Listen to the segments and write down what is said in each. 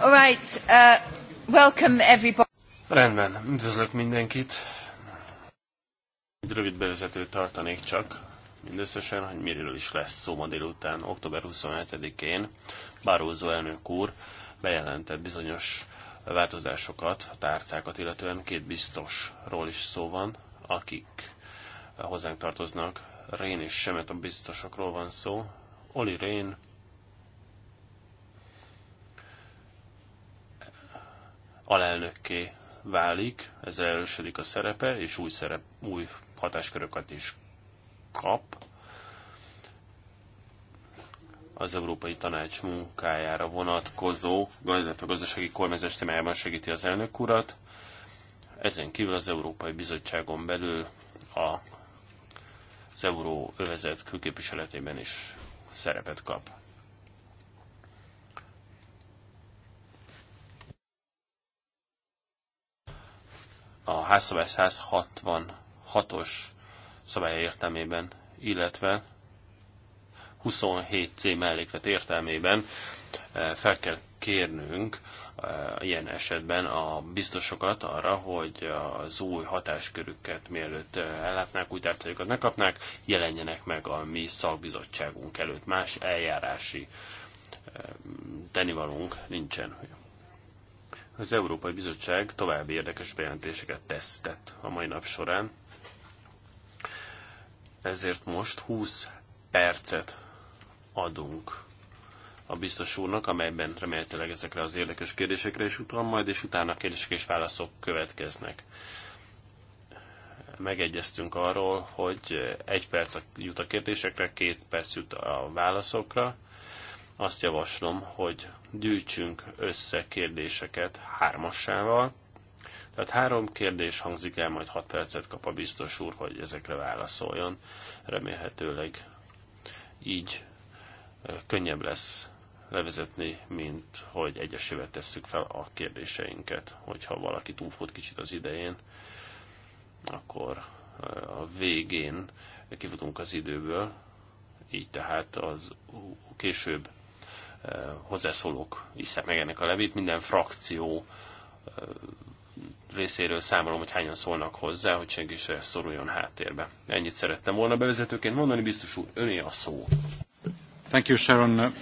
All right, uh, welcome everybody. Rendben, üdvözlök mindenkit. Egy rövid bevezetőt tartanék csak, mindösszesen, hogy miről is lesz szó ma délután, október 27-én. Bárózó elnök úr bejelentett bizonyos változásokat, a tárcákat, illetően két biztosról is szó van, akik hozzánk tartoznak. Rén és Semet a biztosokról van szó. Oli Rén alelnökké válik, ez elősödik a szerepe, és új, szerep, új hatásköröket is kap. Az Európai Tanács munkájára vonatkozó, illetve gazdasági kormányzás témájában segíti az elnök urat. Ezen kívül az Európai Bizottságon belül a az euróövezet külképviseletében is szerepet kap. a házszabály 166-os szabály értelmében, illetve 27C melléklet értelmében eh, fel kell kérnünk eh, ilyen esetben a biztosokat arra, hogy az új hatáskörüket mielőtt eh, ellátnák, új tárcájukat megkapnák, jelenjenek meg a mi szakbizottságunk előtt. Más eljárási tennivalónk nincsen az Európai Bizottság további érdekes bejelentéseket tesztett a mai nap során. Ezért most 20 percet adunk a biztos úrnak, amelyben remélhetőleg ezekre az érdekes kérdésekre is utal majd, és utána kérdések és válaszok következnek. Megegyeztünk arról, hogy egy perc jut a kérdésekre, két perc jut a válaszokra, azt javaslom, hogy gyűjtsünk össze kérdéseket hármassával. Tehát három kérdés hangzik el, majd hat percet kap a biztos úr, hogy ezekre válaszoljon. Remélhetőleg így könnyebb lesz levezetni, mint hogy egyesével tesszük fel a kérdéseinket. Hogyha valaki túlfut kicsit az idején, akkor a végén kifutunk az időből, így tehát az később Eh, hozzászólók iszák meg ennek a levét. Minden frakció eh, részéről számolom, hogy hányan szólnak hozzá, hogy senki se szoruljon háttérbe. Ennyit szerettem volna bevezetőként mondani, biztos úr, öné a szó. Thank you, Sharon.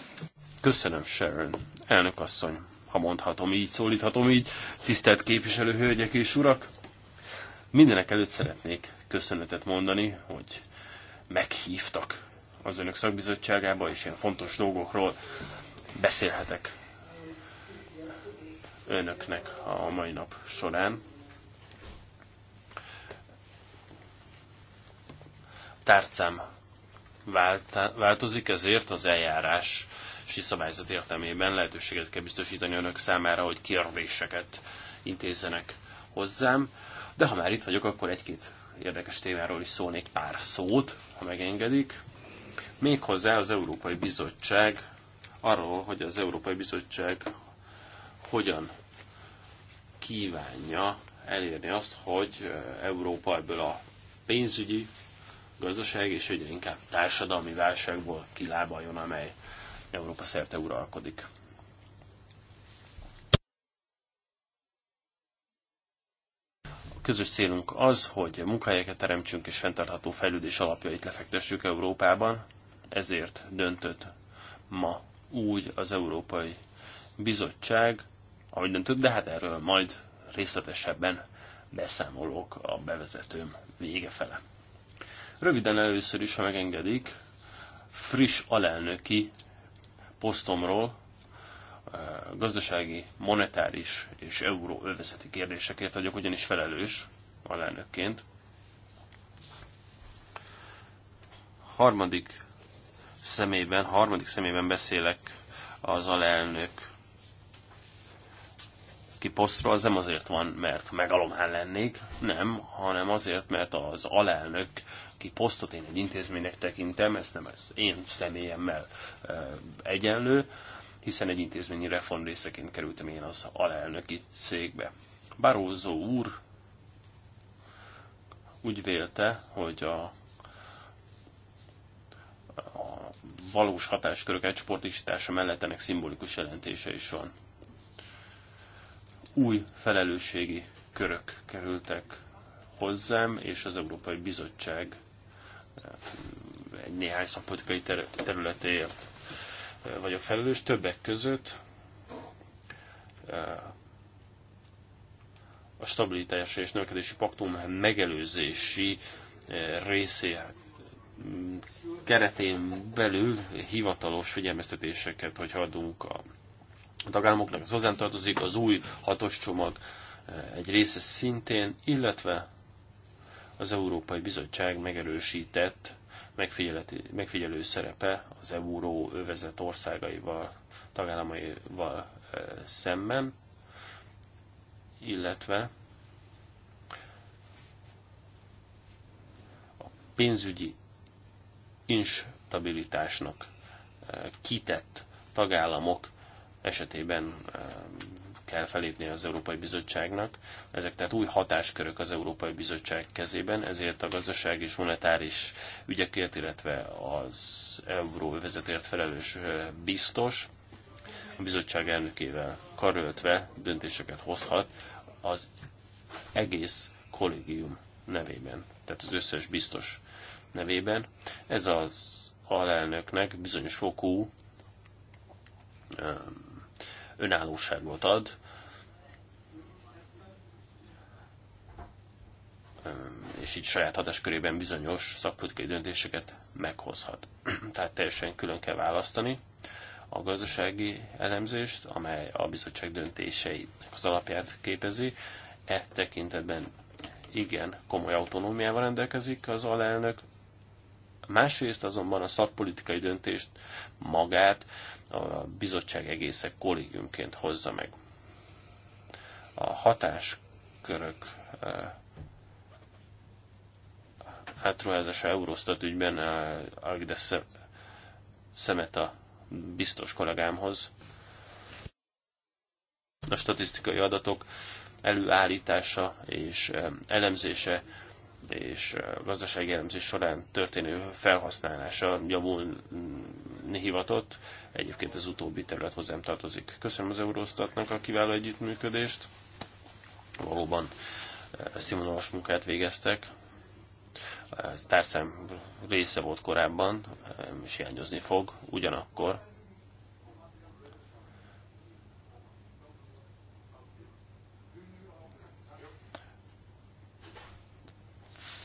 Köszönöm, Sharon. Elnök asszony, ha mondhatom így, szólíthatom így, tisztelt képviselő hölgyek és urak. Mindenek előtt szeretnék köszönetet mondani, hogy meghívtak az önök szakbizottságába, és ilyen fontos dolgokról beszélhetek önöknek a mai nap során. Tárcám változik, ezért az eljárás szabályzat értelmében lehetőséget kell biztosítani önök számára, hogy kérdéseket intézzenek hozzám. De ha már itt vagyok, akkor egy-két érdekes témáról is szólnék pár szót, ha megengedik. Méghozzá az Európai Bizottság arról, hogy az Európai Bizottság hogyan kívánja elérni azt, hogy Európa ebből a pénzügyi, gazdaság és egyre inkább társadalmi válságból kilábaljon, amely Európa szerte uralkodik. A közös célunk az, hogy munkahelyeket teremtsünk és fenntartható fejlődés alapjait lefektessük Európában, ezért döntött ma úgy az Európai Bizottság, ahogy döntött, de hát erről majd részletesebben beszámolok a bevezetőm vége fele. Röviden először is, ha megengedik, friss alelnöki posztomról, eh, gazdasági, monetáris és euróövezeti kérdésekért vagyok ugyanis felelős alelnökként. Harmadik személyben, harmadik személyben beszélek az alelnök ki posztról, az nem azért van, mert megalomán lennék, nem, hanem azért, mert az alelnök ki posztot én egy intézménynek tekintem, ez nem ez én személyemmel e, egyenlő, hiszen egy intézményi reform részeként kerültem én az alelnöki székbe. Barózó úr úgy vélte, hogy a a valós hatáskörök egysportisítása mellett ennek szimbolikus jelentése is van. Új felelősségi körök kerültek hozzám, és az Európai Bizottság eh, egy néhány szakpolitikai területéért eh, vagyok felelős, többek között eh, a stabilitási és növekedési paktum megelőzési részéhez keretén belül hivatalos figyelmeztetéseket, hogy adunk a tagállamoknak, az hozzám tartozik, az új hatos csomag eh, egy része szintén, illetve az Európai Bizottság megerősített megfigyelő szerepe az euró övezet országaival, tagállamaival eh, szemben, illetve a pénzügyi instabilitásnak e, kitett tagállamok esetében e, kell felépni az Európai Bizottságnak. Ezek tehát új hatáskörök az Európai Bizottság kezében, ezért a gazdaság és monetáris ügyekért, illetve az euróvezetért felelős e, biztos a bizottság elnökével karöltve döntéseket hozhat az egész kollégium nevében, tehát az összes biztos nevében. Ez az alelnöknek bizonyos fokú önállóságot ad, és így saját hatáskörében bizonyos szakpolitikai döntéseket meghozhat. Tehát teljesen külön kell választani a gazdasági elemzést, amely a bizottság döntéseit az alapját képezi. E tekintetben igen komoly autonómiával rendelkezik az alelnök, Másrészt azonban a szakpolitikai döntést magát a bizottság egészek kollégiumként hozza meg. A hatáskörök átruházása Eurostat ügyben Agdes a biztos kollégámhoz. A statisztikai adatok előállítása és elemzése és gazdasági elemzés során történő felhasználása javulni hivatott. Egyébként az utóbbi terület hozzám tartozik. Köszönöm az Eurostatnak a kiváló együttműködést. Valóban eh, színvonalas munkát végeztek. Ez társzám része volt korábban, eh, és hiányozni fog. Ugyanakkor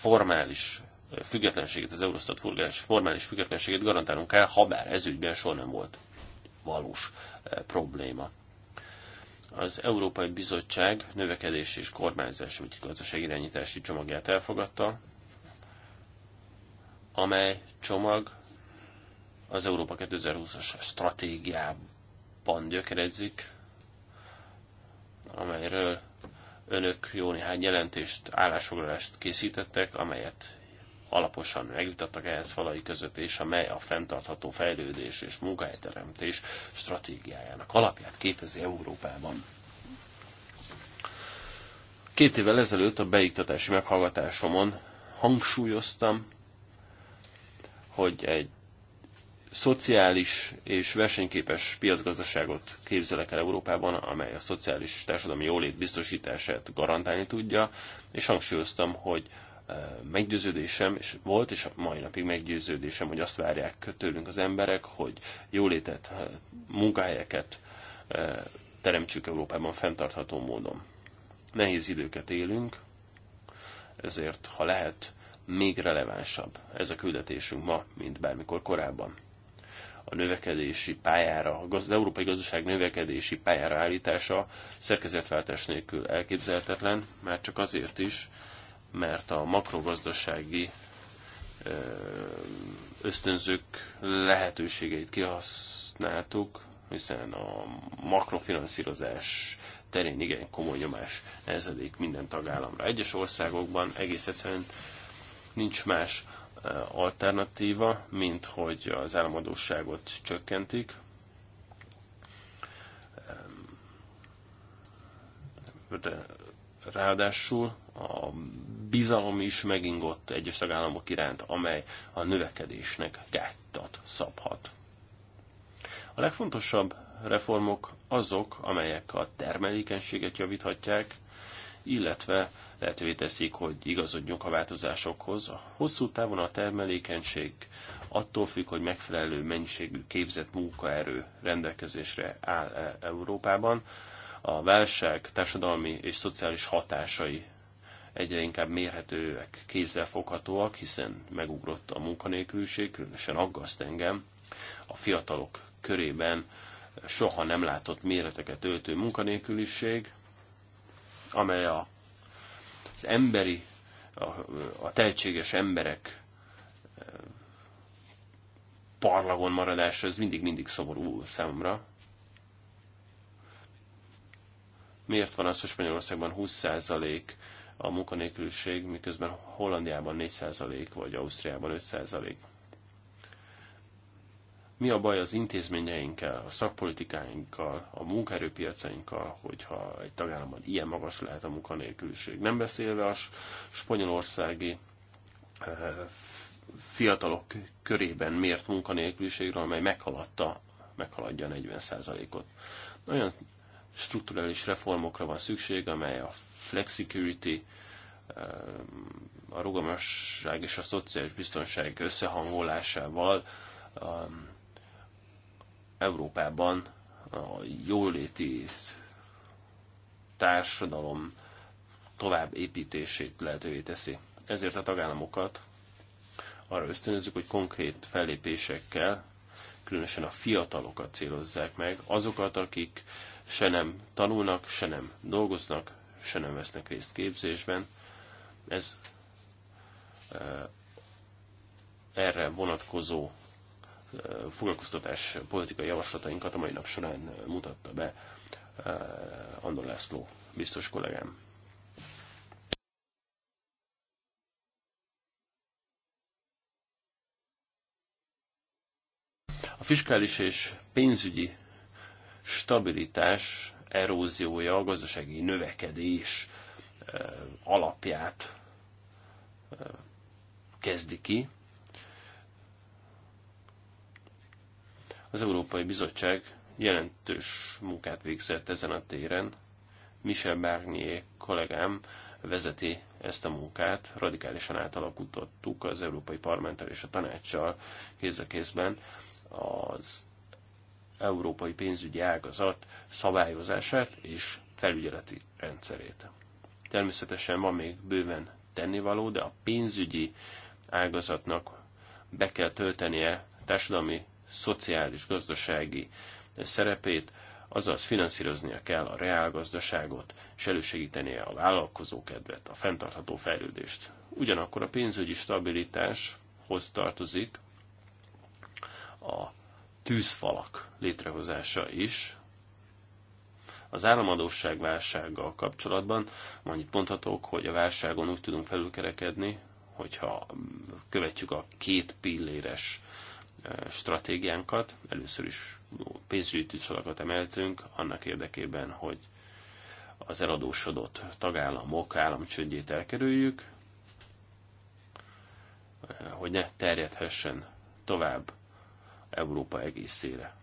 formális függetlenségét, az Eurostat formális függetlenségét garantálnunk kell, ha bár ez ügyben soha nem volt valós eh, probléma. Az Európai Bizottság növekedési és kormányzási, vagy gazdaságirányítási csomagját elfogadta, amely csomag az Európa 2020-as stratégiában gyökeredzik, amelyről önök jó néhány jelentést, állásfoglalást készítettek, amelyet alaposan megvitattak ehhez falai között, és amely a fenntartható fejlődés és munkahelyteremtés stratégiájának alapját képezi Európában. Két évvel ezelőtt a beiktatási meghallgatásomon hangsúlyoztam, hogy egy szociális és versenyképes piacgazdaságot képzelek el Európában, amely a szociális társadalmi jólét biztosítását garantálni tudja, és hangsúlyoztam, hogy e, meggyőződésem, és volt, és mai napig meggyőződésem, hogy azt várják tőlünk az emberek, hogy jólétet, e, munkahelyeket e, teremtsük Európában fenntartható módon. Nehéz időket élünk, ezért, ha lehet, még relevánsabb ez a küldetésünk ma, mint bármikor korábban a növekedési pályára, az európai gazdaság növekedési pályára állítása szerkezetváltás nélkül elképzelhetetlen, már csak azért is, mert a makrogazdasági ösztönzők lehetőségeit kihasználtuk, hiszen a makrofinanszírozás terén igen komoly nyomás nehezedik minden tagállamra. Egyes országokban egész egyszerűen nincs más Eh, alternatíva, mint hogy az államadóságot csökkentik. Ráadásul a bizalom is megingott egyes tagállamok iránt, amely a növekedésnek gátat szabhat. A legfontosabb reformok azok, amelyek a termelékenységet javíthatják, illetve lehetővé teszik, hogy igazodjunk a változásokhoz. A hosszú távon a termelékenység attól függ, hogy megfelelő mennyiségű képzett munkaerő rendelkezésre áll -e Európában. A válság társadalmi és szociális hatásai egyre inkább mérhetőek, kézzel foghatóak, hiszen megugrott a munkanélküliség, különösen aggaszt engem. A fiatalok körében soha nem látott méreteket öltő munkanélküliség, amely a az emberi, a, a tehetséges emberek eh, parlagon maradása, ez mindig-mindig szomorú számomra. Miért van az, hogy Spanyolországban 20% a munkanélküliség, miközben Hollandiában 4% vagy Ausztriában 5%? mi a baj az intézményeinkkel, a szakpolitikáinkkal, a munkaerőpiacainkkal, hogyha egy tagállamban ilyen magas lehet a munkanélküliség. Nem beszélve a spanyolországi eh, fiatalok körében mért munkanélküliségről, amely meghaladta, meghaladja 40%-ot. Olyan strukturális reformokra van szükség, amely a flexicurity, eh, a rugalmasság és a szociális biztonság összehangolásával ehm, Európában a jóléti társadalom tovább építését lehetővé teszi. Ezért a tagállamokat arra ösztönözzük, hogy konkrét fellépésekkel, különösen a fiatalokat célozzák meg, azokat, akik se nem tanulnak, se nem dolgoznak, se nem vesznek részt képzésben. Ez eh, erre vonatkozó foglalkoztatás politikai javaslatainkat a mai nap során mutatta be eh, Andor László biztos kollégám. A fiskális és pénzügyi stabilitás eróziója a gazdasági növekedés eh, alapját eh, kezdi ki, Az Európai Bizottság jelentős munkát végzett ezen a téren. Michel Barnier kollégám vezeti ezt a munkát, radikálisan átalakítottuk az Európai Parlamenttel és a tanácssal kéz a kézben az európai pénzügyi ágazat szabályozását és felügyeleti rendszerét. Természetesen van még bőven tennivaló, de a pénzügyi ágazatnak be kell töltenie társadalmi szociális, gazdasági szerepét, azaz finanszíroznia kell a reálgazdaságot, és elősegítenie a vállalkozókedvet, a fenntartható fejlődést. Ugyanakkor a pénzügyi stabilitáshoz tartozik a tűzfalak létrehozása is. Az államadóság válsággal kapcsolatban annyit mondhatok, hogy a válságon úgy tudunk felülkerekedni, hogyha követjük a két pilléres stratégiánkat. Először is pénzügyi tűzfalakat emeltünk annak érdekében, hogy az eladósodott tagállamok államcsődjét elkerüljük, hogy ne terjedhessen tovább Európa egészére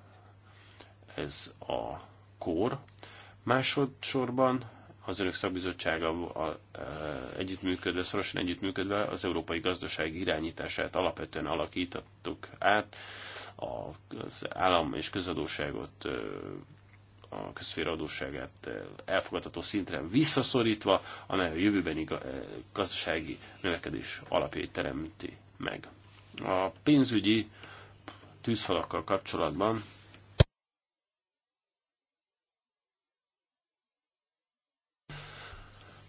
ez a kór. Másodszorban az önök szakbizottsága együttműködve, szorosan együttműködve az európai gazdaság irányítását alapvetően alakítottuk át, az állam és közadóságot, a közféra adósságát elfogadható szintre visszaszorítva, amely a jövőbeni gazdasági növekedés alapjait teremti meg. A pénzügyi tűzfalakkal kapcsolatban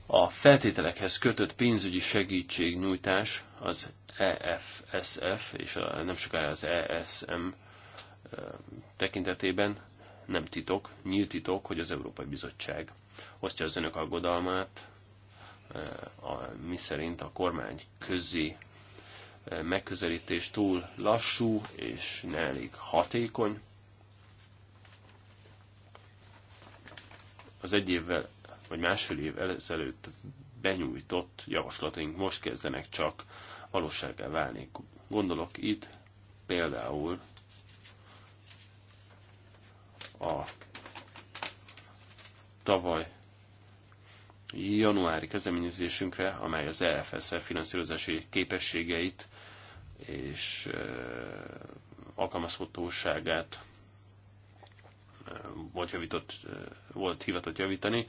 A feltételekhez kötött pénzügyi segítségnyújtás az EFSF és a, nem sokára az ESM tekintetében nem titok, nyílt titok, hogy az Európai Bizottság osztja az önök aggodalmát, a, mi szerint a kormány közi megközelítés túl lassú és ne elég hatékony. Az egy évvel vagy másfél év ezelőtt benyújtott javaslataink most kezdenek csak valóságá válni. Gondolok itt például a tavaly januári kezdeményezésünkre, amely az EFSF finanszírozási képességeit és alkalmazhatóságát volt, javított, volt hivatott javítani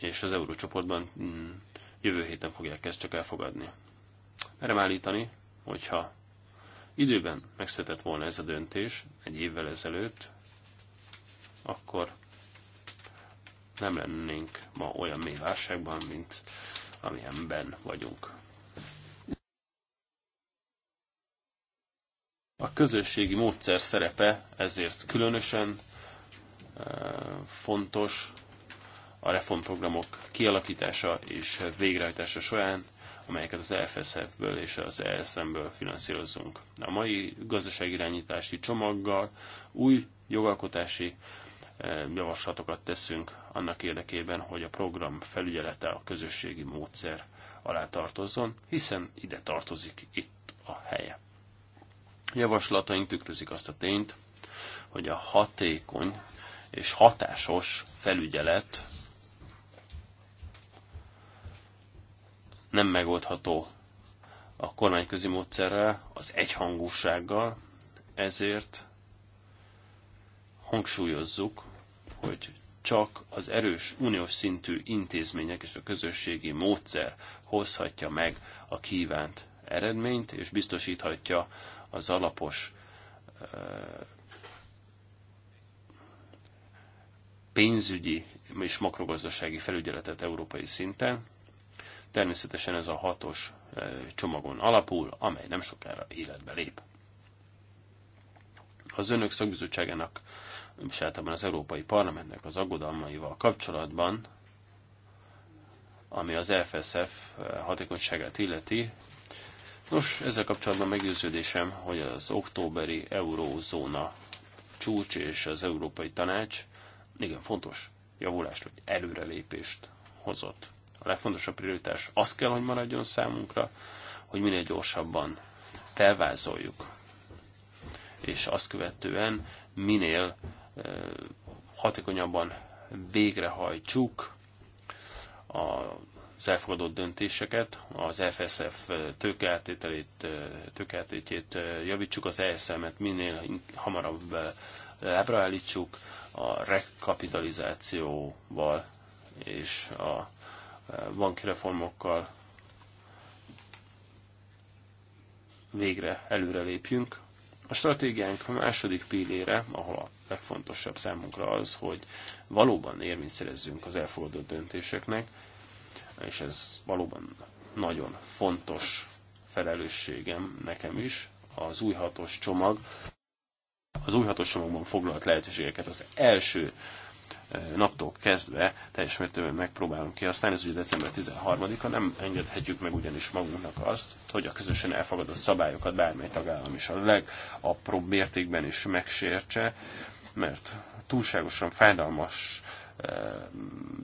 és az eurócsoportban mm, jövő héten fogják ezt csak elfogadni. Erre állítani, hogyha időben megszületett volna ez a döntés egy évvel ezelőtt, akkor nem lennénk ma olyan mély válságban, mint amilyenben vagyunk. A közösségi módszer szerepe ezért különösen eh, fontos, a reformprogramok kialakítása és végrehajtása során, amelyeket az FSF-ből és az ESM-ből finanszírozunk. A mai gazdaságirányítási csomaggal új jogalkotási eh, javaslatokat teszünk annak érdekében, hogy a program felügyelete a közösségi módszer alá tartozzon, hiszen ide tartozik itt a helye. Javaslataink tükrözik azt a tényt, hogy a hatékony és hatásos felügyelet nem megoldható a kormányközi módszerrel, az egyhangúsággal, ezért hangsúlyozzuk, hogy csak az erős uniós szintű intézmények és a közösségi módszer hozhatja meg a kívánt eredményt, és biztosíthatja az alapos eh, pénzügyi és makrogazdasági felügyeletet európai szinten, Természetesen ez a hatos csomagon alapul, amely nem sokára életbe lép. Az önök szakbizottságának, és általában az Európai Parlamentnek az aggodalmaival kapcsolatban, ami az FSF hatékonyságát illeti, Nos, ezzel kapcsolatban meggyőződésem, hogy az októberi eurózóna csúcs és az Európai Tanács igen fontos javulást, vagy előrelépést hozott. A legfontosabb prioritás az kell, hogy maradjon számunkra, hogy minél gyorsabban felvázoljuk, és azt követően minél hatékonyabban végrehajtsuk az elfogadott döntéseket, az FSF tökéletét, tőkeáttétjét javítsuk, az ESM-et minél hamarabb lábra állítsuk, a rekapitalizációval és a banki reformokkal végre előrelépjünk. A stratégiánk a második pillére, ahol a legfontosabb számunkra az, hogy valóban érvényt szerezzünk az elfogadott döntéseknek, és ez valóban nagyon fontos felelősségem nekem is, az új hatos csomag, az új hatos csomagban foglalt lehetőségeket az első naptól kezdve teljes mértékben megpróbálunk Aztán ez ugye december 13-a, nem engedhetjük meg ugyanis magunknak azt, hogy a közösen elfogadott szabályokat bármely tagállam is a legapróbb mértékben is megsértse, mert túlságosan fájdalmas eh,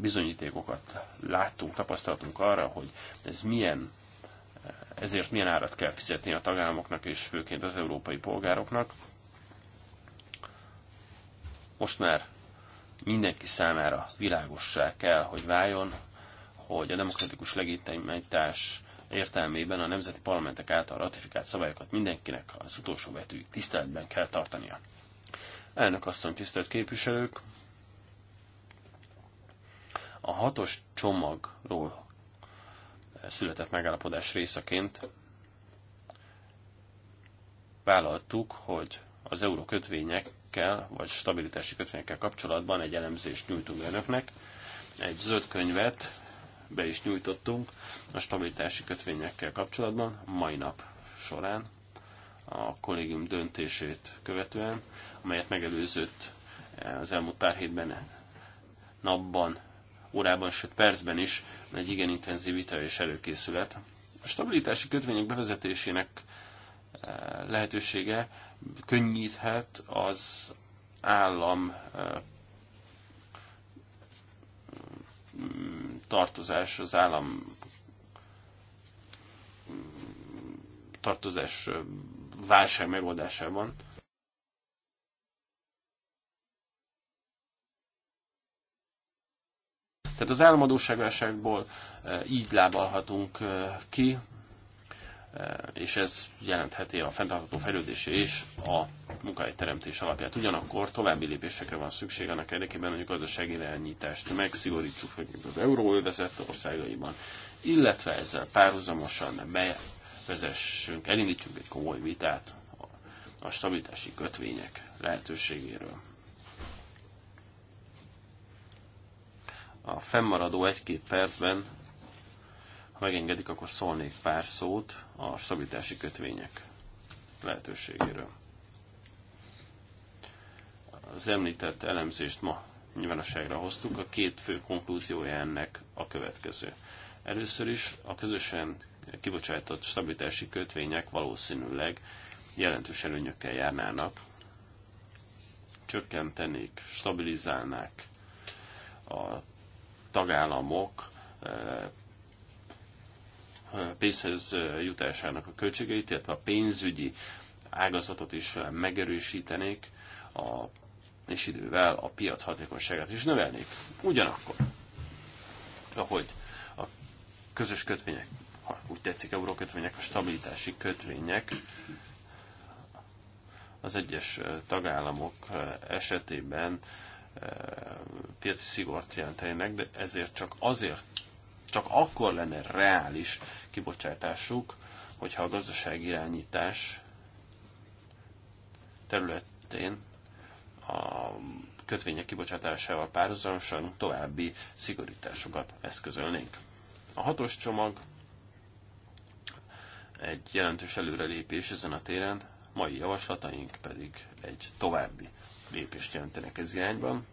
bizonyítékokat láttunk, tapasztaltunk arra, hogy ez milyen eh, ezért milyen árat kell fizetni a tagállamoknak és főként az európai polgároknak. Most már mindenki számára világossá kell, hogy váljon, hogy a demokratikus legitimitás értelmében a nemzeti parlamentek által ratifikált szabályokat mindenkinek az utolsó betű tiszteletben kell tartania. Elnök asszony, tisztelt képviselők! A hatos csomagról született megállapodás részeként vállaltuk, hogy az eurókötvények kötvényekkel, vagy stabilitási kötvényekkel kapcsolatban egy elemzést nyújtunk önöknek. Egy zöld könyvet be is nyújtottunk a stabilitási kötvényekkel kapcsolatban mai nap során a kollégium döntését követően, amelyet megelőzött az elmúlt pár hétben napban, órában, sőt percben is egy igen intenzív vita és előkészület. A stabilitási kötvények bevezetésének lehetősége könnyíthet az állam mm, tartozás, az állam mm, tartozás válság megoldásában. Tehát az államadóságválságból így lábalhatunk ki, Eh, és ez jelentheti a fenntartható fejlődés és a munkahelyteremtés alapját. Ugyanakkor további lépésekre van szükség annak érdekében, hogy a gazdasági irányítást megszigorítsuk főként az euróövezet országaiban, illetve ezzel párhuzamosan bevezessünk, elindítsunk egy komoly vitát a stabilitási kötvények lehetőségéről. A fennmaradó egy-két percben, ha megengedik, akkor szólnék pár szót a szabítási kötvények lehetőségéről. Az említett elemzést ma nyilvánosságra hoztuk. A két fő konklúziója ennek a következő. Először is a közösen kibocsátott stabilitási kötvények valószínűleg jelentős előnyökkel járnának, csökkentenék, stabilizálnák a tagállamok eh, pénzhez jutásának a költségeit, illetve a pénzügyi ágazatot is megerősítenék, a, és idővel a piac hatékonyságát is növelnék. Ugyanakkor, ahogy a közös kötvények, ha úgy tetszik, eurókötvények, a stabilitási kötvények az egyes tagállamok esetében piaci szigort jelentenek, de ezért csak azért csak akkor lenne reális kibocsátásuk, hogyha a irányítás területén a kötvények kibocsátásával párhuzamosan további szigorításokat eszközölnénk. A hatos csomag egy jelentős előrelépés ezen a téren, mai javaslataink pedig egy további lépést jelentenek ez irányban,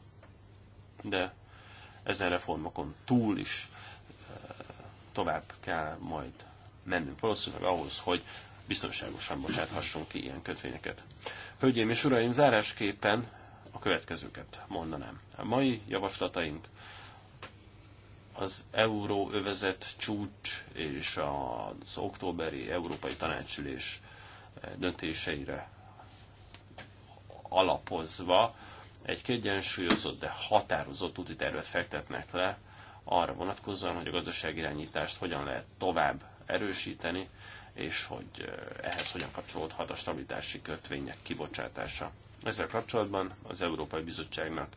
de ezen reformokon túl is tovább kell majd mennünk valószínűleg ahhoz, hogy biztonságosan bocsáthassunk ki ilyen kötvényeket. Hölgyeim és uraim, zárásképpen a következőket mondanám. A mai javaslataink az euróövezet csúcs és az októberi Európai Tanácsülés döntéseire alapozva egy kiegyensúlyozott, de határozott úti tervet fektetnek le arra vonatkozóan, hogy a gazdaságirányítást hogyan lehet tovább erősíteni, és hogy eh, ehhez hogyan kapcsolódhat a stabilitási kötvények kibocsátása. Ezzel kapcsolatban az Európai Bizottságnak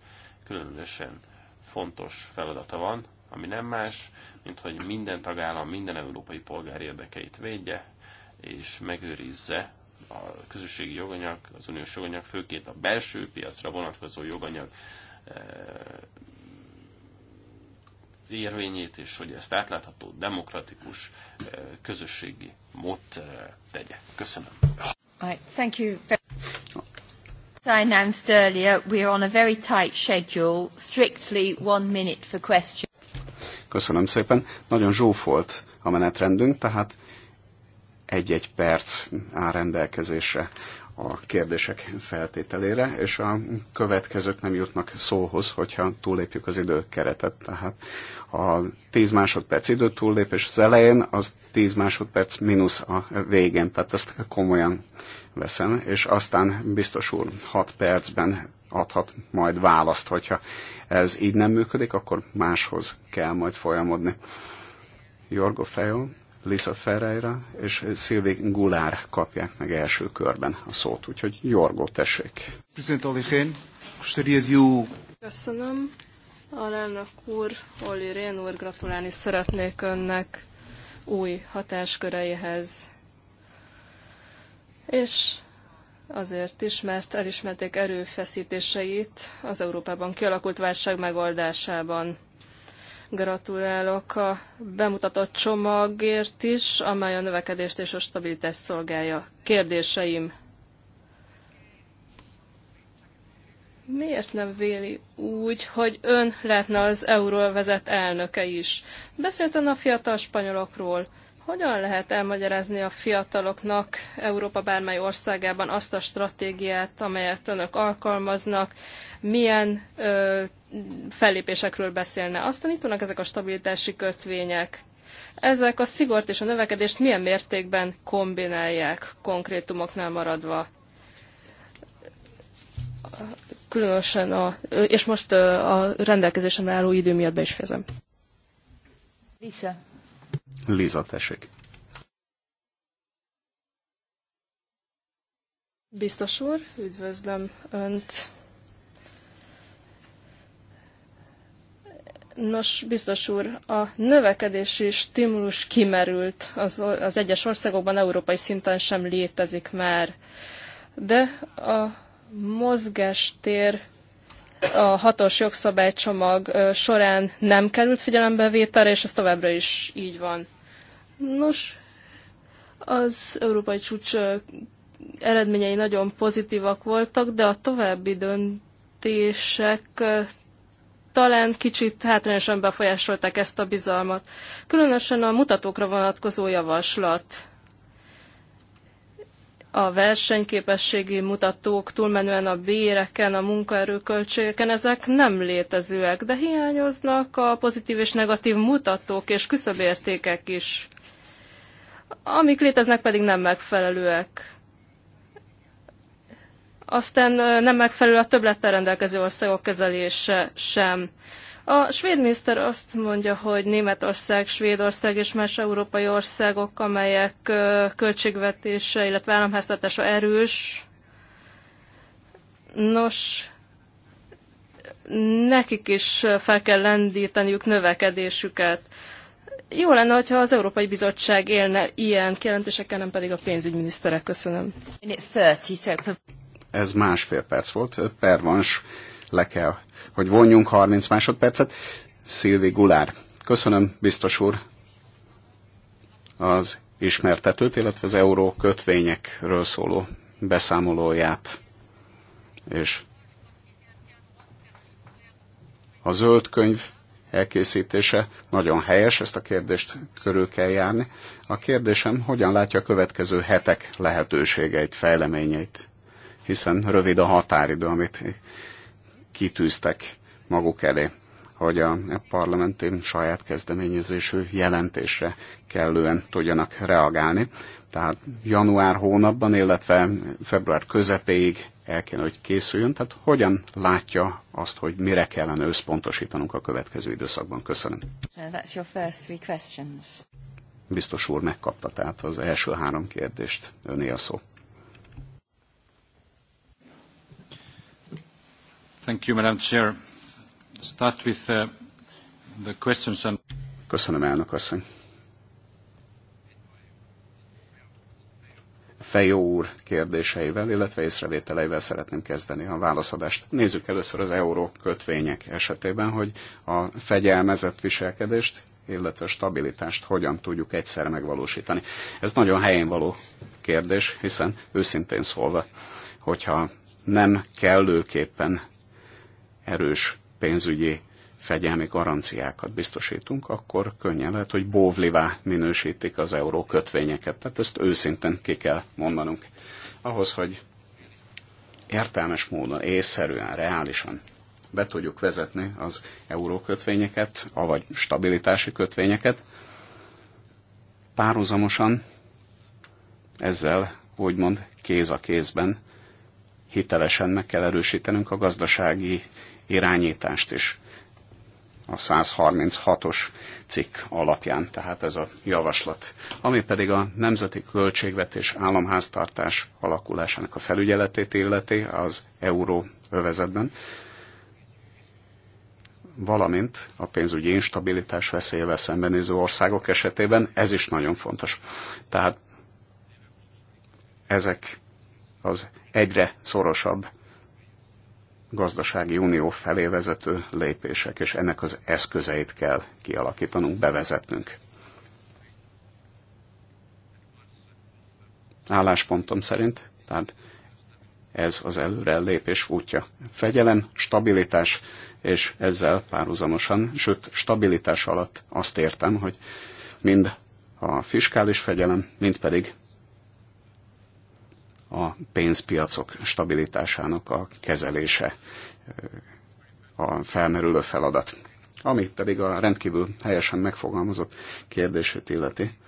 különösen fontos feladata van, ami nem más, mint hogy minden tagállam, minden európai polgár érdekeit védje, és megőrizze a közösségi joganyag, az uniós joganyag, főként a belső piacra vonatkozó joganyag eh, érvényét, és hogy ezt átlátható, demokratikus, eh, közösségi módszerrel tegye. Köszönöm. thank you. As I announced earlier, we are on a very tight schedule, strictly one minute for questions. Köszönöm szépen. Nagyon volt a menetrendünk, tehát egy-egy perc áll rendelkezésre a kérdések feltételére, és a következők nem jutnak szóhoz, hogyha túllépjük az időkeretet. Tehát a 10 másodperc idő túllépés az elején, az 10 másodperc mínusz a végén, tehát ezt komolyan veszem, és aztán biztos úr 6 percben adhat majd választ, hogyha ez így nem működik, akkor máshoz kell majd folyamodni. Jorgo Fejó Lisa Ferreira és Szilvi Gulár kapják meg első körben a szót, úgyhogy Jorgó, tessék. Köszönöm. Alelnök úr, Oli Rén úr, gratulálni szeretnék önnek új hatásköreihez. És azért is, mert elismerték erőfeszítéseit az Európában kialakult válság megoldásában. Gratulálok a bemutatott csomagért is, amely a növekedést és a stabilitást szolgálja. Kérdéseim. Miért nem véli úgy, hogy ön lehetne az euróvezet elnöke is? Beszélt ön a fiatal spanyolokról. Hogyan lehet elmagyarázni a fiataloknak Európa bármely országában azt a stratégiát, amelyet önök alkalmaznak, milyen ö, fellépésekről beszélne? Aztán itt ezek a stabilitási kötvények. Ezek a szigort és a növekedést milyen mértékben kombinálják konkrétumoknál maradva? Különösen a, és most a rendelkezésemre álló idő miatt be is fejezem. Lisa. Liza, Tesek. Biztos úr, üdvözlöm Önt. Nos, biztos úr, a növekedési stimulus kimerült. Az, az egyes országokban európai szinten sem létezik már. De a mozgástér a hatos jogszabálycsomag során nem került figyelembevételre, és ez továbbra is így van. Nos, az európai csúcs eredményei nagyon pozitívak voltak, de a további döntések talán kicsit hátrányosan befolyásolták ezt a bizalmat. Különösen a mutatókra vonatkozó javaslat. A versenyképességi mutatók túlmenően a béreken, a munkaerőköltségeken, ezek nem létezőek, de hiányoznak a pozitív és negatív mutatók és küszöbértékek is amik léteznek pedig nem megfelelőek. Aztán nem megfelelő a többlettel rendelkező országok kezelése sem. A svéd miniszter azt mondja, hogy Németország, Svédország és más európai országok, amelyek költségvetése, illetve államháztartása erős. Nos, nekik is fel kell lendíteniük növekedésüket. Jó lenne, hogyha az Európai Bizottság élne ilyen kérdésekkel, nem pedig a pénzügyminiszterek. Köszönöm. Ez másfél perc volt. Pervans, le kell, hogy vonjunk 30 másodpercet. Szilvi Gulár. Köszönöm, biztos úr, az ismertetőt, illetve az euró kötvényekről szóló beszámolóját. És a zöld könyv elkészítése nagyon helyes, ezt a kérdést körül kell járni. A kérdésem, hogyan látja a következő hetek lehetőségeit, fejleményeit? Hiszen rövid a határidő, amit kitűztek maguk elé hogy a parlamenti saját kezdeményezésű jelentésre kellően tudjanak reagálni. Tehát január hónapban, illetve február közepéig el kéne, hogy készüljön. Tehát hogyan látja azt, hogy mire kellene összpontosítanunk a következő időszakban? Köszönöm. Uh, that's your first three questions. Biztos úr megkapta tehát az első három kérdést. Öné a szó. Thank you, Madam Chair. Start with the, uh, the questions and... Köszönöm, elnök asszony. Fejó úr kérdéseivel, illetve észrevételeivel szeretném kezdeni a válaszadást. Nézzük először az euró kötvények esetében, hogy a fegyelmezett viselkedést, illetve stabilitást hogyan tudjuk egyszer megvalósítani. Ez nagyon helyén való kérdés, hiszen őszintén szólva, hogyha nem kellőképpen erős pénzügyi fegyelmi garanciákat biztosítunk, akkor könnyen lehet, hogy bóvlivá minősítik az euró kötvényeket. Tehát ezt őszintén ki kell mondanunk. Ahhoz, hogy értelmes módon, észszerűen, reálisan be tudjuk vezetni az euró kötvényeket, avagy stabilitási kötvényeket, párhuzamosan ezzel úgymond kéz a kézben hitelesen meg kell erősítenünk a gazdasági irányítást is a 136-os cikk alapján, tehát ez a javaslat, ami pedig a nemzeti költségvetés államháztartás alakulásának a felügyeletét illeti az euró övezetben, valamint a pénzügyi instabilitás veszélyével szembenéző országok esetében, ez is nagyon fontos. Tehát ezek az egyre szorosabb gazdasági unió felé vezető lépések, és ennek az eszközeit kell kialakítanunk, bevezetnünk. Álláspontom szerint, tehát ez az előre lépés útja. Fegyelem, stabilitás, és ezzel párhuzamosan, sőt, stabilitás alatt azt értem, hogy mind a fiskális fegyelem, mind pedig a pénzpiacok stabilitásának a kezelése a felmerülő feladat. Ami pedig a rendkívül helyesen megfogalmazott kérdését illeti,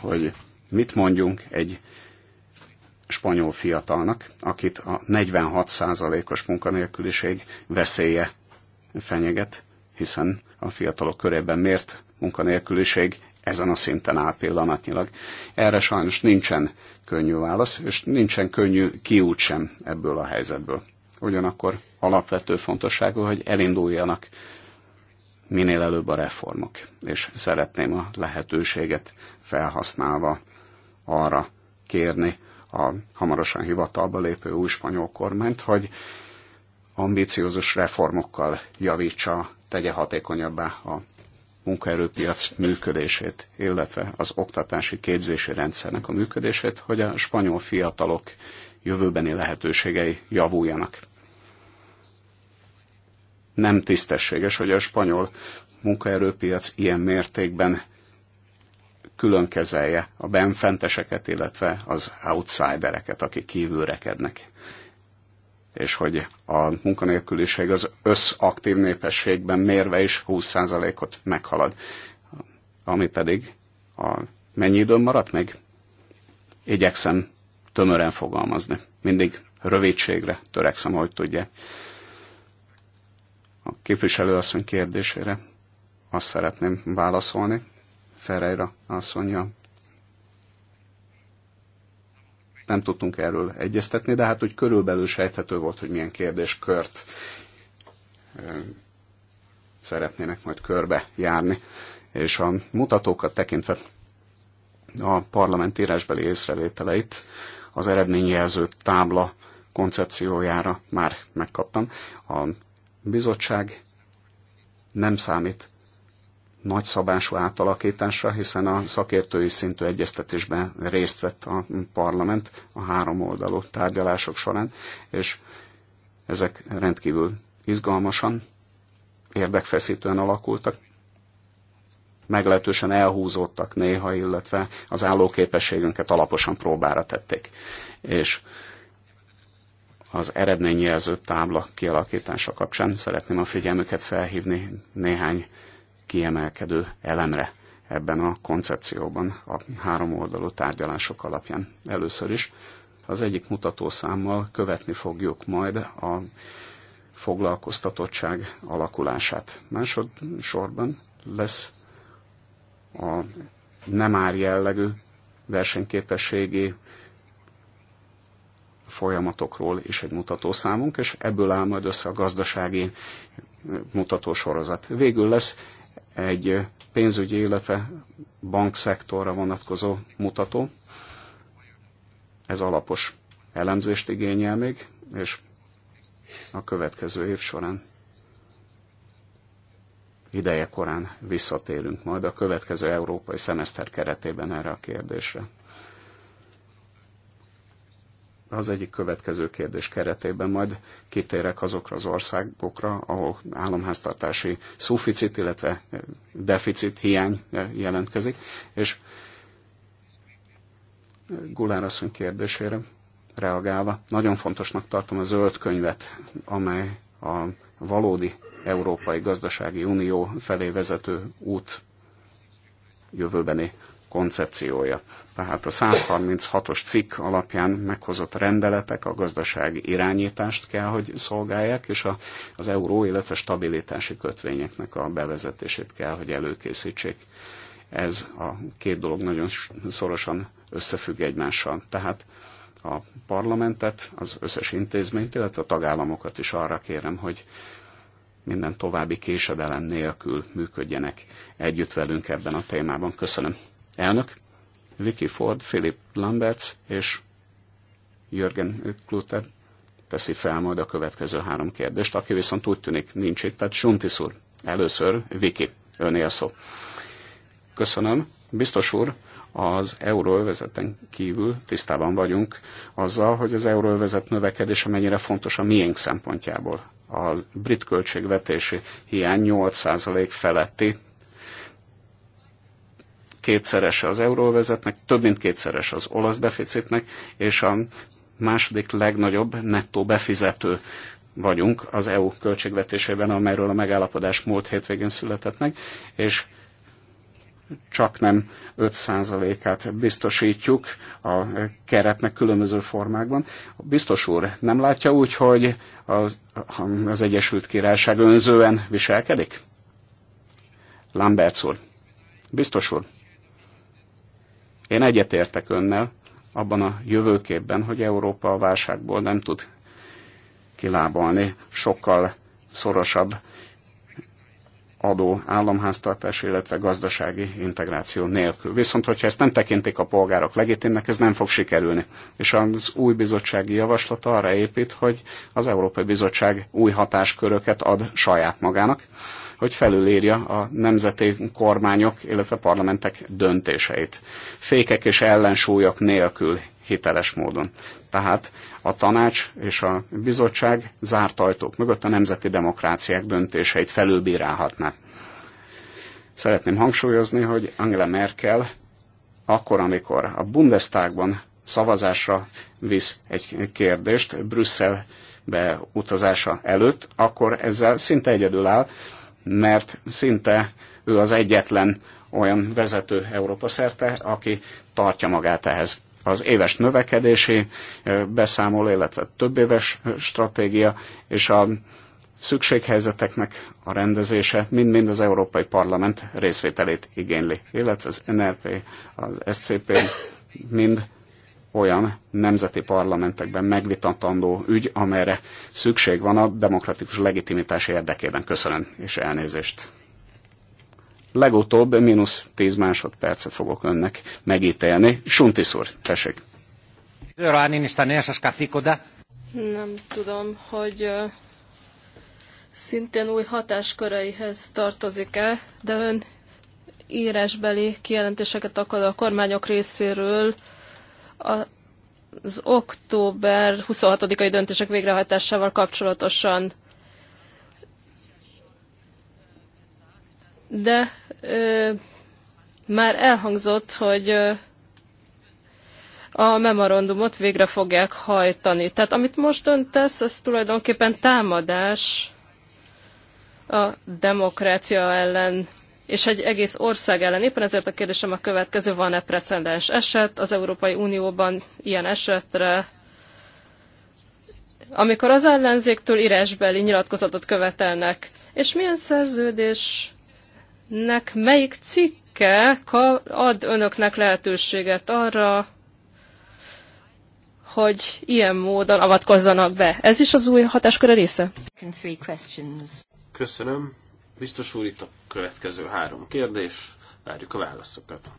hogy mit mondjunk egy spanyol fiatalnak, akit a 46%-os munkanélküliség veszélye fenyeget, hiszen a fiatalok körében mért munkanélküliség ezen a szinten áll pillanatnyilag. Erre sajnos nincsen könnyű válasz, és nincsen könnyű kiút sem ebből a helyzetből. Ugyanakkor alapvető fontosságú, hogy elinduljanak minél előbb a reformok, és szeretném a lehetőséget felhasználva arra kérni a hamarosan hivatalba lépő új spanyol kormányt, hogy ambiciózus reformokkal javítsa, tegye hatékonyabbá a munkaerőpiac működését, illetve az oktatási képzési rendszernek a működését, hogy a spanyol fiatalok jövőbeni lehetőségei javuljanak. Nem tisztességes, hogy a spanyol munkaerőpiac ilyen mértékben különkezelje a benfenteseket, illetve az outsidereket, akik kívülrekednek és hogy a munkanélküliség az összaktív népességben mérve is 20%-ot meghalad, ami pedig a mennyi időm maradt meg? Igyekszem tömören fogalmazni. Mindig rövidségre törekszem, hogy tudja. A képviselőasszony kérdésére azt szeretném válaszolni. Ferreira asszonya nem tudtunk erről egyeztetni, de hát úgy körülbelül sejthető volt, hogy milyen kérdéskört szeretnének majd körbe járni. És a mutatókat tekintve a parlament írásbeli észrevételeit az eredményjelző tábla koncepciójára már megkaptam. A bizottság nem számít nagyszabású átalakításra, hiszen a szakértői szintű egyeztetésben részt vett a parlament a három oldalú tárgyalások során, és ezek rendkívül izgalmasan, érdekfeszítően alakultak. Meglehetősen elhúzódtak néha, illetve az állóképességünket alaposan próbára tették. És az eredményjelző tábla kialakítása kapcsán szeretném a figyelmüket felhívni néhány kiemelkedő elemre ebben a koncepcióban a három oldalú tárgyalások alapján. Először is az egyik mutatószámmal követni fogjuk majd a foglalkoztatottság alakulását. Másodszorban lesz a nem ár jellegű versenyképességi folyamatokról is egy mutatószámunk, és ebből áll majd össze a gazdasági mutatósorozat. Végül lesz egy pénzügyi, illetve bankszektorra vonatkozó mutató. Ez alapos elemzést igényel még, és a következő év során ideje korán visszatérünk majd a következő európai szemeszter keretében erre a kérdésre az egyik következő kérdés keretében majd kitérek azokra az országokra, ahol államháztartási szuficit, illetve eh, deficit, hiány eh, jelentkezik, és eh, Gulár asszony kérdésére reagálva, nagyon fontosnak tartom a zöld könyvet, amely a valódi Európai Gazdasági Unió felé vezető út jövőbeni koncepciója. Tehát a 136-os cikk alapján meghozott rendeletek a gazdasági irányítást kell, hogy szolgálják, és a, az euró, illetve stabilitási kötvényeknek a bevezetését kell, hogy előkészítsék. Ez a két dolog nagyon szorosan összefügg egymással. Tehát a parlamentet, az összes intézményt, illetve a tagállamokat is arra kérem, hogy minden további késedelem nélkül működjenek együtt velünk ebben a témában. Köszönöm. Elnök, Vicky Ford, Philip Lamberts és Jürgen Klute teszi fel majd a következő három kérdést, aki viszont úgy tűnik nincs itt, tehát Suntis úr. Először Viki, önél szó. Köszönöm. Biztos úr, az euróövezeten kívül tisztában vagyunk azzal, hogy az euróövezet növekedése mennyire fontos a miénk szempontjából. A brit költségvetési hiány 8% feletti kétszerese az euróvezetnek, több mint kétszeres az olasz deficitnek, és a második legnagyobb nettó befizető vagyunk az EU költségvetésében, amelyről a megállapodás múlt hétvégén született meg, és csak nem 5%-át biztosítjuk a keretnek különböző formákban. Biztos úr, nem látja úgy, hogy az, az Egyesült Királyság önzően viselkedik? Lamberts úr, biztos úr, én egyetértek önnel abban a jövőképben, hogy Európa a válságból nem tud kilábalni sokkal szorosabb adó, államháztartás, illetve gazdasági integráció nélkül. Viszont, hogyha ezt nem tekintik a polgárok legitimnek, ez nem fog sikerülni. És az új bizottsági javaslat arra épít, hogy az Európai Bizottság új hatásköröket ad saját magának, hogy felülírja a nemzeti kormányok, illetve parlamentek döntéseit. Fékek és ellensúlyok nélkül hiteles módon. Tehát a tanács és a bizottság zárt ajtók mögött a nemzeti demokráciák döntéseit felülbírálhatná. Szeretném hangsúlyozni, hogy Angela Merkel akkor, amikor a Bundestagban szavazásra visz egy kérdést Brüsszelbe utazása előtt, akkor ezzel szinte egyedül áll, mert szinte ő az egyetlen olyan vezető Európa szerte, aki tartja magát ehhez. Az éves növekedési beszámoló, illetve több éves stratégia és a szükséghelyzeteknek a rendezése mind-mind az Európai Parlament részvételét igényli, illetve az NRP, az SCP mind olyan nemzeti parlamentekben megvitatandó ügy, amelyre szükség van a demokratikus legitimitás érdekében. Köszönöm, és elnézést. Legutóbb mínusz 10 másodpercet fogok önnek megítélni. Suntis úr, tessék. Nem tudom, hogy szintén új hatásköreihez tartozik-e, de ön írásbeli kijelentéseket akad a kormányok részéről, az október 26-ai döntések végrehajtásával kapcsolatosan. De ö, már elhangzott, hogy ö, a memorandumot végre fogják hajtani. Tehát amit most ön tesz, az tulajdonképpen támadás a demokrácia ellen és egy egész ország ellen. Éppen ezért a kérdésem a következő, van-e precedens eset az Európai Unióban ilyen esetre, amikor az ellenzéktől írásbeli nyilatkozatot követelnek, és milyen szerződésnek melyik cikke ad önöknek lehetőséget arra, hogy ilyen módon avatkozzanak be. Ez is az új hatásköre része? Köszönöm. Biztos úr, itt a következő három kérdés, várjuk a válaszokat.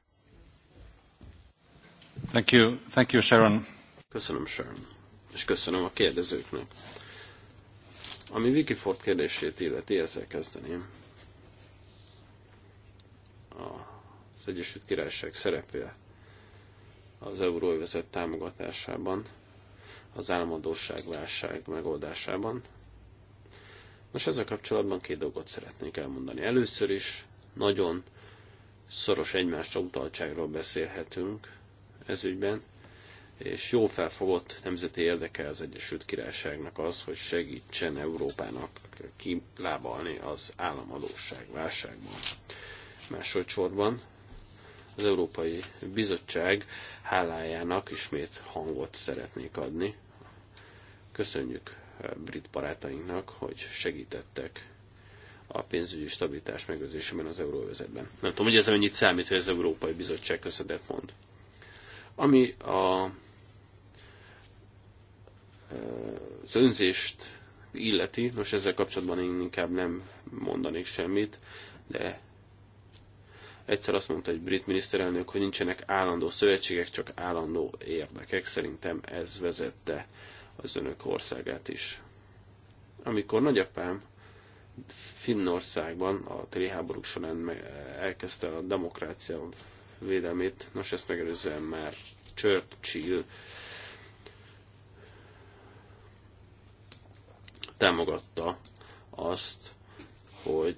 Thank you. Thank you, Sharon. Köszönöm, Sharon. És köszönöm a kérdezőknek. Ami Wikifort kérdését illeti, ezzel kezdeném. Az Egyesült Királyság szerepe az euróvezet támogatásában, az államadóság válság megoldásában, most ezzel kapcsolatban két dolgot szeretnék elmondani. Először is nagyon szoros egymás utaltságról beszélhetünk ez ügyben, és jó felfogott nemzeti érdeke az Egyesült Királyságnak az, hogy segítsen Európának kilábalni az államadóság válságban. Másodszorban az Európai Bizottság hálájának ismét hangot szeretnék adni. Köszönjük brit barátainknak, hogy segítettek a pénzügyi stabilitás megőrzésében az euróvezetben. Nem tudom, hogy ez mennyit számít, hogy az Európai Bizottság köszönet mond. Ami a, az önzést illeti, most ezzel kapcsolatban én inkább nem mondanék semmit, de egyszer azt mondta egy brit miniszterelnök, hogy nincsenek állandó szövetségek, csak állandó érdekek. Szerintem ez vezette az önök országát is. Amikor nagyapám Finnországban a téli háborúk során elkezdte a demokrácia védelmét, nos ezt megelőzően már Churchill támogatta azt, hogy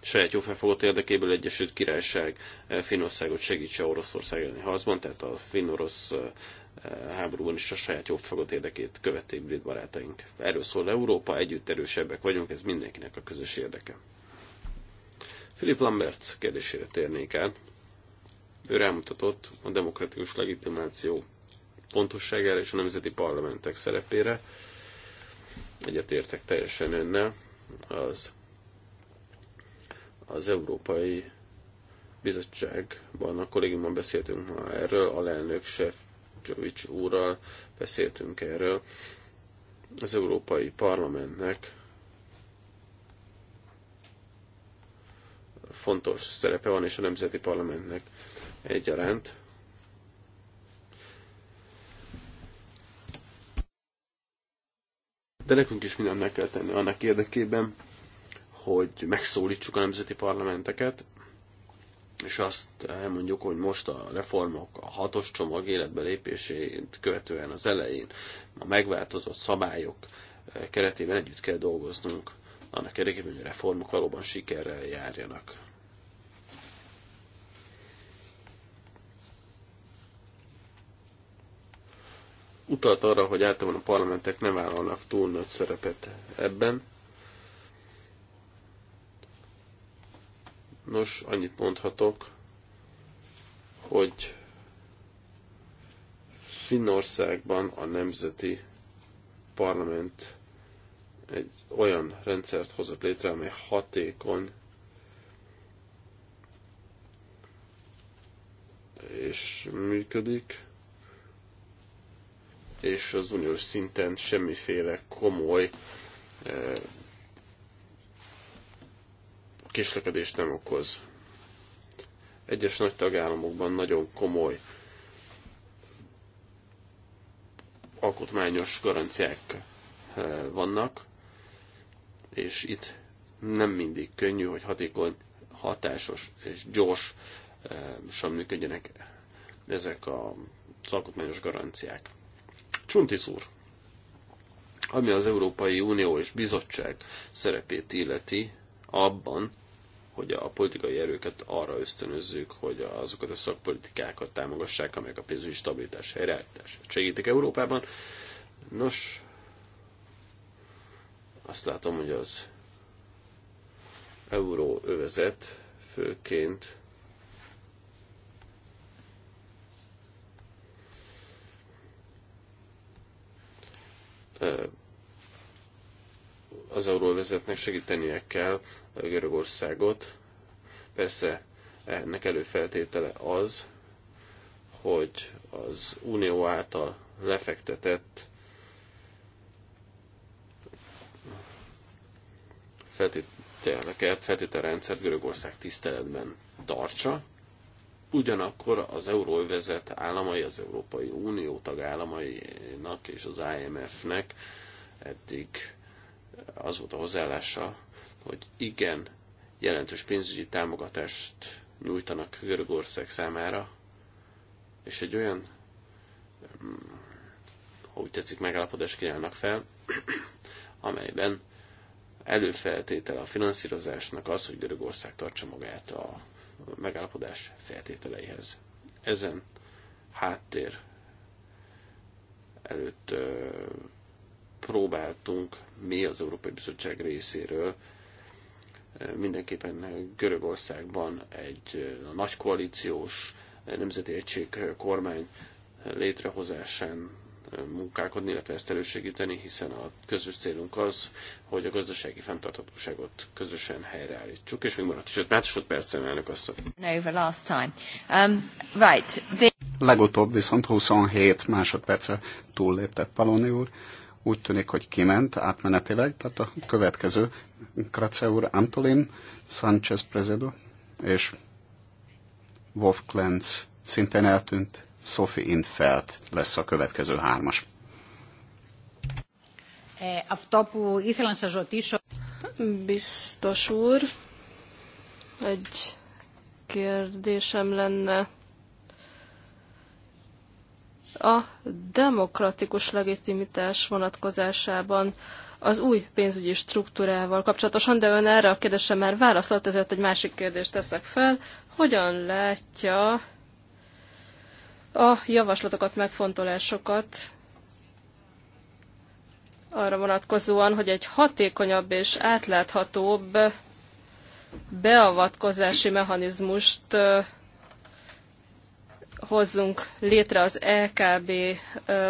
saját felfogott érdekéből Egyesült Királyság Finnországot segítse Oroszország elleni harcban, tehát a finn-orosz Eh, háborúban is a saját jobbfogott érdekét követték brit barátaink. Erről szól Európa, együtt erősebbek vagyunk, ez mindenkinek a közös érdeke. Philip Lambert kérdésére térnék át. Ő rámutatott a demokratikus legitimáció pontosságára és a nemzeti parlamentek szerepére. Egyetértek teljesen önnel. Az, az Európai Bizottságban, a kollégiumban beszéltünk ma erről, alelnök Sef Sefcsovics úrral beszéltünk erről. Az Európai Parlamentnek fontos szerepe van, és a Nemzeti Parlamentnek egyaránt. De nekünk is mindent meg kell tenni annak érdekében, hogy megszólítsuk a nemzeti parlamenteket, és azt elmondjuk, hogy most a reformok a hatos csomag életbe lépését követően az elején a megváltozott szabályok eh, keretében együtt kell dolgoznunk, annak érdekében, hogy a reformok valóban sikerrel járjanak. Utalt arra, hogy általában a parlamentek nem vállalnak túl nagy szerepet ebben, Nos, annyit mondhatok, hogy Finnországban a nemzeti parlament egy olyan rendszert hozott létre, amely hatékony és működik, és az uniós szinten semmiféle komoly eh, késlekedést nem okoz. Egyes nagy tagállamokban nagyon komoly alkotmányos garanciák eh, vannak, és itt nem mindig könnyű, hogy hatékony, hatásos és gyors eh, sem működjenek ezek a alkotmányos garanciák. Csuntis úr, ami az Európai Unió és Bizottság szerepét illeti abban, hogy a politikai erőket arra ösztönözzük, hogy azokat a szakpolitikákat támogassák, amelyek a pénzügyi stabilitás helyreállítását segítik Európában. Nos, azt látom, hogy az euróövezet főként az vezetnek, segítenie kell Görögországot. Persze ennek előfeltétele az, hogy az Unió által lefektetett feltételeket, feltételrendszert Görögország tiszteletben tartsa, ugyanakkor az euróvezet államai, az Európai Unió tagállamainak és az IMF-nek eddig az volt a hozzáállása, hogy igen, jelentős pénzügyi támogatást nyújtanak Görögország számára, és egy olyan, mm, ha úgy tetszik, megállapodást kínálnak fel, amelyben előfeltétele a finanszírozásnak az, hogy Görögország tartsa magát a megállapodás feltételeihez. Ezen háttér előtt próbáltunk mi az Európai Bizottság részéről eh, mindenképpen Görögországban egy eh, nagy koalíciós eh, nemzeti egység kormány létrehozásán munkálkodni, illetve ezt elősegíteni, hiszen a közös célunk az, hogy a gazdasági fenntarthatóságot közösen helyreállítsuk. És még maradt is 5 másodpercen, elnök asszony. Over last time. Um, right. The... Legutóbb viszont 27 másodperccel túlléptett Paloni úr úgy tűnik, hogy kiment átmenetileg, tehát a következő Kraceur Antolin, Sanchez Prezedo és Wolf Klenz szintén eltűnt, Sophie Infeld lesz a következő hármas. Biztos úr, egy kérdésem lenne a demokratikus legitimitás vonatkozásában az új pénzügyi struktúrával kapcsolatosan, de ön erre a kérdésre már válaszolt, ezért egy másik kérdést teszek fel. Hogyan látja a javaslatokat, megfontolásokat arra vonatkozóan, hogy egy hatékonyabb és átláthatóbb beavatkozási mechanizmust hozzunk létre az ekb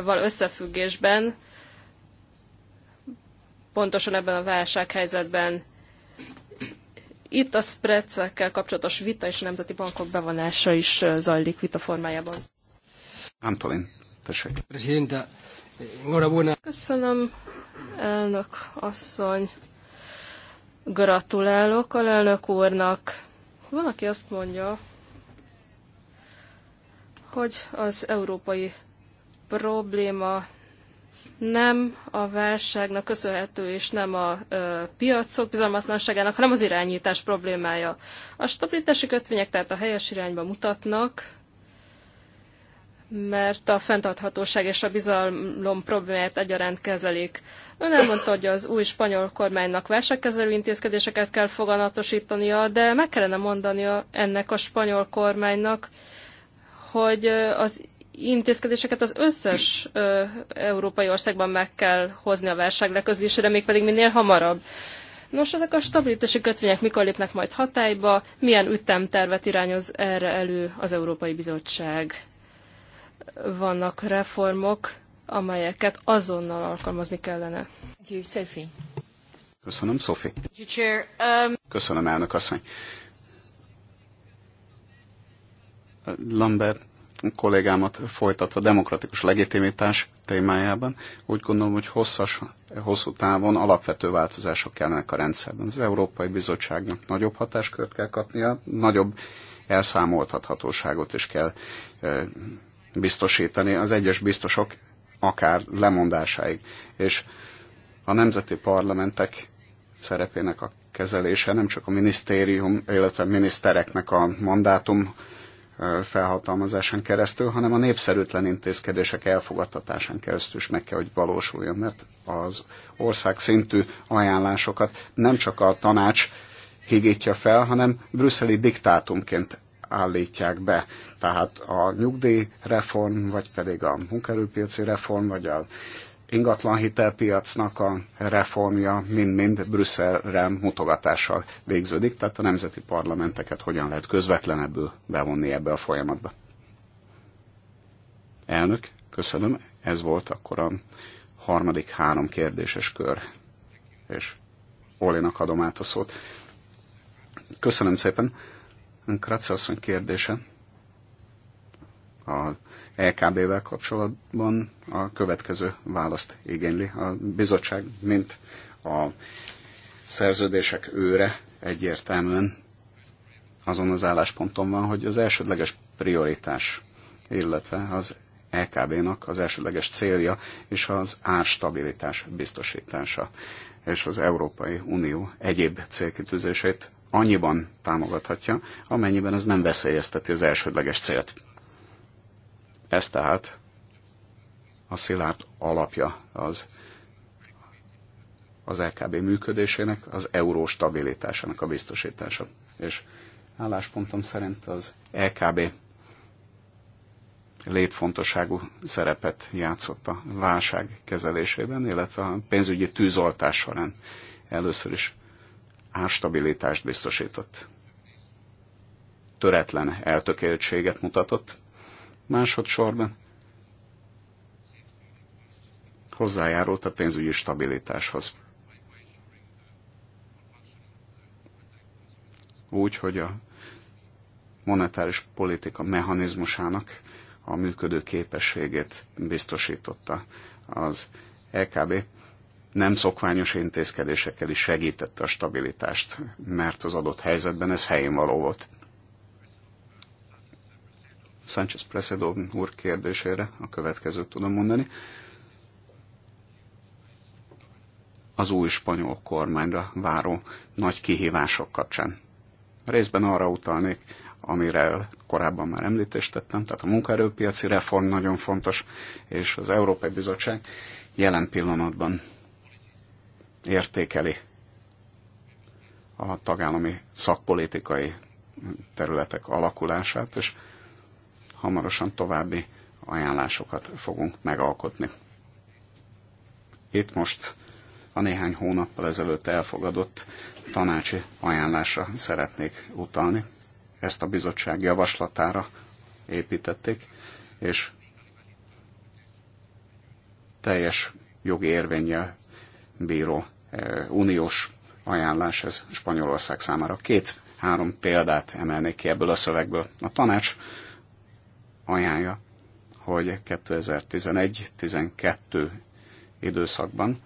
val összefüggésben, pontosan ebben a válsághelyzetben. Itt a spreadsekkel kapcsolatos vita és a nemzeti bankok bevonása is zajlik vita formájában. Antolin, tessék. Köszönöm, elnök asszony. Gratulálok a elnök úrnak. Van, aki azt mondja, hogy az európai probléma nem a válságnak köszönhető, és nem a ö, piacok bizalmatlanságának, hanem az irányítás problémája. A stabilitási kötvények tehát a helyes irányba mutatnak, mert a fenntarthatóság és a bizalom problémáját egyaránt kezelik. Ön elmondta, hogy az új spanyol kormánynak válságkezelő intézkedéseket kell foganatosítania, de meg kellene mondania ennek a spanyol kormánynak, hogy az intézkedéseket az összes ö, európai országban meg kell hozni a válság leközlésére, mégpedig minél hamarabb. Nos, ezek a stabilitási kötvények mikor lépnek majd hatályba, milyen ütemtervet irányoz erre elő az Európai Bizottság? Vannak reformok, amelyeket azonnal alkalmazni kellene. Köszönöm, Sophie. Um, Köszönöm, elnök asszony. Lambert kollégámat folytatva demokratikus legitimitás témájában. Úgy gondolom, hogy hosszas, hosszú távon alapvető változások kellnek a rendszerben. Az Európai Bizottságnak nagyobb hatáskört kell kapnia, nagyobb elszámoltathatóságot is kell biztosítani az egyes biztosok akár lemondásáig. És a nemzeti parlamentek szerepének a kezelése nem csak a minisztérium, illetve a minisztereknek a mandátum felhatalmazásán keresztül, hanem a népszerűtlen intézkedések elfogadtatásán keresztül is meg kell, hogy valósuljon, mert az ország szintű ajánlásokat nem csak a tanács higítja fel, hanem brüsszeli diktátumként állítják be. Tehát a nyugdíjreform, vagy pedig a munkerőpiaci reform, vagy a ingatlan hitelpiacnak a reformja mind-mind Brüsszelre mutogatással végződik, tehát a nemzeti parlamenteket hogyan lehet közvetlenebbül bevonni ebbe a folyamatba. Elnök, köszönöm. Ez volt akkor a harmadik három kérdéses kör. És Olinak adom át a szót. Köszönöm szépen. Kratz asszony kérdése a LKB-vel kapcsolatban a következő választ igényli. A bizottság, mint a szerződések őre egyértelműen azon az állásponton van, hogy az elsődleges prioritás, illetve az LKB-nak az elsődleges célja és az árstabilitás biztosítása és az Európai Unió egyéb célkitűzését annyiban támogathatja, amennyiben ez nem veszélyezteti az elsődleges célt. Ez tehát a szilárd alapja az, az LKB működésének, az euró stabilitásának a biztosítása. És álláspontom szerint az LKB létfontosságú szerepet játszott a válság kezelésében, illetve a pénzügyi tűzoltás során először is árstabilitást biztosított. Töretlen eltökéltséget mutatott, Másodszorban hozzájárult a pénzügyi stabilitáshoz. Úgy, hogy a monetáris politika mechanizmusának a működő képességét biztosította az LKB nem szokványos intézkedésekkel is segítette a stabilitást, mert az adott helyzetben ez helyén való volt. Sánchez Presedo úr kérdésére a következőt tudom mondani. Az új spanyol kormányra váró nagy kihívások kapcsán. Részben arra utalnék, amire korábban már említést tettem, tehát a munkaerőpiaci reform nagyon fontos, és az Európai Bizottság jelen pillanatban értékeli a tagállami szakpolitikai területek alakulását, és hamarosan további ajánlásokat fogunk megalkotni. Itt most a néhány hónappal ezelőtt elfogadott tanácsi ajánlásra szeretnék utalni. Ezt a bizottság javaslatára építették, és teljes jogi érvényel bíró e, uniós ajánlás ez Spanyolország számára. Két-három példát emelnék ki ebből a szövegből. A tanács ajánlja, hogy 2011-12 időszakban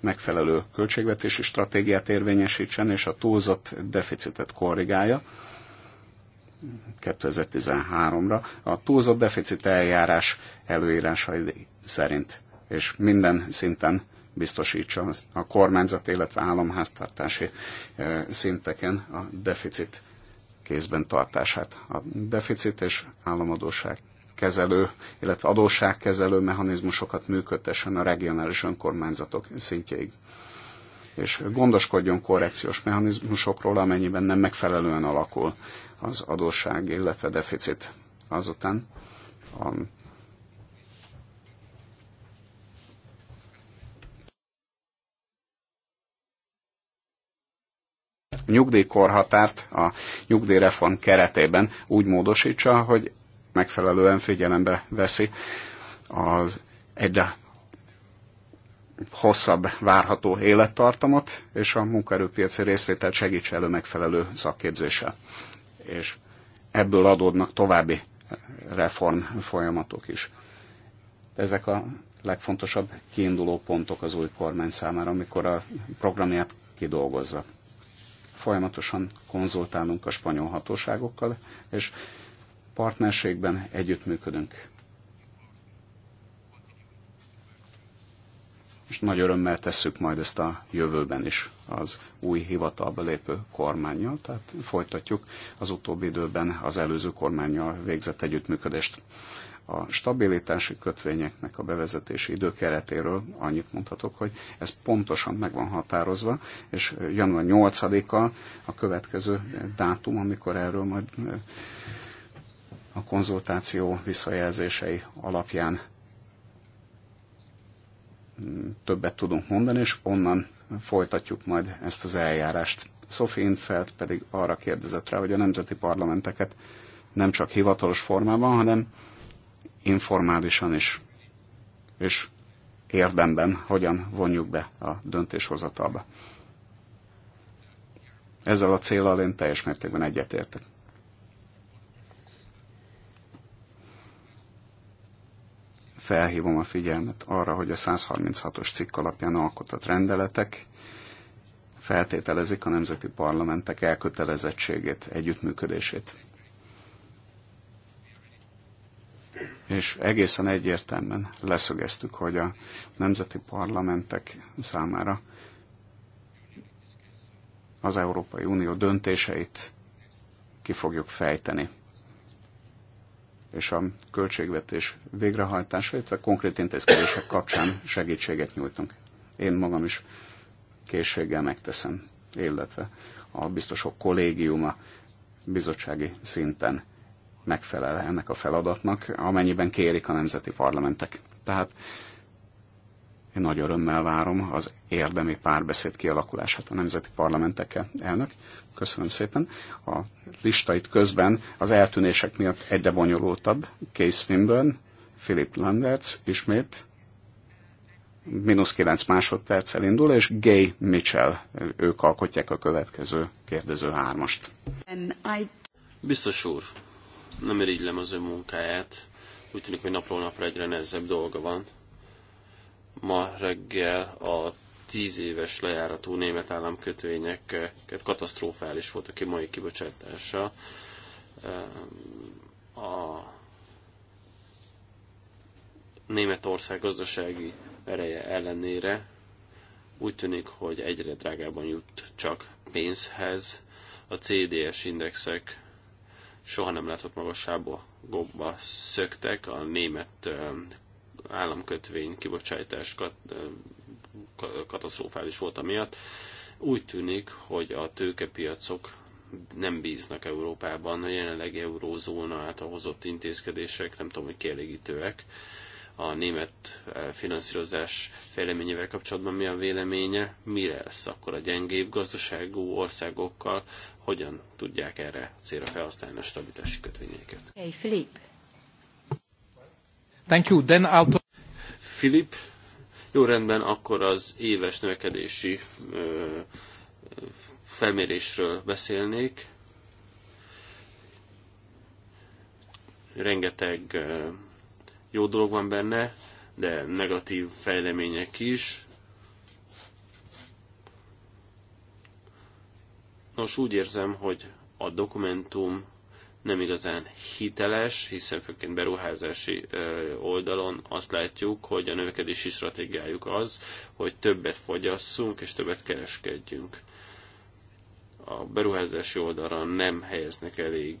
megfelelő költségvetési stratégiát érvényesítsen, és a túlzott deficitet korrigálja 2013-ra. A túlzott deficit eljárás előírásai szerint, és minden szinten biztosítsa a kormányzat, illetve államháztartási eh, szinteken a deficit kézben tartását. A deficit és államadóság kezelő, illetve adósságkezelő mechanizmusokat működtessen a regionális önkormányzatok szintjéig. És gondoskodjon korrekciós mechanizmusokról, amennyiben nem megfelelően alakul az adósság, illetve deficit. Azután a nyugdíjkorhatárt a nyugdíjreform keretében úgy módosítsa, hogy megfelelően figyelembe veszi az egyre hosszabb várható élettartamot, és a munkaerőpiaci részvételt segíts elő megfelelő szakképzéssel. És ebből adódnak további reform folyamatok is. Ezek a legfontosabb kiinduló pontok az új kormány számára, amikor a programját kidolgozza. Folyamatosan konzultálunk a spanyol hatóságokkal, és partnerségben együttműködünk. És nagy örömmel tesszük majd ezt a jövőben is az új hivatalba lépő kormányjal, tehát folytatjuk az utóbbi időben az előző kormányjal végzett együttműködést. A stabilitási kötvényeknek a bevezetési időkeretéről annyit mondhatok, hogy ez pontosan meg van határozva, és január 8-a a következő dátum, amikor erről majd a konzultáció visszajelzései alapján mm, többet tudunk mondani, és onnan folytatjuk majd ezt az eljárást. Sophie Infeld pedig arra kérdezett rá, hogy a nemzeti parlamenteket nem csak hivatalos formában, hanem informálisan is, és érdemben hogyan vonjuk be a döntéshozatalba. Ezzel a célral én teljes mértékben egyetértek. Felhívom a figyelmet arra, hogy a 136-os cikk alapján alkotott rendeletek feltételezik a nemzeti parlamentek elkötelezettségét, együttműködését. és egészen egyértelműen leszögeztük, hogy a nemzeti parlamentek számára az Európai Unió döntéseit ki fogjuk fejteni és a költségvetés végrehajtása, illetve konkrét intézkedések kapcsán segítséget nyújtunk. Én magam is készséggel megteszem, illetve a biztosok kollégiuma bizottsági szinten megfelel ennek a feladatnak, amennyiben kérik a nemzeti parlamentek. Tehát én nagy örömmel várom az érdemi párbeszéd kialakulását a nemzeti parlamentekkel. Elnök, köszönöm szépen. A itt közben az eltűnések miatt egyre bonyolultabb. Case Swinburne, Philip Lamberts ismét, mínusz 9 másodperccel indul, és Gay Mitchell, ők alkotják a következő kérdező hármast. Biztos úr, nem irigylem az ő munkáját. Úgy tűnik, hogy napról napra egyre nehezebb dolga van. Ma reggel a tíz éves lejáratú német államkötvényeket katasztrofális volt a mai kibocsátása. Ehm, a Németország gazdasági ereje ellenére úgy tűnik, hogy egyre drágában jut csak pénzhez. A CDS indexek soha nem látott magassába gobba szöktek a német államkötvény kibocsátás katasztrofális volt miatt. Úgy tűnik, hogy a tőkepiacok nem bíznak Európában, a jelenleg eurózóna által hozott intézkedések nem tudom, hogy kielégítőek a német eh, finanszírozás fejleményével kapcsolatban mi a véleménye, mire lesz akkor a gyengébb gazdaságú országokkal, hogyan tudják erre célra felhasználni a stabilitási kötvényeket. Hey, Philip. Thank you. Then I'll talk... Philip, jó rendben, akkor az éves növekedési ö, eh, felmérésről beszélnék. Rengeteg ö, eh, jó dolog van benne, de negatív fejlemények is. Nos, úgy érzem, hogy a dokumentum nem igazán hiteles, hiszen főként beruházási oldalon azt látjuk, hogy a növekedési stratégiájuk az, hogy többet fogyasszunk és többet kereskedjünk a beruházási oldalra nem helyeznek elég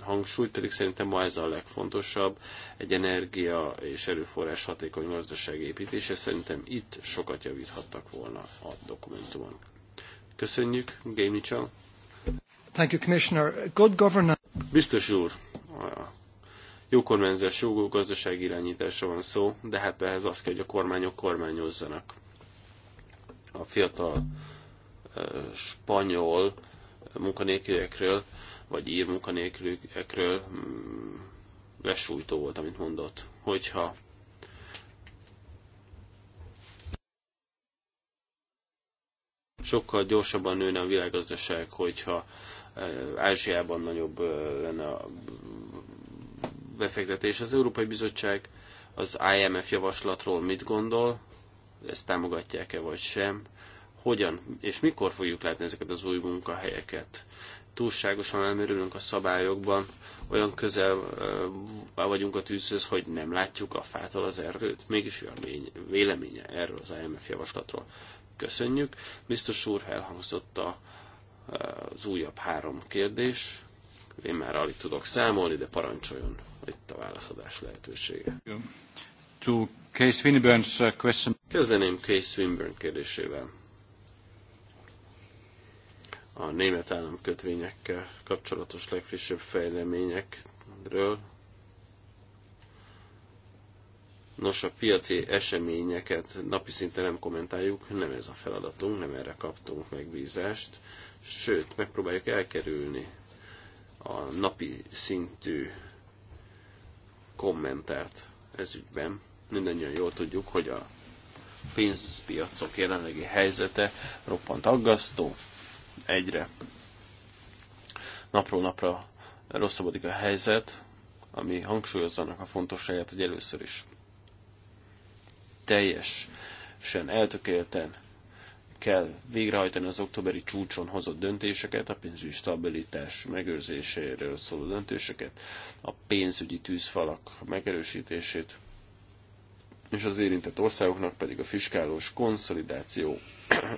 hangsúlyt, pedig szerintem ma ez a legfontosabb, egy energia és erőforrás hatékony gazdaság építése, szerintem itt sokat javíthattak volna a dokumentumon. Köszönjük, Gémi Thank you, Commissioner. Good governance. Biztos úr, jó kormányzás, jó gazdaság irányításra van szó, de hát ehhez az kell, hogy a kormányok kormányozzanak. A fiatal spanyol munkanélküliekről, vagy ír munkanélküliekről mm, lesújtó volt, amit mondott. Hogyha sokkal gyorsabban nőne a világgazdaság, hogyha eh, Ázsiában nagyobb eh, lenne a befektetés. Az Európai Bizottság az IMF javaslatról mit gondol? Ezt támogatják-e vagy sem? hogyan és mikor fogjuk látni ezeket az új munkahelyeket. Túlságosan elmerülünk a szabályokban, olyan közel vagyunk a tűzhöz, hogy nem látjuk a fától az erdőt. Mégis vélemény, véleménye erről az IMF javaslatról. Köszönjük. Biztos úr elhangzott a, az újabb három kérdés. Én már alig tudok számolni, de parancsoljon itt a válaszadás lehetősége. To Case Winburn's uh, question. Kezdeném Case Swinburne kérdésével a német államkötvényekkel kapcsolatos legfrissebb fejleményekről. Nos, a piaci eseményeket napi szinten nem kommentáljuk, nem ez a feladatunk, nem erre kaptunk megbízást, sőt, megpróbáljuk elkerülni a napi szintű kommentárt ez ügyben. Mindennyian jól tudjuk, hogy a pénzpiacok jelenlegi helyzete roppant aggasztó, egyre napról napra rosszabbodik a helyzet, ami hangsúlyozza annak a fontosságát, hogy először is teljesen eltökélten kell végrehajtani az októberi csúcson hozott döntéseket, a pénzügyi stabilitás megőrzéséről szóló döntéseket, a pénzügyi tűzfalak megerősítését, és az érintett országoknak pedig a fiskálós konszolidáció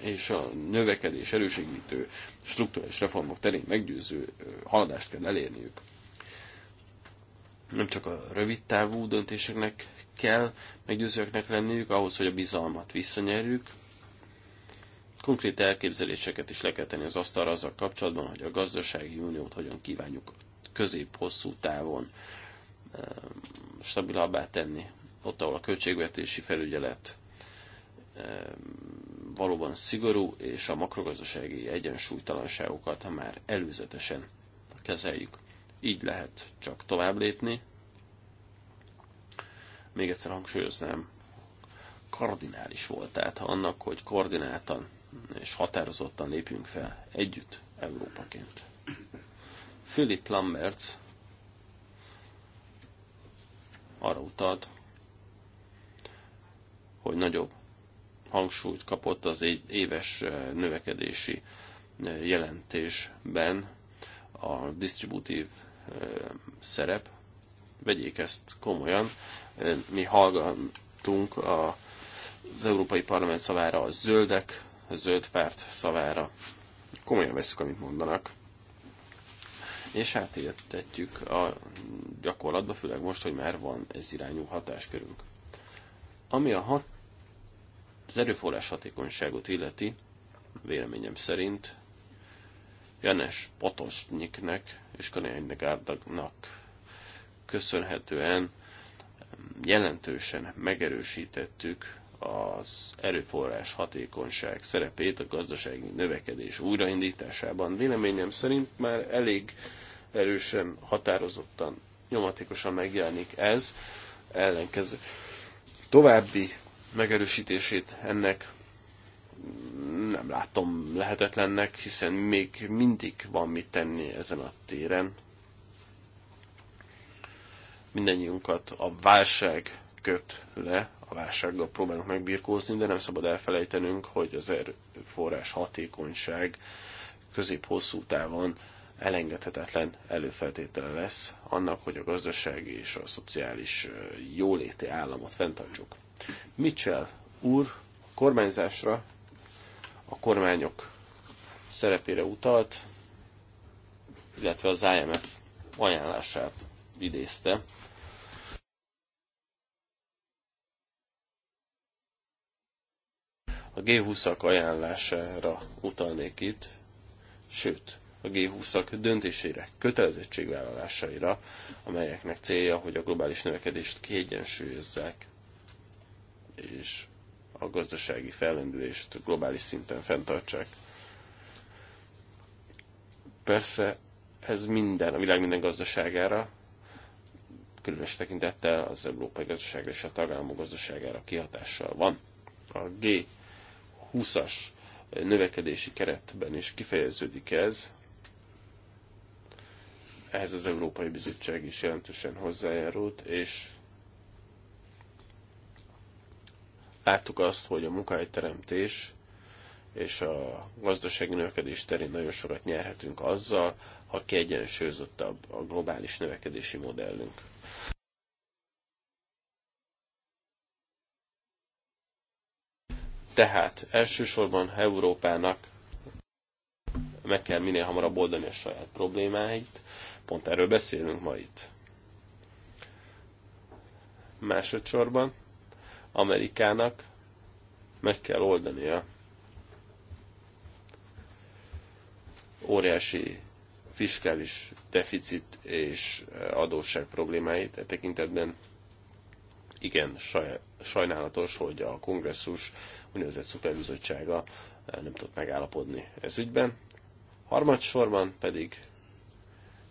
és a növekedés erősítő struktúrális reformok terén meggyőző haladást kell elérniük. Nem csak a rövid távú döntéseknek kell meggyőzőknek lenniük, ahhoz, hogy a bizalmat visszanyerjük, konkrét elképzeléseket is le kell tenni az asztalra azzal kapcsolatban, hogy a gazdasági uniót hogyan kívánjuk közép-hosszú távon stabilabbá tenni, ott, ahol a költségvetési felügyelet valóban szigorú, és a makrogazdasági egyensúlytalanságokat már előzetesen kezeljük. Így lehet csak tovább lépni. Még egyszer hangsúlyoznám, kardinális volt, tehát annak, hogy koordináltan és határozottan lépjünk fel együtt Európaként. Philip Lamberts arra utalt, hogy nagyobb hangsúlyt kapott az éves eh, növekedési eh, jelentésben a disztributív eh, szerep. Vegyék ezt komolyan. Mi hallgatunk a, az Európai Parlament szavára a zöldek, a zöld párt szavára. Komolyan veszük, amit mondanak. És átéltetjük a gyakorlatba, főleg most, hogy már van ez irányú hatáskörünk. Ami a hat az erőforrás hatékonyságot illeti, véleményem szerint, Janes Potosnyiknek és Kanénynek Gárdagnak köszönhetően jelentősen megerősítettük az erőforrás hatékonyság szerepét a gazdasági növekedés újraindításában. Véleményem szerint már elég erősen, határozottan, nyomatékosan megjelenik ez, ellenkező további megerősítését ennek nem látom lehetetlennek, hiszen még mindig van mit tenni ezen a téren. Mindennyiunkat a válság köt le, a válsággal próbálunk megbirkózni, de nem szabad elfelejtenünk, hogy az erőforrás hatékonyság közép-hosszú távon elengedhetetlen előfeltétele lesz annak, hogy a gazdasági és a szociális jóléti államot fenntartsuk. Mitchell úr a kormányzásra, a kormányok szerepére utalt, illetve az IMF ajánlását idézte. A G20-ak ajánlására utalnék itt, sőt, a G20-ak döntésére, kötelezettségvállalásaira, amelyeknek célja, hogy a globális növekedést kiegyensúlyozzák és a gazdasági fellendülést globális szinten fenntartsák. Persze ez minden, a világ minden gazdaságára, különös tekintettel az európai gazdaságra és a tagállamok gazdaságára kihatással van. A G20-as növekedési keretben is kifejeződik ez, ehhez az Európai Bizottság is jelentősen hozzájárult, és Láttuk azt, hogy a munkahelyteremtés és a gazdasági növekedés terén nagyon sokat nyerhetünk azzal, ha kiegyensúlyozottabb a globális növekedési modellünk. Tehát elsősorban Európának meg kell minél hamarabb oldani a saját problémáit, pont erről beszélünk ma itt. Másodszorban Amerikának meg kell oldania óriási fiskális deficit és adósság problémáit. E tekintetben igen saj, sajnálatos, hogy a kongresszus úgynevezett szuperbizottsága e, nem tudott megállapodni ez ügyben. Harmadsorban pedig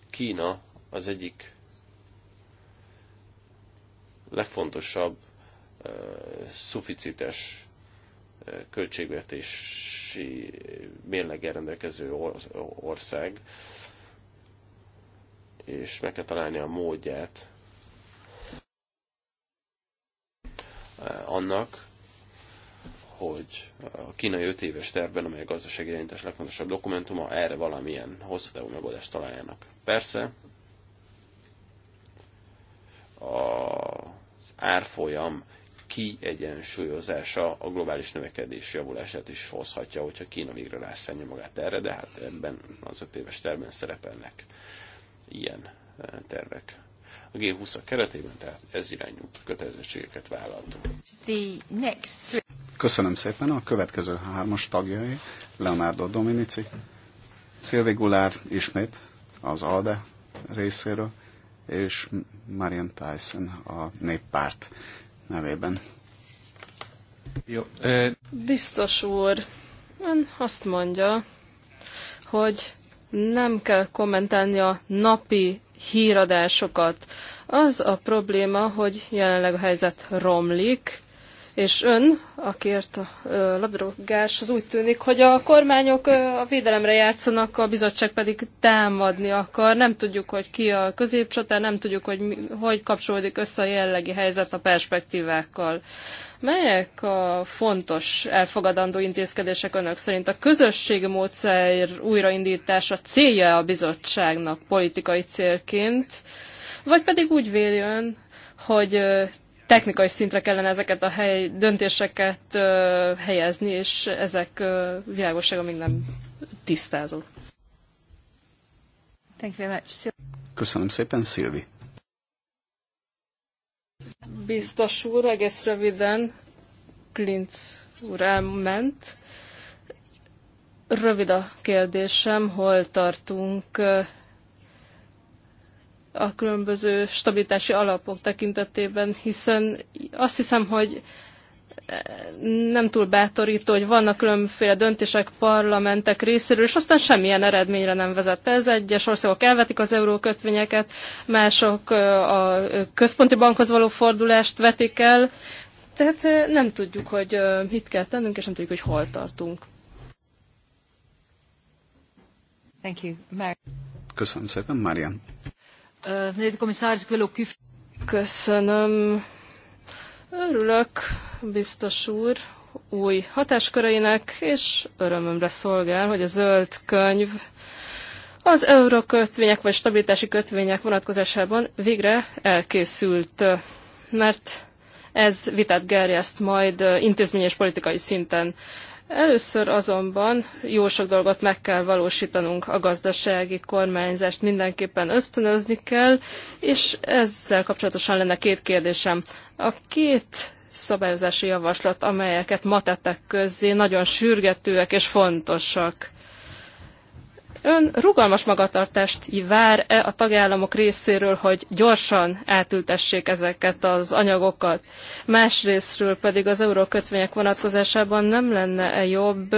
Kína az egyik legfontosabb szuficites költségvetési mérleggel rendelkező ország, és meg kell találni a módját annak, hogy a kínai öt éves tervben, amely a gazdasági irányítás legfontosabb dokumentuma, erre valamilyen hosszú távú megoldást találjanak. Persze az árfolyam kiegyensúlyozása a globális növekedés javulását is hozhatja, hogyha Kína végre rászállja magát erre, de hát ebben az öt éves terben szerepelnek ilyen eh, tervek. A g 20 a keretében tehát ez irányú kötelezettségeket vállaltunk. Köszönöm szépen a következő hármas tagjai, Leonardo Dominici, Szilvi Gulár ismét az ALDE részéről, és Marian Tyson a néppárt nevében. Jó. Biztos úr, ön azt mondja, hogy nem kell kommentálni a napi híradásokat. Az a probléma, hogy jelenleg a helyzet romlik, és ön, akiért a labdarúgás, az úgy tűnik, hogy a kormányok a védelemre játszanak, a bizottság pedig támadni akar. Nem tudjuk, hogy ki a középcsatár, nem tudjuk, hogy hogy kapcsolódik össze a jellegi helyzet a perspektívákkal. Melyek a fontos elfogadandó intézkedések önök szerint? A közösség módszer újraindítása célja a bizottságnak politikai célként, vagy pedig úgy véli ön, hogy technikai szintre kellene ezeket a hely, döntéseket ö, helyezni, és ezek ö, világossága még nem tisztázó. Thank you very much. Köszönöm szépen, Szilvi. Biztos úr, egész röviden, Klint úr elment. Rövid a kérdésem, hol tartunk a különböző stabilitási alapok tekintetében, hiszen azt hiszem, hogy eh, nem túl bátorító, hogy vannak különféle döntések parlamentek részéről, és aztán semmilyen eredményre nem vezet ez. Egyes országok elvetik az eurókötvényeket, mások eh, a központi bankhoz való fordulást vetik el, tehát eh, nem tudjuk, hogy mit kell tennünk, és nem tudjuk, hogy hol tartunk. Thank you. Mar- Köszönöm szépen, Marian meneer de commissaris, ik wil ook u... Köszönöm. Örülök, biztos úr, új hatásköreinek, és örömömre szolgál, hogy a zöld könyv az eurókötvények vagy stabilitási kötvények vonatkozásában végre elkészült, mert ez vitát gerjeszt majd intézményes politikai szinten. Először azonban jó sok dolgot meg kell valósítanunk, a gazdasági kormányzást mindenképpen ösztönözni kell, és ezzel kapcsolatosan lenne két kérdésem. A két szabályozási javaslat, amelyeket ma tettek közzé, nagyon sürgetőek és fontosak. Ön rugalmas magatartást vár-e a tagállamok részéről, hogy gyorsan átültessék ezeket az anyagokat? Másrésztről pedig az eurókötvények vonatkozásában nem lenne -e jobb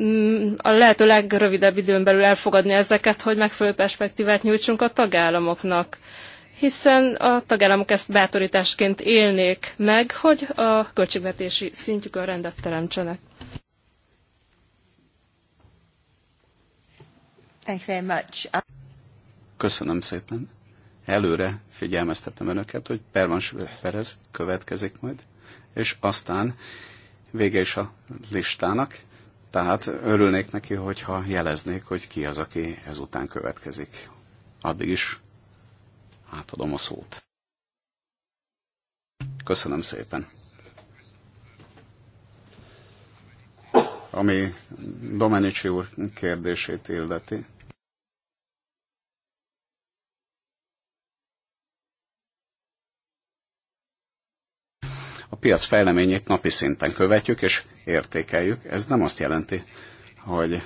mm, a lehető legrövidebb időn belül elfogadni ezeket, hogy megfelelő perspektívát nyújtsunk a tagállamoknak hiszen a tagállamok ezt bátorításként élnék meg, hogy a költségvetési szintjükön rendet teremtsenek. Thank you very much. Uh, Köszönöm szépen. Előre figyelmeztetem önöket, hogy Pervans Perez következik majd, és aztán vége is a listának, tehát örülnék neki, hogyha jeleznék, hogy ki az, aki ezután következik. Addig is átadom a szót. Köszönöm szépen. Ami Domenici úr kérdését illeti, a piac fejleményét napi szinten követjük és értékeljük. Ez nem azt jelenti, hogy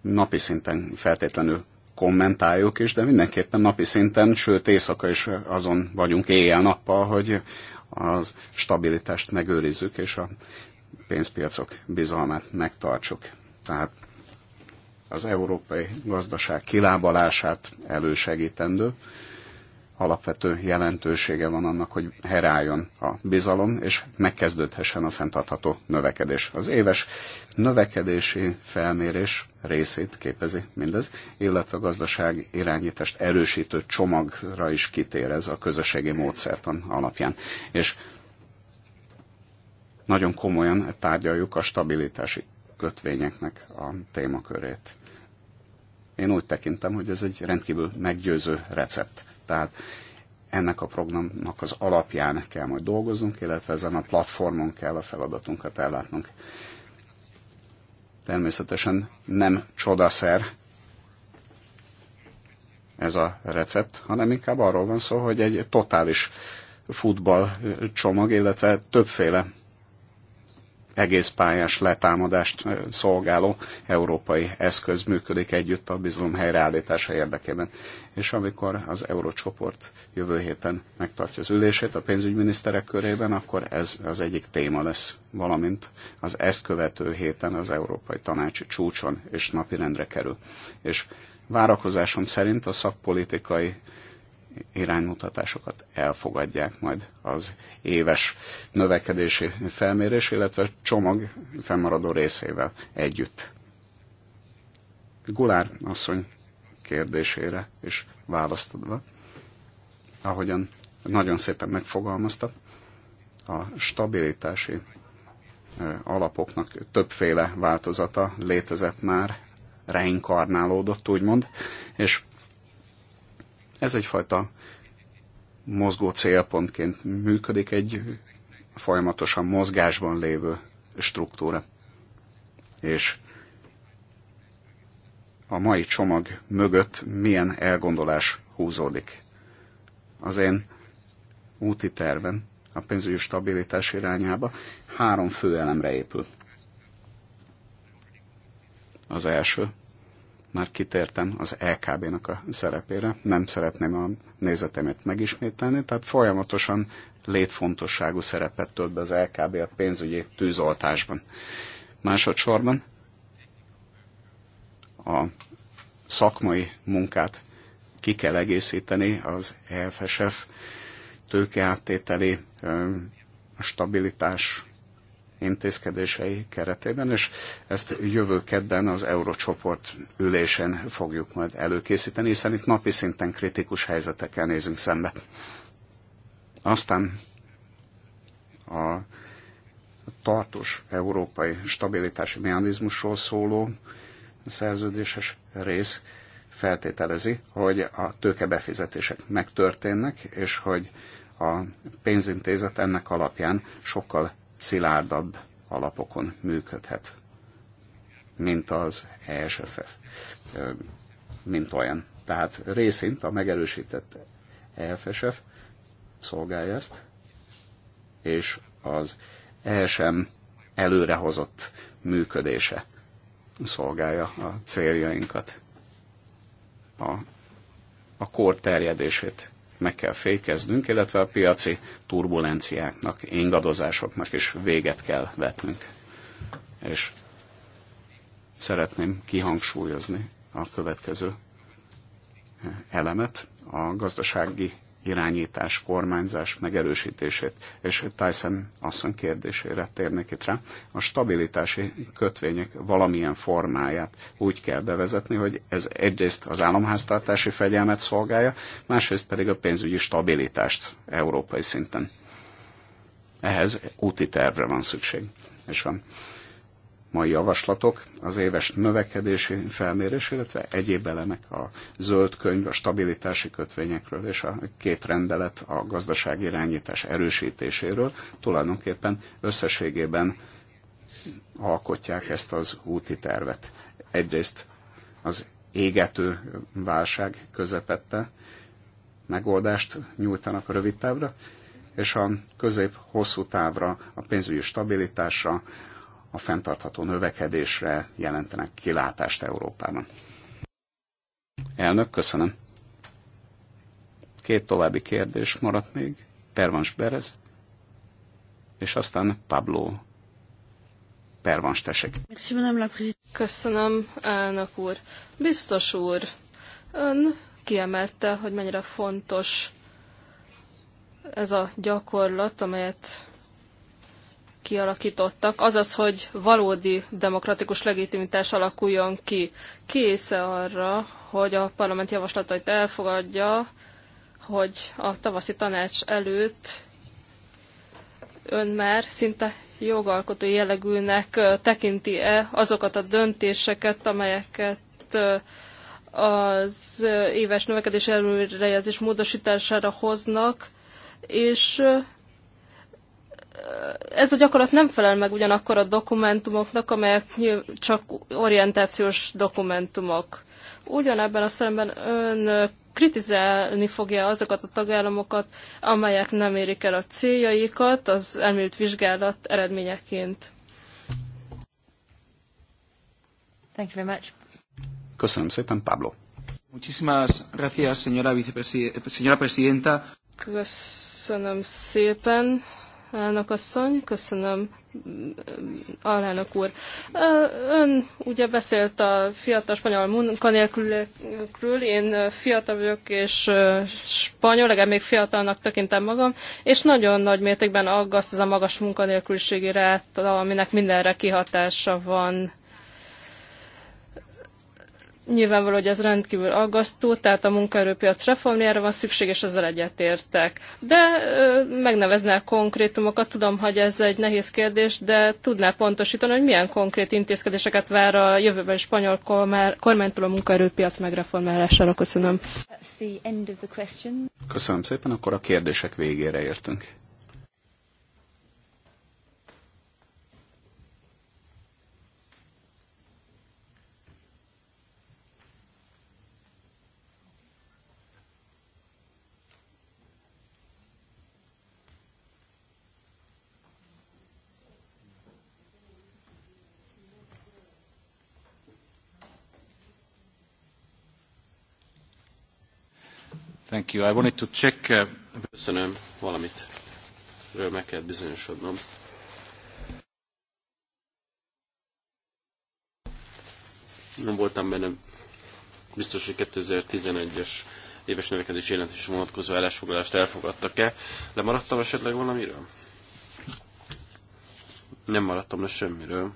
napi szinten feltétlenül kommentáljuk is, de mindenképpen napi szinten, sőt éjszaka is azon vagyunk éjjel-nappal, hogy az stabilitást megőrizzük, és a pénzpiacok bizalmát megtartsuk. Tehát az európai gazdaság kilábalását elősegítendő. Alapvető jelentősége van annak, hogy herálljon a bizalom, és megkezdődhessen a fenntartható növekedés. Az éves növekedési felmérés részét képezi mindez, illetve a gazdaság irányítást erősítő csomagra is kitér ez a közösségi módszertan alapján. És nagyon komolyan tárgyaljuk a stabilitási kötvényeknek a témakörét. Én úgy tekintem, hogy ez egy rendkívül meggyőző recept. Tehát ennek a programnak az alapján kell majd dolgoznunk, illetve ezen a platformon kell a feladatunkat ellátnunk. Természetesen nem csodaszer ez a recept, hanem inkább arról van szó, hogy egy totális futball csomag, illetve többféle egész pályás letámadást szolgáló európai eszköz működik együtt a bizalom helyreállítása érdekében. És amikor az Eurócsoport jövő héten megtartja az ülését a pénzügyminiszterek körében, akkor ez az egyik téma lesz, valamint az ezt követő héten az Európai Tanács csúcson és napirendre kerül. És várakozásom szerint a szakpolitikai iránymutatásokat elfogadják majd az éves növekedési felmérés, illetve csomag fennmaradó részével együtt. Gulár asszony kérdésére és választodva, ahogyan nagyon szépen megfogalmazta, a stabilitási alapoknak többféle változata létezett már, reinkarnálódott, úgymond, és ez egyfajta mozgó célpontként működik, egy folyamatosan mozgásban lévő struktúra. És a mai csomag mögött milyen elgondolás húzódik. Az én úti terven a pénzügyi stabilitás irányába három fő elemre épül. Az első már kitértem az LKB-nak e a szerepére, nem szeretném a nézetemet megismételni, tehát folyamatosan létfontosságú szerepet tölt be az LKB e a pénzügyi tűzoltásban. Másodszorban a szakmai munkát ki kell egészíteni az EFSF tőkeáttételi stabilitás intézkedései keretében, és ezt jövő kedden az Eurocsoport ülésen fogjuk majd előkészíteni, hiszen itt napi szinten kritikus helyzetekkel nézünk szembe. Aztán a tartós európai stabilitási mechanizmusról szóló szerződéses rész feltételezi, hogy a tőkebefizetések megtörténnek, és hogy a pénzintézet ennek alapján sokkal szilárdabb alapokon működhet, mint az ESF, mint olyan. Tehát részint a megerősített EFSF szolgálja ezt, és az ESM előrehozott működése szolgálja a céljainkat, a, a kor terjedését meg kell fékeznünk, illetve a piaci turbulenciáknak, ingadozásoknak is véget kell vetnünk. És szeretném kihangsúlyozni a következő elemet, a gazdasági irányítás, kormányzás megerősítését. És Tyson asszony kérdésére térnek itt rá. A stabilitási kötvények valamilyen formáját úgy kell bevezetni, hogy ez egyrészt az államháztartási fegyelmet szolgálja, másrészt pedig a pénzügyi stabilitást európai szinten. Ehhez úti tervre van szükség. És van mai javaslatok, az éves növekedési felmérés, illetve egyéb elemek, a zöld könyv, a stabilitási kötvényekről és a két rendelet a gazdasági irányítás erősítéséről tulajdonképpen összességében alkotják ezt az úti tervet. Egyrészt az égető válság közepette megoldást nyújtanak rövid távra, és a közép-hosszú távra, a pénzügyi stabilitásra, a fenntartható növekedésre jelentenek kilátást Európában. Elnök, köszönöm. Két további kérdés maradt még. Pervans Berez, és aztán Pablo Pervans, tesek. Köszönöm, elnök úr. Biztos úr, ön kiemelte, hogy mennyire fontos ez a gyakorlat, amelyet kialakítottak, azaz, hogy valódi demokratikus legitimitás alakuljon ki. Késze arra, hogy a parlament javaslatait elfogadja, hogy a tavaszi tanács előtt ön már szinte jogalkotó jellegűnek tekinti-e azokat a döntéseket, amelyeket az éves növekedés előrejelzés módosítására hoznak, és ez a gyakorlat nem felel meg ugyanakkor a dokumentumoknak, amelyek csak orientációs dokumentumok. Ugyanebben a szemben ön kritizálni fogja azokat a tagállamokat, amelyek nem érik el a céljaikat az elmúlt vizsgálat eredményeként. Thank you very much. Köszönöm szépen, Pablo. Muchísimas gracias, señora, vicepresidenta. Köszönöm szépen, elnök asszony, köszönöm, alelnök úr. Ön ugye beszélt a fiatal spanyol munkanélkülökről, én fiatal vagyok, és spanyol, legalább még fiatalnak tekintem magam, és nagyon nagy mértékben aggaszt ez a magas munkanélküliségi rát, aminek mindenre kihatása van Nyilvánvaló, hogy ez rendkívül aggasztó, tehát a munkaerőpiac reformjára van szükség, és ezzel egyetértek. De megneveznél konkrétumokat, tudom, hogy ez egy nehéz kérdés, de tudná pontosítani, hogy milyen konkrét intézkedéseket vár a jövőben a spanyol kormánytól a munkaerőpiac megreformálására. Köszönöm. Köszönöm szépen, akkor a kérdések végére értünk. Thank you. I wanted to check... Uh, Köszönöm, valamit ről meg kell bizonyosodnom. Nem voltam benne biztos, hogy 2011-es éves növekedési jelentésre vonatkozó állásfoglalást elfogadtak-e. Lemaradtam esetleg valamiről? Nem maradtam le semmiről,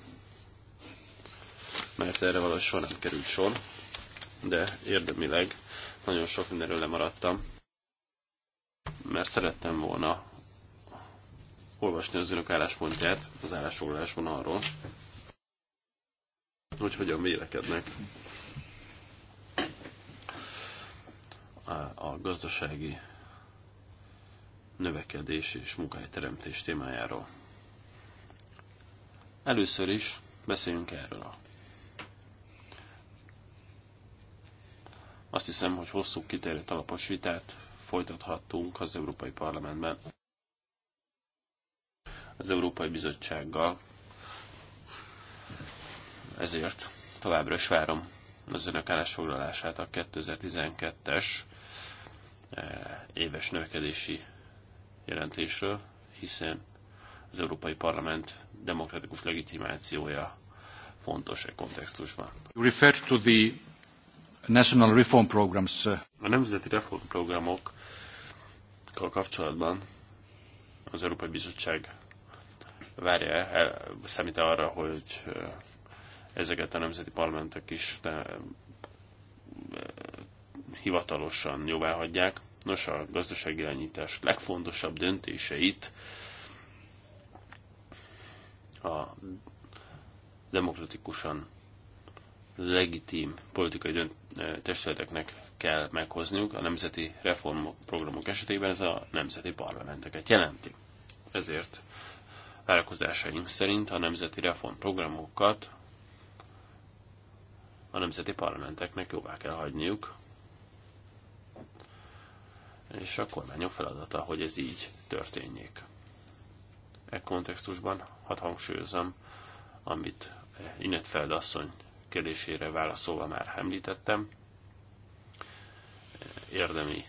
mert erre valahogy soha nem került sor, de érdemileg nagyon sok mindenről lemaradtam, mert szerettem volna olvasni az önök álláspontját, az állásfoglalásban arról, hogy hogyan vélekednek a gazdasági növekedés és munkahelyteremtés témájáról. Először is beszéljünk erről a Azt hiszem, hogy hosszú kitérőt alapos vitát folytathattunk az Európai Parlamentben az Európai Bizottsággal. Ezért továbbra is várom az önök állásfoglalását a 2012-es eh, éves növekedési jelentésről, hiszen az Európai Parlament demokratikus legitimációja fontos e kontextusban. You referred to the national reform programs. Uh, a nemzeti reformprogramokkal kapcsolatban az Európai Bizottság várja, számít arra, hogy uh, ezeket a nemzeti parlamentek is de, uh, hivatalosan jóvá hagyják. Nos, a gazdasági irányítás legfontosabb döntéseit a demokratikusan legitim politikai dönt, testületeknek kell meghozniuk, a nemzeti reformprogramok esetében ez a nemzeti parlamenteket jelenti. Ezért várakozásaink szerint a nemzeti reformprogramokat a nemzeti parlamenteknek jóvá kell hagyniuk, és a kormányok feladata, hogy ez így történjék. E kontextusban hadd hangsúlyozom, amit Inet Feld asszony kérdésére válaszolva már említettem, érdemi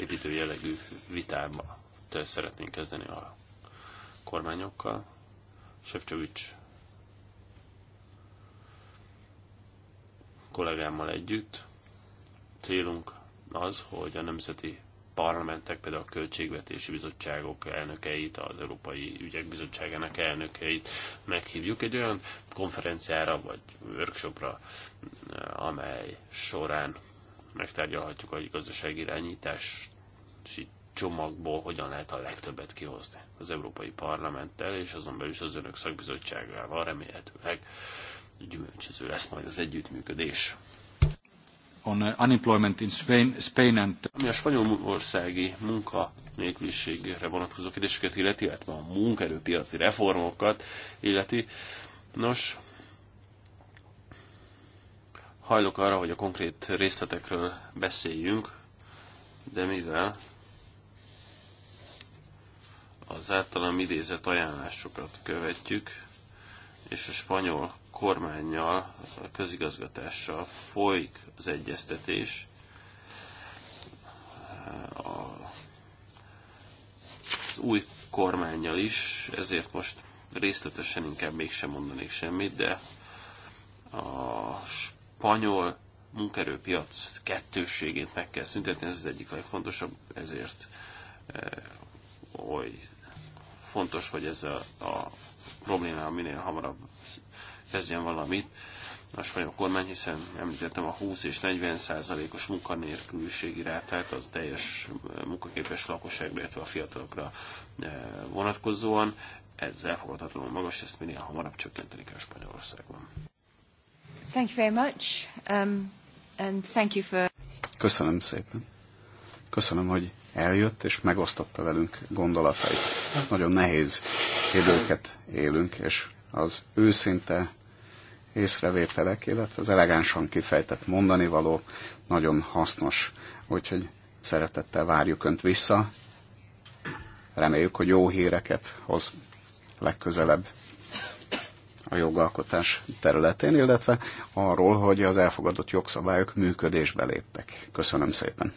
építő jellegű vitába szeretnénk kezdeni a kormányokkal. Sefcsovics kollégámmal együtt célunk az, hogy a nemzeti parlamentek, például a költségvetési bizottságok elnökeit, az Európai Ügyek Bizottságának elnökeit meghívjuk egy olyan konferenciára vagy workshopra, amely során megtárgyalhatjuk a gazdasági irányítási csomagból hogyan lehet a legtöbbet kihozni az Európai Parlamenttel, és azon belül is az önök szakbizottságával remélhetőleg gyümölcsöző lesz majd az együttműködés on uh, unemployment in Spain, Spain and... Uh, Ami a spanyolországi munkanélküliségre vonatkozó kérdéseket illeti, illetve a munkaerőpiaci reformokat illeti, nos, hajlok arra, hogy a konkrét részletekről beszéljünk, de mivel az általam idézett ajánlásokat követjük, és a spanyol kormányjal, a közigazgatással folyik az egyeztetés. Az új kormányjal is, ezért most részletesen inkább mégsem mondanék semmit, de a spanyol munkerőpiac kettősségét meg kell szüntetni, ez az egyik legfontosabb, ezért e, oly fontos, hogy ez a, a problémával minél hamarabb kezdjen valamit a spanyol kormány, hiszen említettem a 20 és 40 százalékos munkanélküliségi rátát az teljes munkaképes lakosságra, illetve a fiatalokra eh, vonatkozóan. Ez elfogadhatóan magas, ezt minél hamarabb csökkenteni kell Spanyolországban. Thank you very much, um, and thank you for... Köszönöm szépen. Köszönöm, hogy eljött és megosztotta velünk gondolatait. Nagyon nehéz időket élünk, és az őszinte észrevételek, illetve az elegánsan kifejtett mondani való nagyon hasznos. Úgyhogy szeretettel várjuk Önt vissza. Reméljük, hogy jó híreket hoz legközelebb a jogalkotás területén, illetve arról, hogy az elfogadott jogszabályok működésbe léptek. Köszönöm szépen!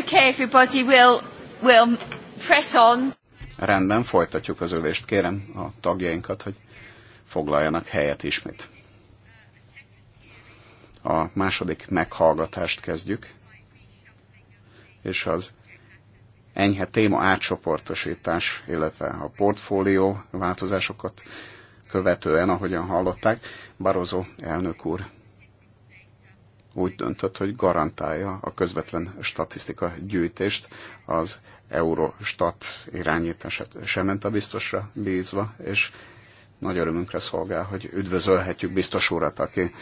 Okay, everybody press on. Rendben, folytatjuk az ülést. Kérem a tagjainkat, hogy foglaljanak helyet ismét. A második meghallgatást kezdjük, és az enyhe téma átcsoportosítás, illetve a portfólió változásokat követően, ahogyan hallották, Barozó elnök úr úgy döntött, hogy garantálja a közvetlen statisztika gyűjtést az Eurostat irányítását sem ment a biztosra bízva, és nagy örömünkre szolgál, hogy üdvözölhetjük biztos urat, aki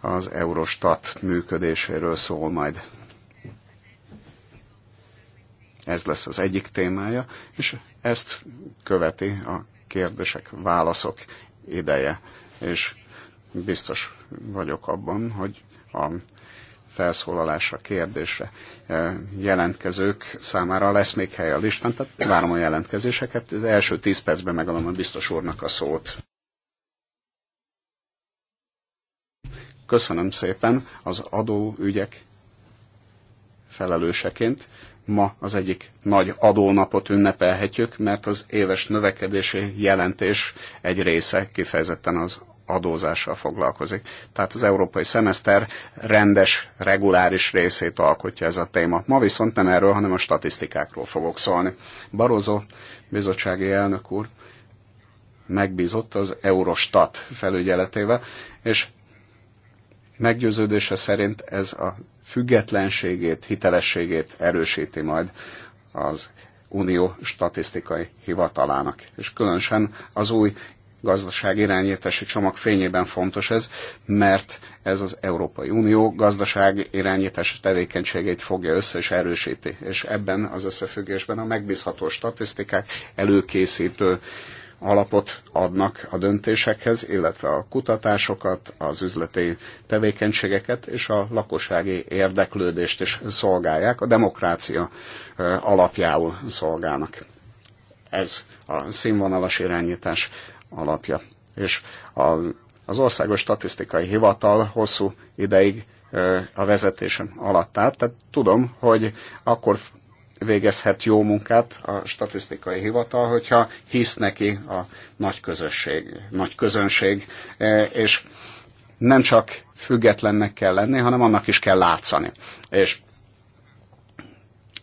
az Eurostat működéséről szól majd. Ez lesz az egyik témája, és ezt követi a kérdések, válaszok ideje, és biztos vagyok abban, hogy a felszólalásra, kérdésre e, jelentkezők számára lesz még hely a listán, tehát várom a jelentkezéseket. Az első tíz percben megadom a biztos úrnak a szót. Köszönöm szépen az adóügyek felelőseként. Ma az egyik nagy adónapot ünnepelhetjük, mert az éves növekedési jelentés egy része kifejezetten az adózással foglalkozik. Tehát az európai szemeszter rendes, reguláris részét alkotja ez a téma. Ma viszont nem erről, hanem a statisztikákról fogok szólni. Barozó bizottsági elnök úr megbízott az Eurostat felügyeletével, és meggyőződése szerint ez a függetlenségét, hitelességét erősíti majd az Unió statisztikai hivatalának, és különösen az új irányítási csomag fényében fontos ez, mert ez az Európai Unió irányítási tevékenységét fogja össze és erősíti. És ebben az összefüggésben a megbízható statisztikák előkészítő alapot adnak a döntésekhez, illetve a kutatásokat, az üzleti tevékenységeket és a lakossági érdeklődést is szolgálják, a demokrácia alapjául szolgálnak. Ez a színvonalas irányítás alapja. És a, az Országos Statisztikai Hivatal hosszú ideig a vezetésem alatt állt, tehát tudom, hogy akkor végezhet jó munkát a statisztikai hivatal, hogyha hisz neki a nagy közösség, nagy közönség, és nem csak függetlennek kell lenni, hanem annak is kell látszani. És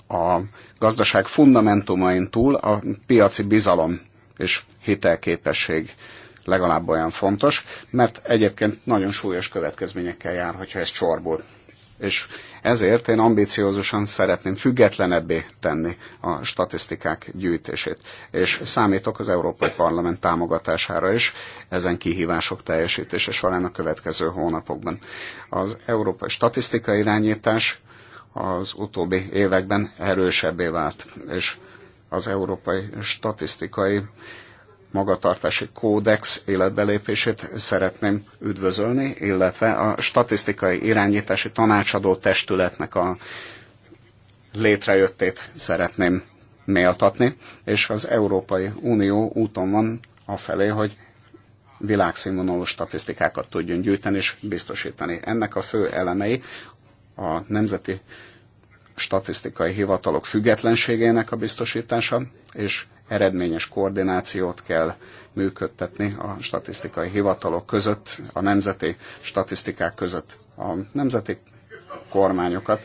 a gazdaság fundamentumain túl a piaci bizalom és hitelképesség legalább olyan fontos, mert egyébként nagyon súlyos következményekkel jár, hogyha ez csorból. És ezért én ambiciózusan szeretném függetlenebbé tenni a statisztikák gyűjtését. És számítok az Európai Parlament támogatására is ezen kihívások teljesítése során a következő hónapokban. Az Európai Statisztika irányítás az utóbbi években erősebbé vált, és az Európai Statisztikai Magatartási Kódex életbelépését szeretném üdvözölni, illetve a statisztikai irányítási tanácsadó testületnek a létrejöttét szeretném méltatni, és az Európai Unió úton van afelé, hogy világszínvonalú statisztikákat tudjon gyűjteni és biztosítani. Ennek a fő elemei a nemzeti statisztikai hivatalok függetlenségének a biztosítása, és eredményes koordinációt kell működtetni a statisztikai hivatalok között, a nemzeti statisztikák között. A nemzeti kormányokat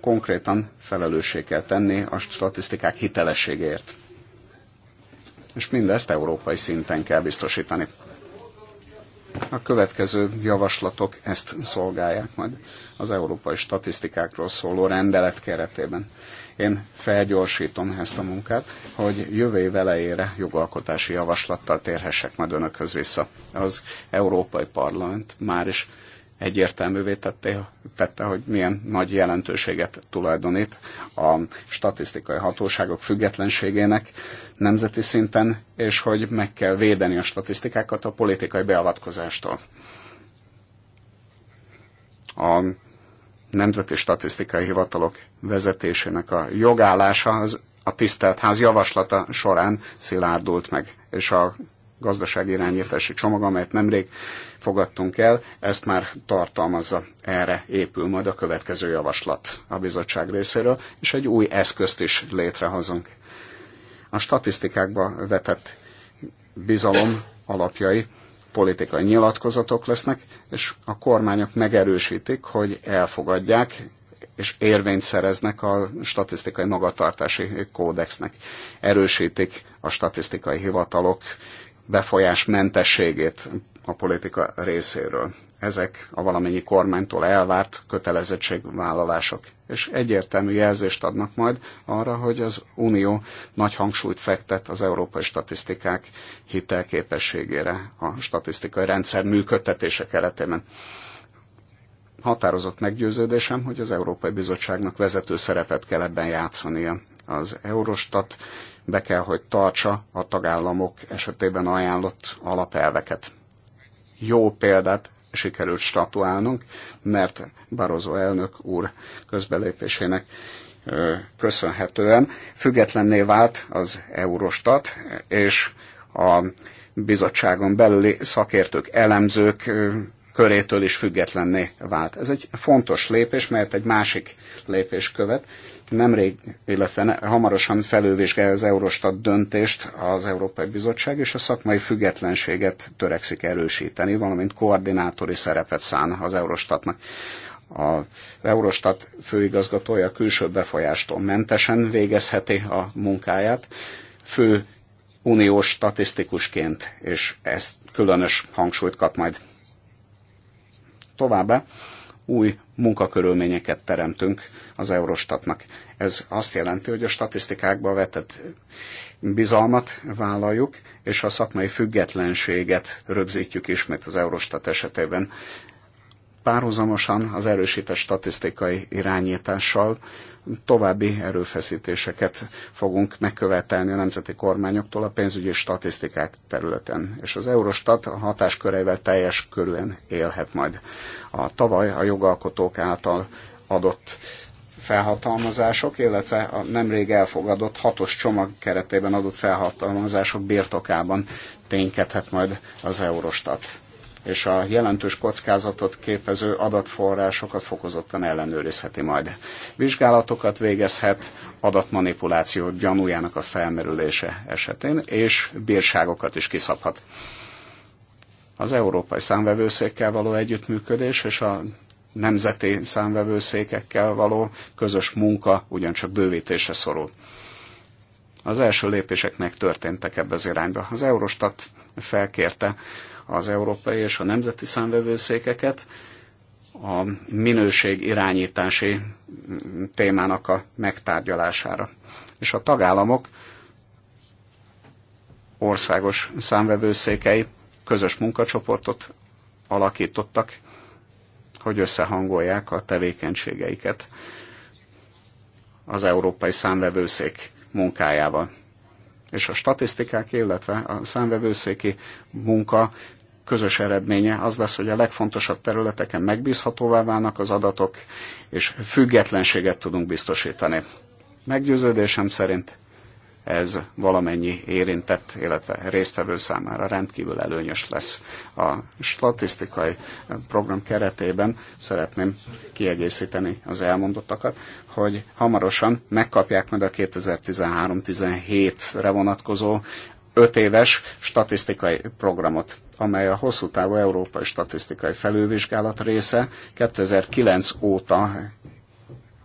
konkrétan felelőssé kell tenni a statisztikák hitelességért. És mindezt európai szinten kell biztosítani. A következő javaslatok ezt szolgálják majd az európai statisztikákról szóló rendelet keretében. Én felgyorsítom ezt a munkát, hogy jövő év elejére jogalkotási javaslattal térhessek majd önökhöz vissza. Az Európai Parlament már is egyértelművé tette, tette, hogy milyen nagy jelentőséget tulajdonít a statisztikai hatóságok függetlenségének nemzeti szinten, és hogy meg kell védeni a statisztikákat a politikai beavatkozástól. A Nemzeti Statisztikai Hivatalok vezetésének a jogállása az a tisztelt ház javaslata során szilárdult meg, és a gazdasági irányítási csomag, amelyet nemrég fogadtunk el, ezt már tartalmazza. Erre épül majd a következő javaslat a bizottság részéről, és egy új eszközt is létrehozunk. A statisztikákba vetett bizalom alapjai politikai nyilatkozatok lesznek, és a kormányok megerősítik, hogy elfogadják és érvényt szereznek a statisztikai magatartási kódexnek. Erősítik a statisztikai hivatalok befolyásmentességét a politika részéről. Ezek a valamennyi kormánytól elvárt kötelezettségvállalások. És egyértelmű jelzést adnak majd arra, hogy az Unió nagy hangsúlyt fektet az európai statisztikák hitelképességére a statisztikai rendszer működtetése keretében határozott meggyőződésem, hogy az Európai Bizottságnak vezető szerepet kell ebben játszania. Az Eurostat be kell, hogy tartsa a tagállamok esetében ajánlott alapelveket. Jó példát sikerült statuálnunk, mert Barozó elnök úr közbelépésének köszönhetően függetlenné vált az Eurostat, és a bizottságon belüli szakértők, elemzők körétől is függetlenné vált. Ez egy fontos lépés, mert egy másik lépés követ, nemrég, illetve hamarosan felülvizsgálja az Eurostat döntést az Európai Bizottság, és a szakmai függetlenséget törekszik erősíteni, valamint koordinátori szerepet szán az Eurostatnak. Az Eurostat főigazgatója külső befolyástól mentesen végezheti a munkáját, fő uniós statisztikusként, és ezt különös hangsúlyt kap majd. Továbbá új munkakörülményeket teremtünk az Eurostatnak. Ez azt jelenti, hogy a statisztikákba vetett bizalmat vállaljuk, és a szakmai függetlenséget rögzítjük ismét az Eurostat esetében párhuzamosan az erősített statisztikai irányítással további erőfeszítéseket fogunk megkövetelni a nemzeti kormányoktól a pénzügyi statisztikák területen. És az Eurostat a hatásköreivel teljes körülön élhet majd. A tavaly a jogalkotók által adott felhatalmazások, illetve a nemrég elfogadott hatos csomag keretében adott felhatalmazások birtokában ténykedhet majd az Eurostat és a jelentős kockázatot képező adatforrásokat fokozottan ellenőrizheti majd. Vizsgálatokat végezhet adatmanipuláció gyanújának a felmerülése esetén, és bírságokat is kiszabhat. Az Európai Számvevőszékkel való együttműködés és a nemzeti számvevőszékekkel való közös munka ugyancsak bővítése szorul. Az első lépések megtörténtek ebbe az irányba. Az Eurostat felkérte az európai és a nemzeti számvevőszékeket a minőség irányítási témának a megtárgyalására. És a tagállamok országos számvevőszékei közös munkacsoportot alakítottak, hogy összehangolják a tevékenységeiket az Európai Számvevőszék munkájával. És a statisztikák, illetve a számvevőszéki munka közös eredménye az lesz, hogy a legfontosabb területeken megbízhatóvá válnak az adatok, és függetlenséget tudunk biztosítani. Meggyőződésem szerint ez valamennyi érintett, illetve résztvevő számára rendkívül előnyös lesz. A statisztikai program keretében szeretném kiegészíteni az elmondottakat, hogy hamarosan megkapják majd a 2013-17-re vonatkozó 5 éves statisztikai programot amely a hosszú távú európai statisztikai felülvizsgálat része 2009 óta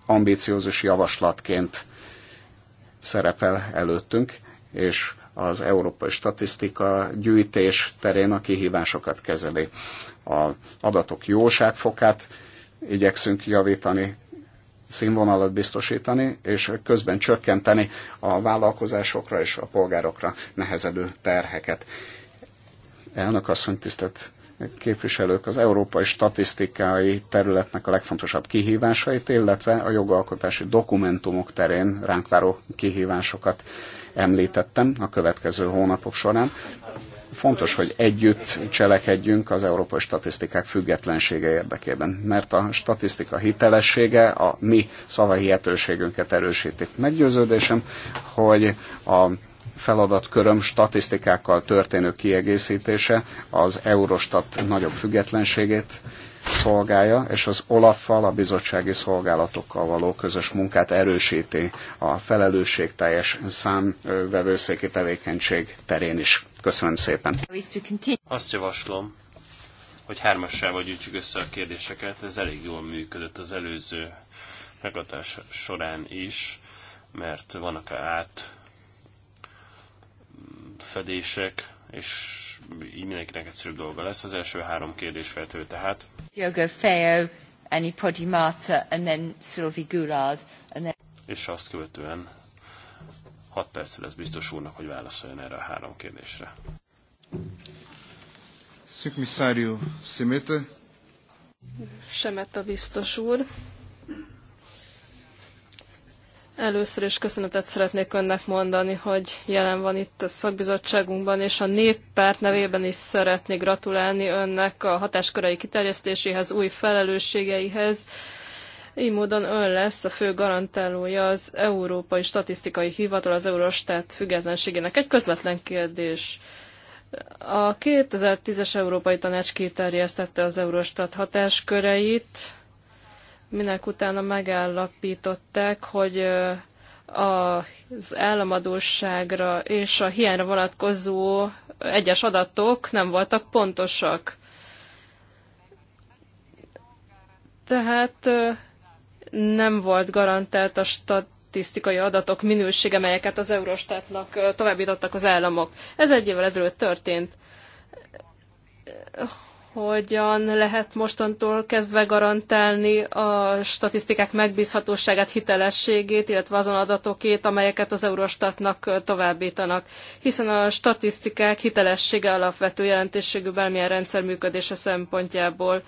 ambiciózus javaslatként szerepel előttünk, és az európai statisztika gyűjtés terén a kihívásokat kezeli. A adatok jóságfokát igyekszünk javítani, színvonalat biztosítani, és közben csökkenteni a vállalkozásokra és a polgárokra nehezedő terheket elnök asszony, tisztelt képviselők az európai statisztikai területnek a legfontosabb kihívásait, illetve a jogalkotási dokumentumok terén ránk váró kihívásokat említettem a következő hónapok során. Fontos, hogy együtt cselekedjünk az európai statisztikák függetlensége érdekében, mert a statisztika hitelessége a mi szavahihetőségünket erősíti. Meggyőződésem, hogy a feladatköröm statisztikákkal történő kiegészítése az Eurostat nagyobb függetlenségét szolgálja, és az Olaffal, a bizottsági szolgálatokkal való közös munkát erősíti a felelősségteljes számvevőszéki tevékenység terén is. Köszönöm szépen. Azt javaslom, hogy hármassával gyűjtsük össze a kérdéseket. Ez elég jól működött az előző megadás során is, mert vannak át fedések, és így mindenkinek egyszerűbb dolga lesz. Az első három kérdés feltő tehát. Jogo Feo, Annie Podimata, and then Sylvie Goulard, and then... És azt követően 6 perc lesz biztos úrnak, hogy válaszoljon erre a három kérdésre. Szükmisszárió Szemete. Semeta biztos úr. Először is köszönetet szeretnék önnek mondani, hogy jelen van itt a szakbizottságunkban, és a néppárt nevében is szeretnék gratulálni önnek a hatáskörei kiterjesztéséhez, új felelősségeihez. Így módon ön lesz a fő garantálója az Európai Statisztikai Hivatal, az Eurostat függetlenségének. Egy közvetlen kérdés. A 2010-es Európai Tanács kiterjesztette az Eurostat hatásköreit, minek utána megállapították, hogy az államadóságra és a hiányra vonatkozó egyes adatok nem voltak pontosak. Tehát nem volt garantált a statisztikai adatok minősége, melyeket az Eurostatnak továbbítottak az államok. Ez egy évvel ezelőtt történt hogyan lehet mostantól kezdve garantálni a statisztikák megbízhatóságát, hitelességét, illetve azon adatokét, amelyeket az Eurostatnak továbbítanak. Hiszen a statisztikák hitelessége alapvető jelentőségű bármilyen rendszer működése szempontjából.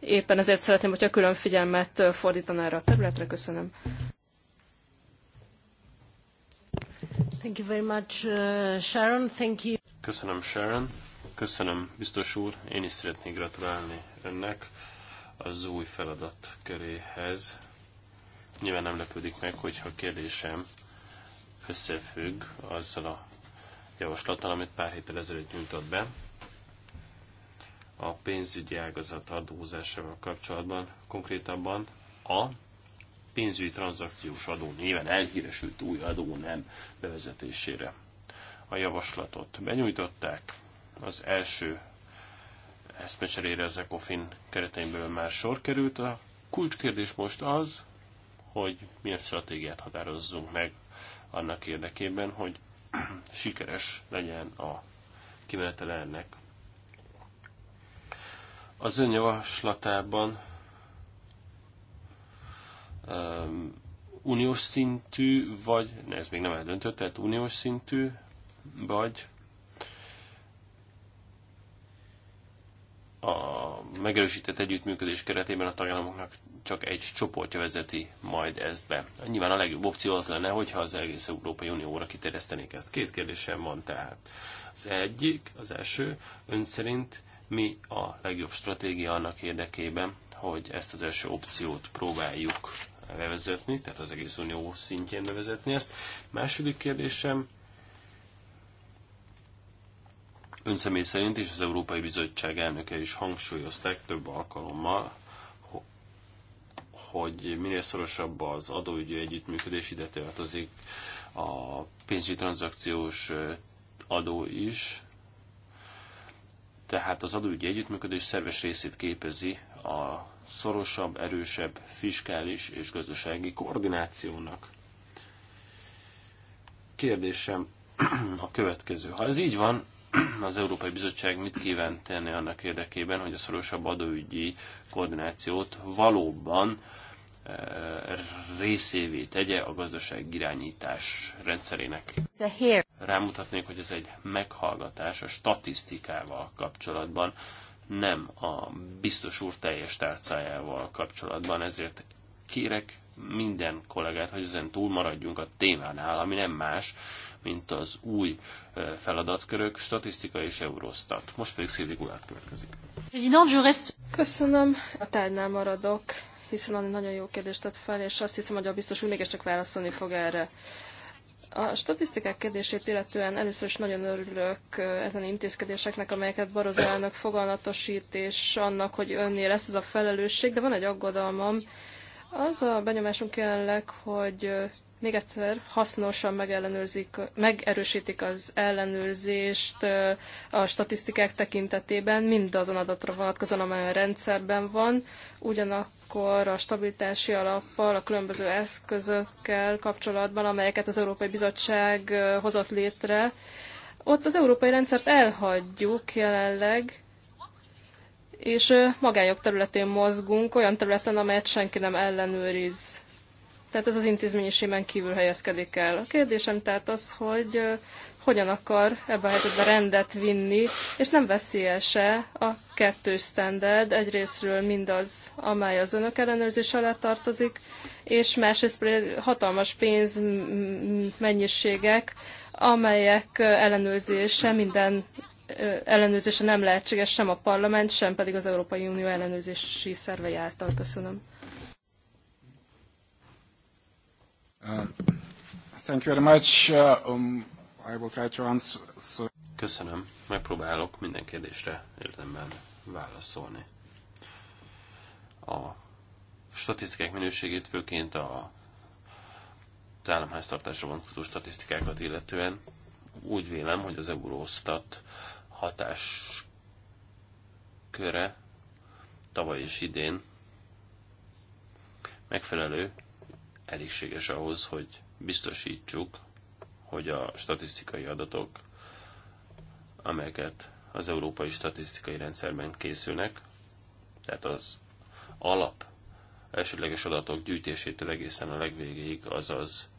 Éppen ezért szeretném, hogyha külön figyelmet fordítaná erre a területre. Köszönöm. Thank you very much, uh, Sharon. Thank you. Köszönöm, Sharon. Köszönöm, biztos úr. Én is szeretnék gratulálni önnek az új köréhez. Nyilván nem lepődik meg, hogyha a kérdésem összefügg azzal a javaslattal, amit pár héttel ezelőtt nyújtott be. A pénzügyi ágazat adózásával kapcsolatban, konkrétabban a pénzügyi tranzakciós adó néven elhíresült új adó nem bevezetésére. A javaslatot benyújtották, az első eszmecserére az ECOFIN keretein belül már sor került. A kulcskérdés most az, hogy milyen stratégiát határozzunk meg annak érdekében, hogy sikeres legyen a kimenetele ennek. Az önjavaslatában um, uniós szintű, vagy, ne, ez még nem eldöntött, tehát uniós szintű, vagy a megerősített együttműködés keretében a tagállamoknak csak egy csoportja vezeti majd ezt be. Nyilván a legjobb opció az lenne, hogyha az egész Európai Unióra kiterjesztenék ezt. Két kérdésem van tehát. Az egyik, az első, ön szerint mi a legjobb stratégia annak érdekében, hogy ezt az első opciót próbáljuk bevezetni, tehát az egész unió szintjén bevezetni ezt. Második kérdésem, Ön személy szerint és az Európai Bizottság elnöke is hangsúlyozták több alkalommal, hogy minél szorosabb az adóügyi együttműködés, ide tartozik a pénzügyi tranzakciós adó is, tehát az adóügyi együttműködés szerves részét képezi a szorosabb, erősebb fiskális és gazdasági koordinációnak. Kérdésem a következő. Ha ez így van, az Európai Bizottság mit kíván tenni annak érdekében, hogy a szorosabb adóügyi koordinációt valóban e, részévé tegye a gazdaság irányítás rendszerének. Rámutatnék, hogy ez egy meghallgatás a statisztikával kapcsolatban, nem a biztos úr teljes tárcájával kapcsolatban, ezért kérek minden kollégát, hogy ezen túl maradjunk a témánál, ami nem más, mint az új eh, feladatkörök, statisztika és Eurostat. Most pedig Szilvi Gulát következik. Köszönöm, a tárgynál maradok, hiszen Anni nagyon jó kérdést tett fel, és azt hiszem, hogy a biztos úr mégiscsak válaszolni fog erre. A statisztikák kérdését illetően először is nagyon örülök eh, ezen intézkedéseknek, amelyeket Barozó elnök fogalmatosít, és annak, hogy önné lesz ez a felelősség, de van egy aggodalmam. Az a benyomásunk jelenleg, hogy eh, még egyszer hasznosan megellenőrzik, megerősítik az ellenőrzést a statisztikák tekintetében, mindazon adatra vonatkozóan, amely a rendszerben van, ugyanakkor a stabilitási alappal, a különböző eszközökkel kapcsolatban, amelyeket az Európai Bizottság hozott létre, ott az európai rendszert elhagyjuk jelenleg, és magányok területén mozgunk, olyan területen, amelyet senki nem ellenőriz tehát ez az intézményiségben kívül helyezkedik el. A kérdésem tehát az, hogy hogyan akar ebbe a helyzetbe rendet vinni, és nem veszélyese a kettős standard egyrésztről mindaz, amely az önök ellenőrzés alá tartozik, és másrészt hatalmas pénz mennyiségek, amelyek ellenőrzése minden ellenőrzése nem lehetséges sem a parlament, sem pedig az Európai Unió ellenőrzési szervei által. Köszönöm. Uh, thank you very much. Uh, um, I will try to answer. So... Köszönöm. Megpróbálok minden kérdésre érdemben válaszolni. A statisztikák minőségét főként a államháztartásra vonatkozó statisztikákat illetően úgy vélem, hogy az Eurostat köre tavaly és idén megfelelő elégséges ahhoz, hogy biztosítsuk, hogy a statisztikai adatok, amelyeket az európai statisztikai rendszerben készülnek, tehát az alap elsődleges adatok gyűjtésétől egészen a legvégéig, azaz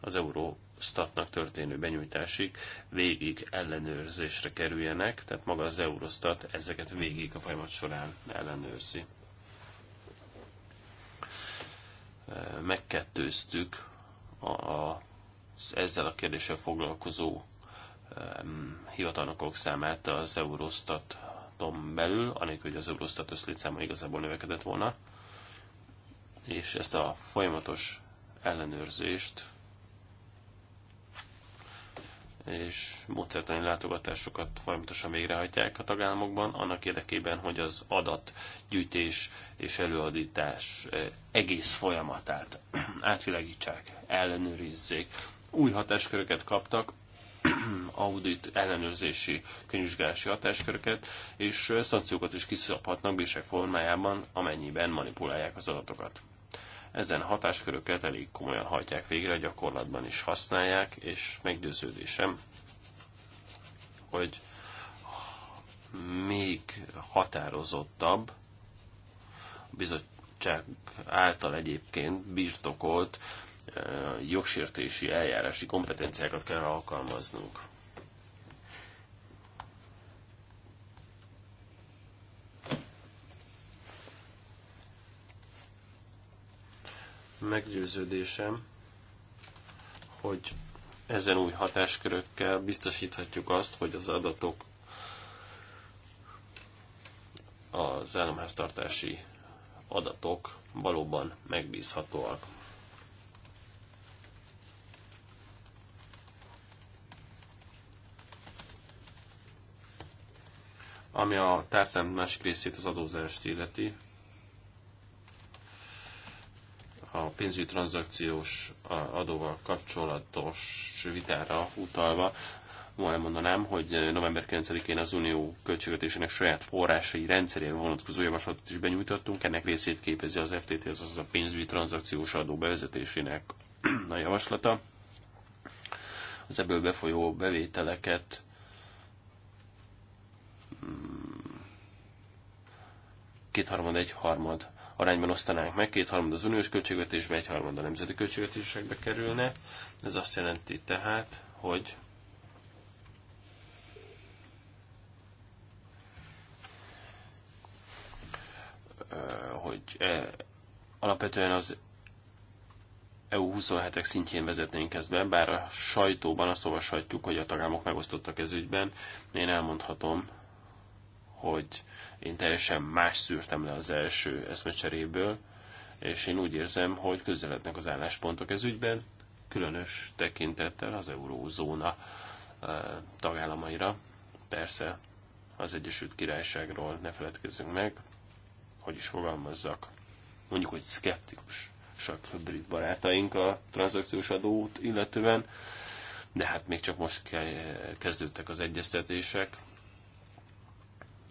az Eurostatnak történő benyújtásig végig ellenőrzésre kerüljenek, tehát maga az Eurostat ezeket végig a folyamat során ellenőrzi. megkettőztük a ezzel a kérdéssel foglalkozó hivatalnokok számát az Eurostaton belül, anélkül, hogy az Eurostat összlétszáma igazából növekedett volna, és ezt a folyamatos ellenőrzést és módszertani látogatásokat folyamatosan végrehajtják a tagállamokban, annak érdekében, hogy az adatgyűjtés és előadítás eh, egész folyamatát átvilágítsák, ellenőrizzék. Új hatásköröket kaptak, audit ellenőrzési könyvvizsgálási hatásköröket, és eh, szankciókat is kiszabhatnak bírság formájában, amennyiben manipulálják az adatokat. Ezen hatásköröket elég komolyan hajtják végre, gyakorlatban is használják, és meggyőződésem, hogy még határozottabb a bizottság által egyébként birtokolt eh, jogsértési eljárási kompetenciákat kell alkalmaznunk. meggyőződésem, hogy ezen új hatáskörökkel biztosíthatjuk azt, hogy az adatok az államháztartási adatok valóban megbízhatóak. Ami a tárcám másik részét az adózást illeti, a pénzügyi tranzakciós adóval kapcsolatos vitára utalva, ma elmondanám, hogy november 9-én az Unió költségvetésének saját forrásai rendszerére vonatkozó javaslatot is benyújtottunk. Ennek részét képezi az FTT, azaz a pénzügyi tranzakciós adó bevezetésének a javaslata. Az ebből befolyó bevételeket hmm, kétharmad, egyharmad arányban osztanánk meg, kétharmad az uniós költségvetésbe, egyharmad a nemzeti költségvetésekbe kerülne. Ez azt jelenti tehát, hogy hogy alapvetően az EU27-ek szintjén vezetnénk ezt be, bár a sajtóban azt olvashatjuk, hogy a tagállamok megosztottak ez ügyben. Én elmondhatom, hogy én teljesen más szűrtem le az első eszmecseréből, és én úgy érzem, hogy közelednek az álláspontok ez ügyben, különös tekintettel az eurózóna tagállamaira. Persze az Egyesült Királyságról ne feledkezzünk meg, hogy is fogalmazzak, mondjuk, hogy szkeptikusak brit barátaink a tranzakciós adót illetően, de hát még csak most kezdődtek az egyeztetések,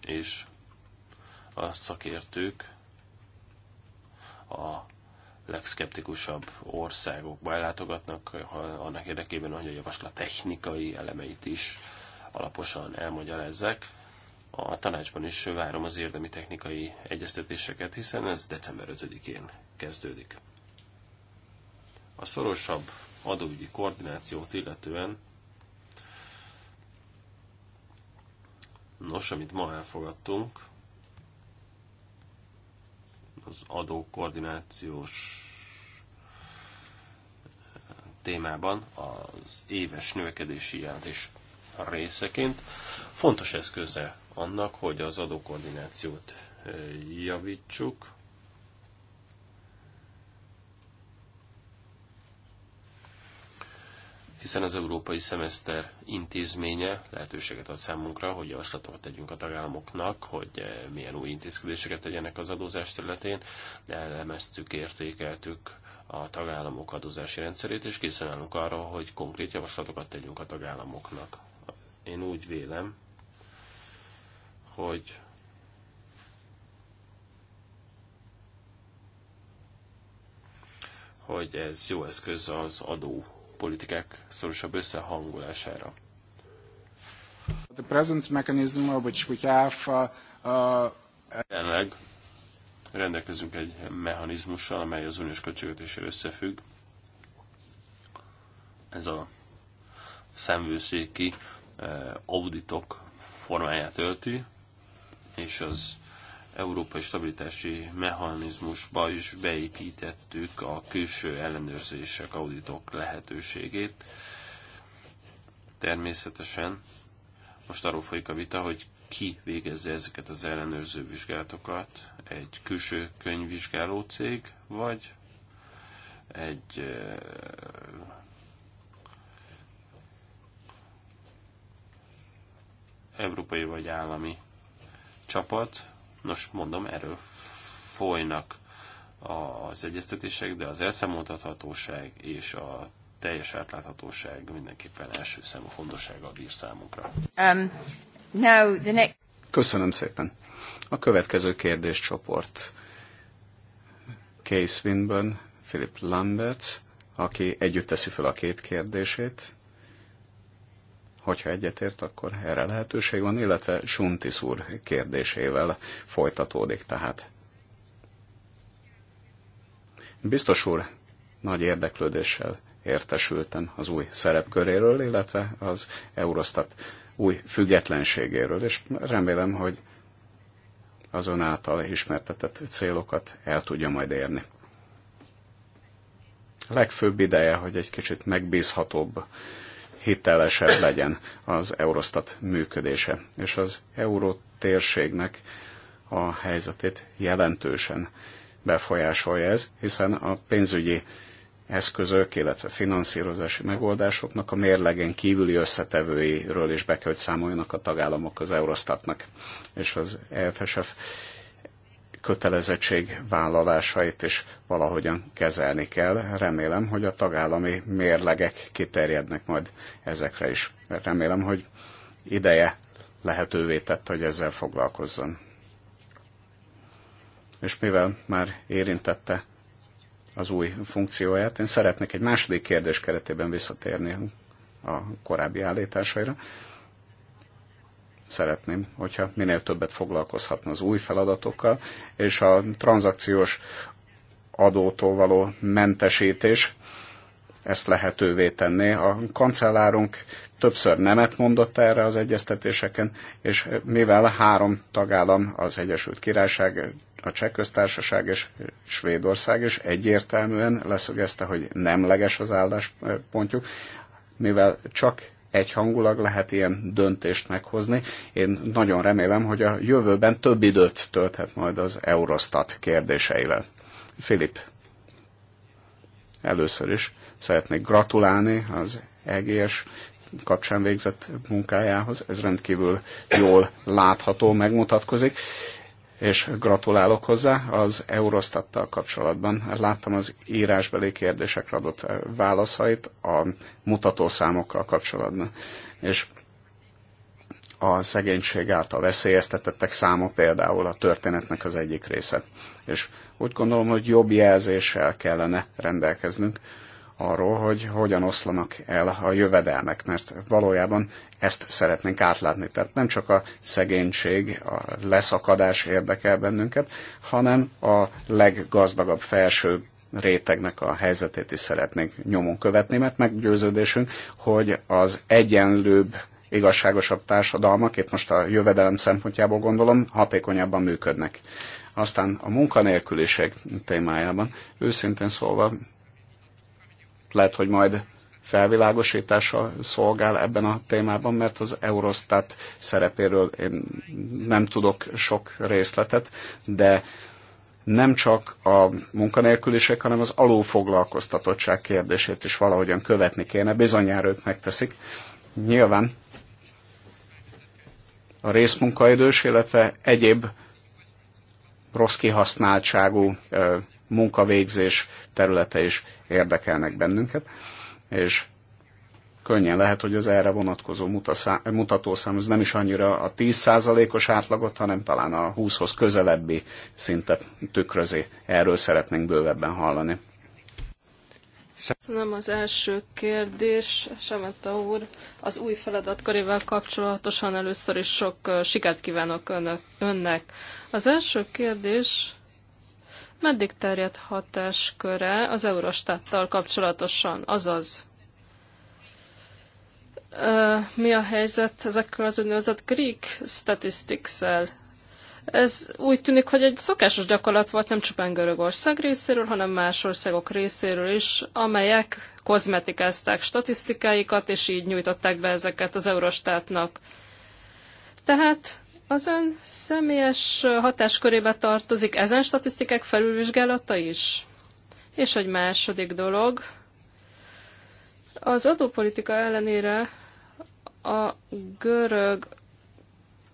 és a szakértők a legszkeptikusabb országokba ellátogatnak, annak érdekében, hogy a javaslat technikai elemeit is alaposan elmagyarázzák. A tanácsban is várom az érdemi technikai egyeztetéseket, hiszen ez december 5-én kezdődik. A szorosabb adóügyi koordinációt illetően Nos, amit ma elfogadtunk, az adókoordinációs eh, témában az éves növekedési jelentés részeként. Fontos eszköze annak, hogy az adókoordinációt eh, javítsuk, hiszen az Európai Szemeszter intézménye lehetőséget ad számunkra, hogy javaslatokat tegyünk a tagállamoknak, hogy eh, milyen új intézkedéseket tegyenek az adózás területén. Elemeztük, értékeltük a tagállamok adózási rendszerét, és készen állunk arra, hogy konkrét javaslatokat tegyünk a tagállamoknak. Én úgy vélem, hogy hogy ez jó eszköz az adó politikák szorosabb összehangolására. The present mechanism which we have, uh, uh... Jelenleg rendelkezünk egy mechanizmussal, amely az uniós költségvetésére összefügg. Ez a szemvőszéki eh, auditok formáját ölti, és az európai stabilitási mechanizmusba is beépítettük a külső ellenőrzések, auditok lehetőségét. Természetesen most arról folyik a vita, hogy ki végezze ezeket az ellenőrző vizsgálatokat, egy külső könyvvizsgáló cég, vagy egy európai vagy állami csapat, Nos, mondom, erről folynak az egyeztetések, de az elszámoltathatóság és a teljes átláthatóság mindenképpen első számú fontossága a bír számunkra. Um, now the next... Köszönöm szépen. A következő kérdéscsoport. Case Winburn, Philip Lambert, aki együtt teszi fel a két kérdését, Hogyha egyetért, akkor erre lehetőség van, illetve Suntis úr kérdésével folytatódik tehát. Biztos úr, nagy érdeklődéssel értesültem az új szerepköréről, illetve az Eurostat új függetlenségéről, és remélem, hogy azon által ismertetett célokat el tudja majd érni. legfőbb ideje, hogy egy kicsit megbízhatóbb hitelesebb legyen az Eurostat működése, és az euró térségnek a helyzetét jelentősen befolyásolja ez, hiszen a pénzügyi eszközök, illetve finanszírozási megoldásoknak a mérlegen kívüli összetevőiről is be kell, hogy számoljanak a tagállamok az Eurostatnak. És az EFSF kötelezettség is valahogyan kezelni kell. Remélem, hogy a tagállami mérlegek kiterjednek majd ezekre is. Remélem, hogy ideje lehetővé tett, hogy ezzel foglalkozzon. És mivel már érintette az új funkcióját, én szeretnék egy második kérdés keretében visszatérni a korábbi állításaira szeretném, hogyha minél többet foglalkozhatna az új feladatokkal, és a tranzakciós adótól való mentesítés ezt lehetővé tenné. A kancellárunk többször nemet mondott erre az egyeztetéseken, és mivel három tagállam, az Egyesült Királyság, a Cseh Köztársaság és Svédország is egyértelműen leszögezte, hogy nemleges az álláspontjuk, mivel csak egyhangulag lehet ilyen döntést meghozni. Én nagyon remélem, hogy a jövőben több időt tölthet majd az Eurostat kérdéseivel. Filip, először is szeretnék gratulálni az EGS kapcsán végzett munkájához. Ez rendkívül jól látható, megmutatkozik és gratulálok hozzá az Eurostattal kapcsolatban. Láttam az írásbeli kérdésekre adott válaszait a mutatószámokkal kapcsolatban, és a szegénység által veszélyeztetettek száma például a történetnek az egyik része. És úgy gondolom, hogy jobb jelzéssel kellene rendelkeznünk arról, hogy hogyan oszlanak el a jövedelmek, mert valójában ezt szeretnénk átlátni. Tehát nem csak a szegénység, a leszakadás érdekel bennünket, hanem a leggazdagabb felső rétegnek a helyzetét is szeretnénk nyomon követni, mert meggyőződésünk, hogy az egyenlőbb igazságosabb társadalmak, itt most a jövedelem szempontjából gondolom, hatékonyabban működnek. Aztán a munkanélküliség témájában őszintén szólva lehet, hogy majd felvilágosítása szolgál ebben a témában, mert az Eurostat szerepéről én nem tudok sok részletet, de nem csak a munkanélküliség, hanem az alulfoglalkoztatottság kérdését is valahogyan követni kéne, bizonyára ők megteszik. Nyilván a részmunkaidős, illetve egyéb rossz kihasználtságú munkavégzés területe is érdekelnek bennünket, és könnyen lehet, hogy az erre vonatkozó mutatószám az nem is annyira a 10%-os átlagot, hanem talán a 20-hoz közelebbi szintet tükrözi. Erről szeretnénk bővebben hallani. Köszönöm az első kérdés, Semeta úr. Az új feladatkörével kapcsolatosan először is sok sikert kívánok önök, önnek. Az első kérdés meddig terjed hatásköre az Eurostattal kapcsolatosan, azaz mi a helyzet ezekkel az úgynevezett Greek statistics-el? Ez úgy tűnik, hogy egy szokásos gyakorlat volt nem csupán Görögország részéről, hanem más országok részéről is, amelyek kozmetikázták statisztikáikat, és így nyújtották be ezeket az Eurostátnak. Tehát az ön személyes hatáskörébe tartozik ezen statisztikák felülvizsgálata is? És egy második dolog, az adópolitika ellenére a görög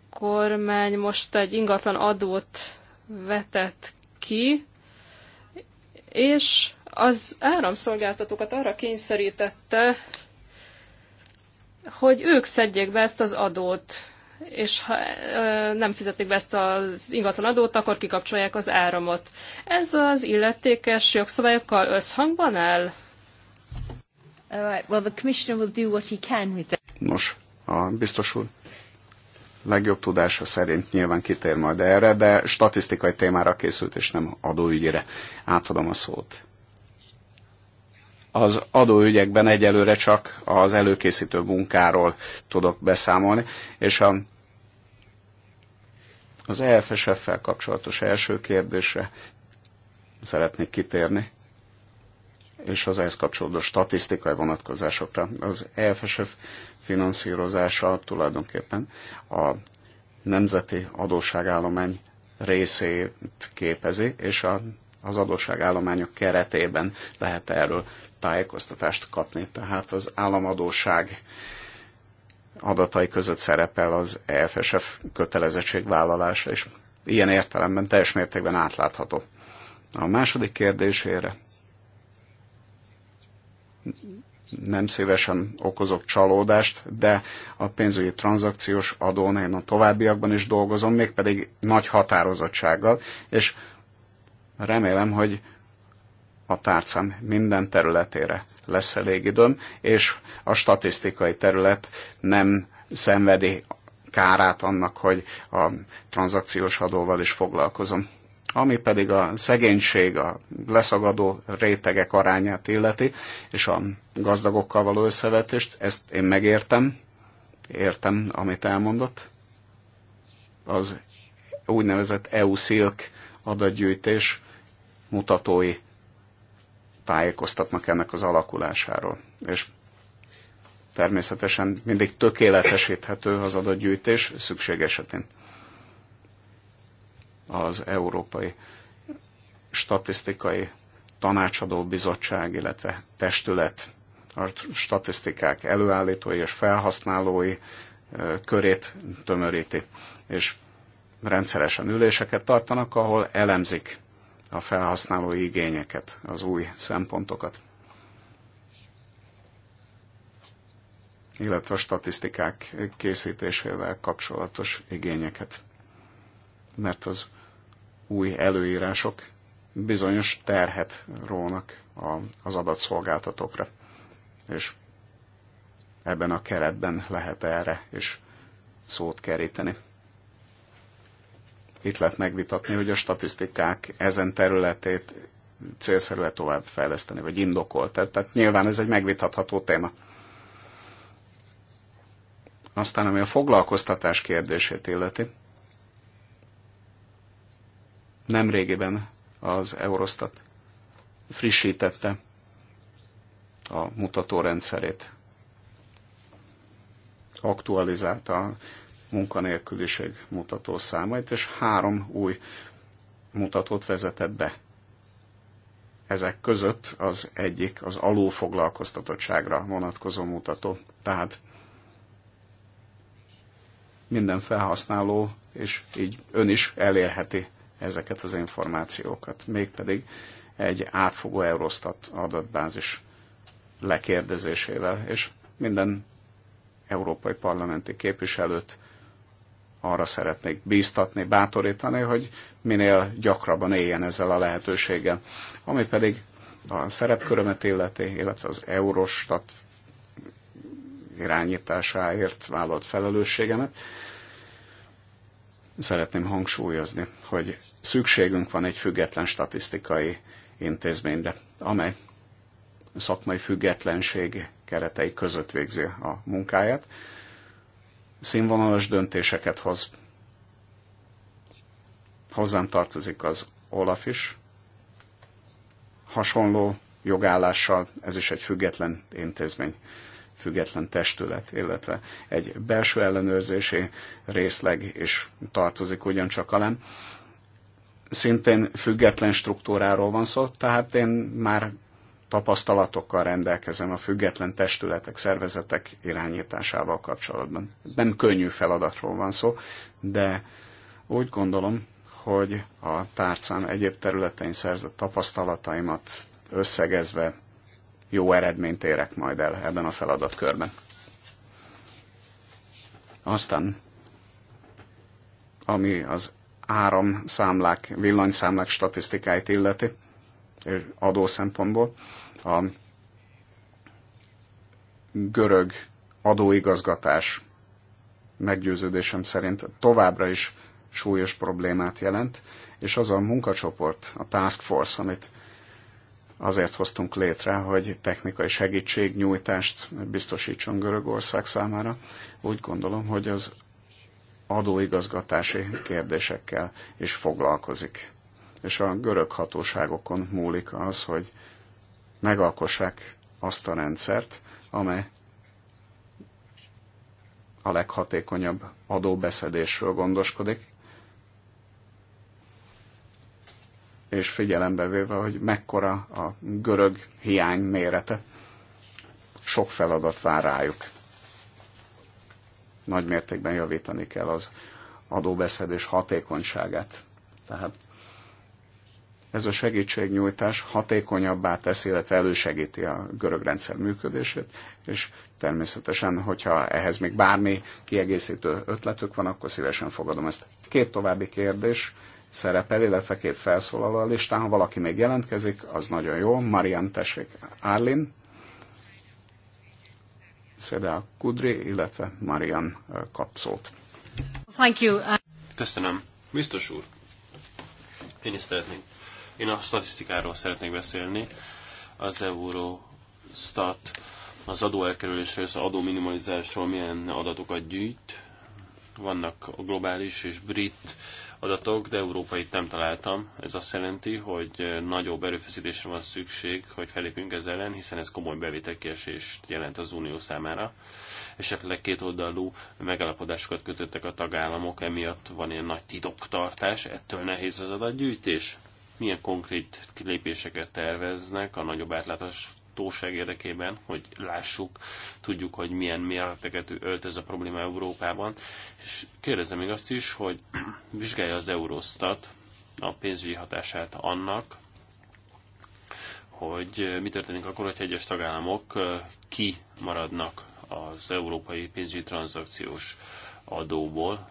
kormány most egy ingatlan adót vetett ki, és az áramszolgáltatókat arra kényszerítette, hogy ők szedjék be ezt az adót és ha nem fizetik be ezt az ingatlan adót, akkor kikapcsolják az áramot. Ez az illetékes jogszabályokkal összhangban áll? Nos, a biztos úr legjobb tudása szerint nyilván kitér majd erre, de statisztikai témára készült, és nem adóügyire. Átadom a szót az adóügyekben egyelőre csak az előkészítő munkáról tudok beszámolni, és a, az EFSF-fel kapcsolatos első kérdésre szeretnék kitérni, és az ehhez kapcsolódó statisztikai vonatkozásokra. Az EFSF finanszírozása tulajdonképpen a nemzeti adósságállomány részét képezi, és a, az adósságállományok keretében lehet erről tájékoztatást kapni. Tehát az államadóság adatai között szerepel az EFSF kötelezettségvállalása, és ilyen értelemben teljes mértékben átlátható. A második kérdésére nem szívesen okozok csalódást, de a pénzügyi tranzakciós adón én a továbbiakban is dolgozom, mégpedig nagy határozottsággal, és remélem, hogy a tárcám minden területére lesz elég időm, és a statisztikai terület nem szenvedi kárát annak, hogy a tranzakciós adóval is foglalkozom. Ami pedig a szegénység, a leszagadó rétegek arányát illeti, és a gazdagokkal való összevetést, ezt én megértem, értem, amit elmondott. Az úgynevezett eu szilk adatgyűjtés mutatói tájékoztatnak ennek az alakulásáról. És természetesen mindig tökéletesíthető az adatgyűjtés szükség esetén. Az Európai Statisztikai Tanácsadó Bizottság, illetve testület a statisztikák előállítói és felhasználói körét tömöríti, és rendszeresen üléseket tartanak, ahol elemzik a felhasználói igényeket, az új szempontokat. illetve a statisztikák készítésével kapcsolatos igényeket. Mert az új előírások bizonyos terhet rónak a, az adatszolgáltatókra. És ebben a keretben lehet erre is szót keríteni itt lehet megvitatni, hogy a statisztikák ezen területét célszerű-e fejleszteni, vagy indokolt. Tehát nyilván ez egy megvitatható téma. Aztán, ami a foglalkoztatás kérdését illeti, nemrégiben az Eurostat frissítette a mutatórendszerét, aktualizálta munkanélküliség mutató számait, és három új mutatót vezetett be. Ezek között az egyik az alulfoglalkoztatottságra vonatkozó mutató. Tehát minden felhasználó, és így ön is elérheti ezeket az információkat. Mégpedig egy átfogó Eurostat adatbázis lekérdezésével, és minden európai parlamenti képviselőt arra szeretnék bíztatni, bátorítani, hogy minél gyakrabban éljen ezzel a lehetőséggel. Ami pedig a szerepkörömet illeti, illetve az Eurostat irányításáért vállalt felelősségemet, szeretném hangsúlyozni, hogy szükségünk van egy független statisztikai intézményre, amely szakmai függetlenség keretei között végzi a munkáját, színvonalas döntéseket hoz. Hozzám tartozik az Olaf is. Hasonló jogállással, ez is egy független intézmény, független testület, illetve egy belső ellenőrzési részleg is tartozik ugyancsak alem. Szintén független struktúráról van szó, tehát én már tapasztalatokkal rendelkezem a független testületek, szervezetek irányításával kapcsolatban. Nem könnyű feladatról van szó, de úgy gondolom, hogy a tárcán egyéb területein szerzett tapasztalataimat összegezve jó eredményt érek majd el ebben a feladatkörben. Aztán, ami az áramszámlák, villanyszámlák statisztikáit illeti, és adó szempontból. A görög adóigazgatás meggyőződésem szerint továbbra is súlyos problémát jelent, és az a munkacsoport, a task force, amit azért hoztunk létre, hogy technikai segítségnyújtást biztosítson Görögország számára. Úgy gondolom, hogy az adóigazgatási kérdésekkel is foglalkozik és a görög hatóságokon múlik az, hogy megalkossák azt a rendszert, amely a leghatékonyabb adóbeszedésről gondoskodik, és figyelembe véve, hogy mekkora a görög hiány mérete, sok feladat vár rájuk. Nagy mértékben javítani kell az adóbeszedés hatékonyságát. Tehát ez a segítségnyújtás hatékonyabbá teszi, illetve elősegíti a görög rendszer működését, és természetesen, hogyha ehhez még bármi kiegészítő ötletük van, akkor szívesen fogadom ezt. Két további kérdés szerepel, illetve két felszólaló a listán. Ha valaki még jelentkezik, az nagyon jó. Marian, tessék, Árlin, Szedá Kudri, illetve Marian kap szót. Thank you. Köszönöm. Biztos úr, én is szeretnék én a statisztikáról szeretnék beszélni. Az Eurostat az adóelkerülésről és az adó minimalizálásról milyen adatokat gyűjt. Vannak a globális és brit adatok, de európai nem találtam. Ez azt jelenti, hogy nagyobb erőfeszítésre van szükség, hogy felépjünk ez ellen, hiszen ez komoly bevételkiesést jelent az Unió számára. Esetleg két oldalú megállapodásokat kötöttek a tagállamok, emiatt van ilyen nagy titoktartás, ettől nehéz az adatgyűjtés milyen konkrét lépéseket terveznek a nagyobb átláthatóság érdekében, hogy lássuk, tudjuk, hogy milyen méreteket ölt ez a probléma Európában. És kérdezem még azt is, hogy vizsgálja az Eurostat a pénzügyi hatását annak, hogy mi történik akkor, hogy egyes tagállamok kimaradnak az európai pénzügyi tranzakciós adóból,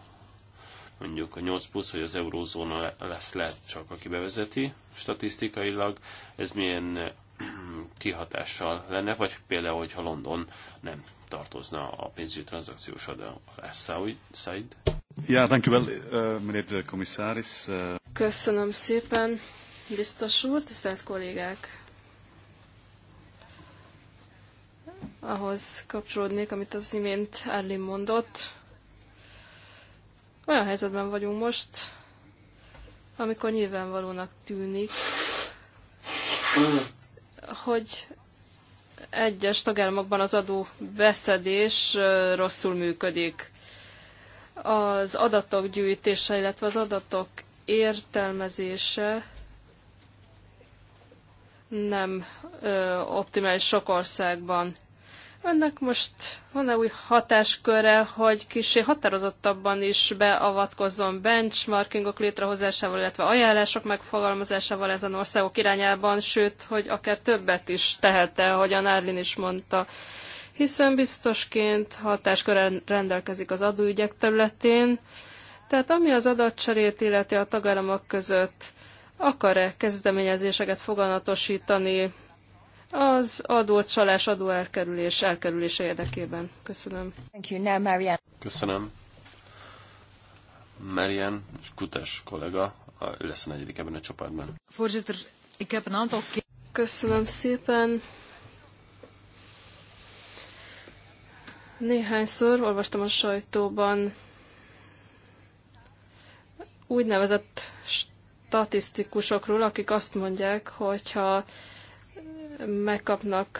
mondjuk a 8 plusz, hogy az eurózóna lesz lehet csak, aki bevezeti statisztikailag, ez milyen kihatással lenne, vagy például, hogyha London nem tartozna a pénzügyi tranzakciós adó alá. Ja, dankjewel, meneer komisáris? Köszönöm szépen, biztos úr, tisztelt kollégák! Ahhoz kapcsolódnék, amit az imént Erlin mondott olyan helyzetben vagyunk most, amikor nyilvánvalónak tűnik, hogy egyes tagállamokban az adó beszedés rosszul működik. Az adatok gyűjtése, illetve az adatok értelmezése nem ö, optimális sok országban. Önnek most van-e új hatásköre, hogy kicsi határozottabban is beavatkozzon benchmarkingok létrehozásával, illetve ajánlások megfogalmazásával ezen országok irányában, sőt, hogy akár többet is tehet, hogy ahogyan Árlin is mondta, hiszen biztosként hatáskörrel rendelkezik az adóügyek területén, tehát ami az adatcserét illeti a tagállamok között, akar-e kezdeményezéseket foganatosítani az adócsalás, adóelkerülés elkerülése érdekében. Köszönöm. Thank you. Now, Marianne. Köszönöm. Marian Skutas kollega, ő lesz a negyedik ebben a csoportban. Köszönöm szépen. Néhányszor olvastam a sajtóban úgynevezett statisztikusokról, akik azt mondják, hogyha ha megkapnak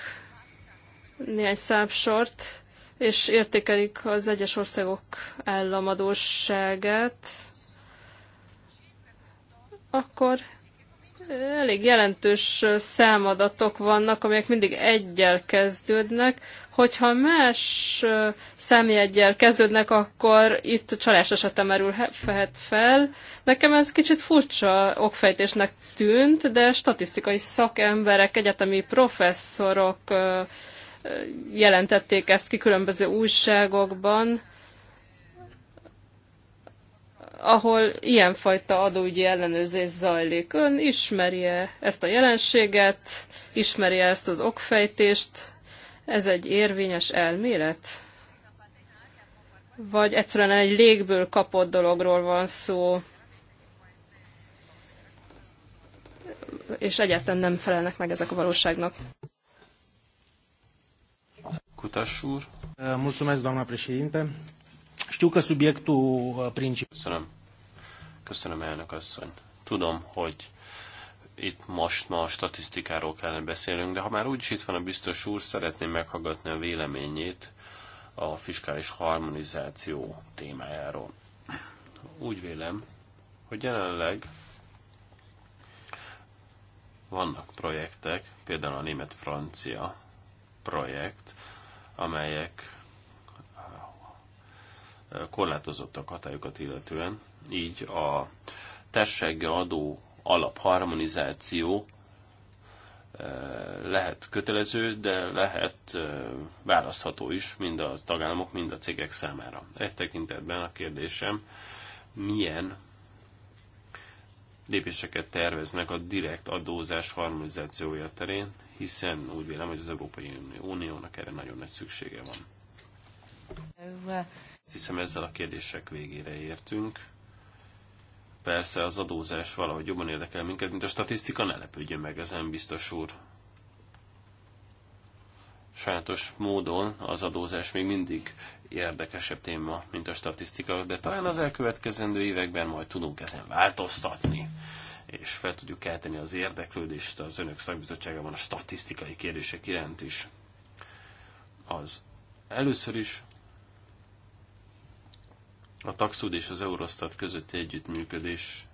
néhány számsort, és értékelik az egyes országok államadóságát, akkor elég jelentős számadatok vannak, amelyek mindig egyel kezdődnek. Hogyha más számjegyel kezdődnek, akkor itt csalás esete merülhet fel. Nekem ez kicsit furcsa okfejtésnek tűnt, de statisztikai szakemberek, egyetemi professzorok jelentették ezt ki különböző újságokban ahol ilyenfajta adóügyi ellenőrzés zajlik. Ön ismeri-e ezt a jelenséget, ismeri-e ezt az okfejtést, ez egy érvényes elmélet? Vagy egyszerűen egy légből kapott dologról van szó, és egyáltalán nem felelnek meg ezek a valóságnak. Kutas úr. Mulțumesc, doamna președinte. Știu că subiectul e, principal... Köszönöm. Köszönöm, elnök asszony. Tudom, hogy itt most ma a statisztikáról kellene beszélnünk, de ha már úgyis itt van a biztos úr, szeretném meghallgatni a véleményét a fiskális harmonizáció témájáról. Úgy vélem, hogy jelenleg vannak projektek, például a német-francia projekt, amelyek korlátozottak hatályokat illetően, így a társasági adó alapharmonizáció eh, lehet kötelező, de lehet eh, választható is mind a tagállamok, mind a cégek számára. Egy tekintetben a kérdésem, milyen lépéseket terveznek a direkt adózás harmonizációja terén, hiszen úgy vélem, hogy az Európai Uniónak erre nagyon nagy szüksége van. Azt hiszem ezzel a kérdések végére értünk. Persze az adózás valahogy jobban érdekel minket, mint a statisztika, ne lepődjön meg ezen, biztos úr. Sajátos módon az adózás még mindig érdekesebb téma, mint a statisztika, de talán az elkövetkezendő években majd tudunk ezen változtatni és fel tudjuk kelteni az érdeklődést az önök szakbizottságában a statisztikai kérdések iránt is. Az először is a Taxud és az Eurostat közötti együttműködés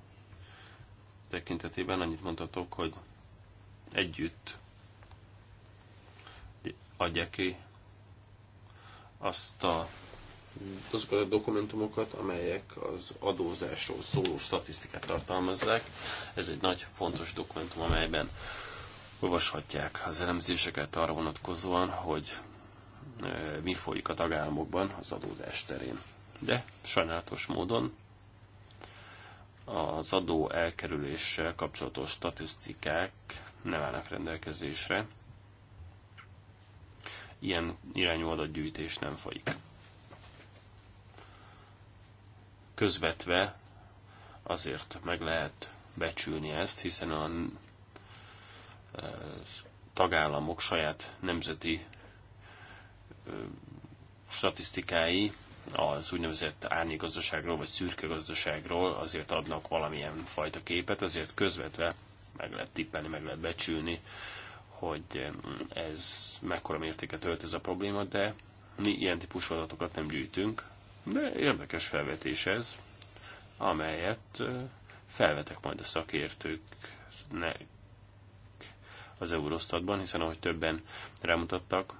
tekintetében annyit mondhatok, hogy együtt adja ki azt a azokat a dokumentumokat, amelyek az adózásról szóló statisztikát tartalmazzák. Ez egy nagy, fontos dokumentum, amelyben olvashatják az elemzéseket arra vonatkozóan, hogy e, mi folyik a tagállamokban az adózás terén de sajnálatos módon az adó elkerüléssel kapcsolatos statisztikák nem állnak rendelkezésre. Ilyen irányú adatgyűjtés nem folyik. Közvetve azért meg lehet becsülni ezt, hiszen a e, tagállamok saját nemzeti statisztikái az úgynevezett árnyékgazdaságról vagy szürke gazdaságról azért adnak valamilyen fajta képet, azért közvetve meg lehet tippelni, meg lehet becsülni, hogy ez mekkora mértéket ölt ez a probléma, de mi ilyen típusú adatokat nem gyűjtünk. De érdekes felvetés ez, amelyet felvetek majd a szakértőknek az Eurostatban, hiszen ahogy többen rámutattak,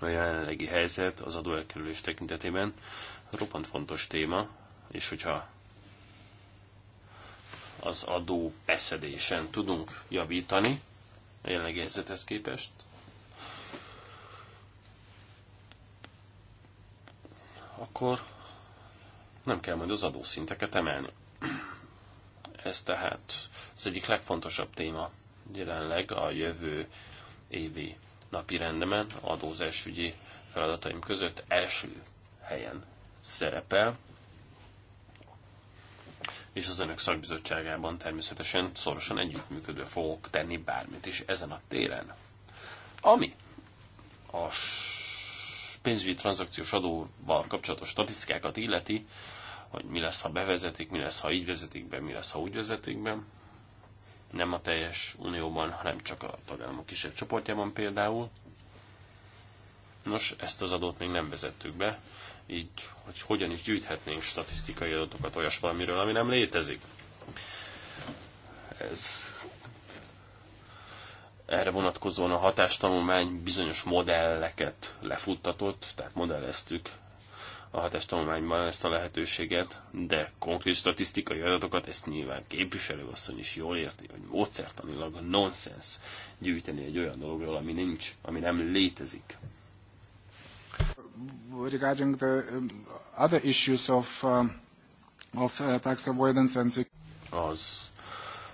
a jelenlegi helyzet az adóelkerülés tekintetében roppant fontos téma, és hogyha az adó beszedésen tudunk javítani a jelenlegi helyzethez képest, akkor nem kell majd az adószinteket emelni. Ez tehát az egyik legfontosabb téma jelenleg a jövő évi napi rendemen adózásügyi feladataim között első helyen szerepel, és az önök szakbizottságában természetesen szorosan együttműködő fogok tenni bármit is ezen a téren. Ami a pénzügyi tranzakciós adóval kapcsolatos statisztikákat illeti, hogy mi lesz, ha bevezetik, mi lesz, ha így vezetik be, mi lesz, ha úgy vezetik be nem a teljes unióban, hanem csak a tagállamok kisebb csoportjában például. Nos, ezt az adót még nem vezettük be, így hogy hogyan is gyűjthetnénk statisztikai adatokat olyas valamiről, ami nem létezik. Ez erre vonatkozóan a hatástanulmány bizonyos modelleket lefuttatott, tehát modelleztük a hatástanulmányban ezt a lehetőséget, de konkrét statisztikai adatokat ezt nyilván képviselőasszony is jól érti, hogy módszertanilag nonsens gyűjteni egy olyan dologról, ami nincs, ami nem létezik. Regarding the um, other issues of, um, of uh, tax avoidance and... Az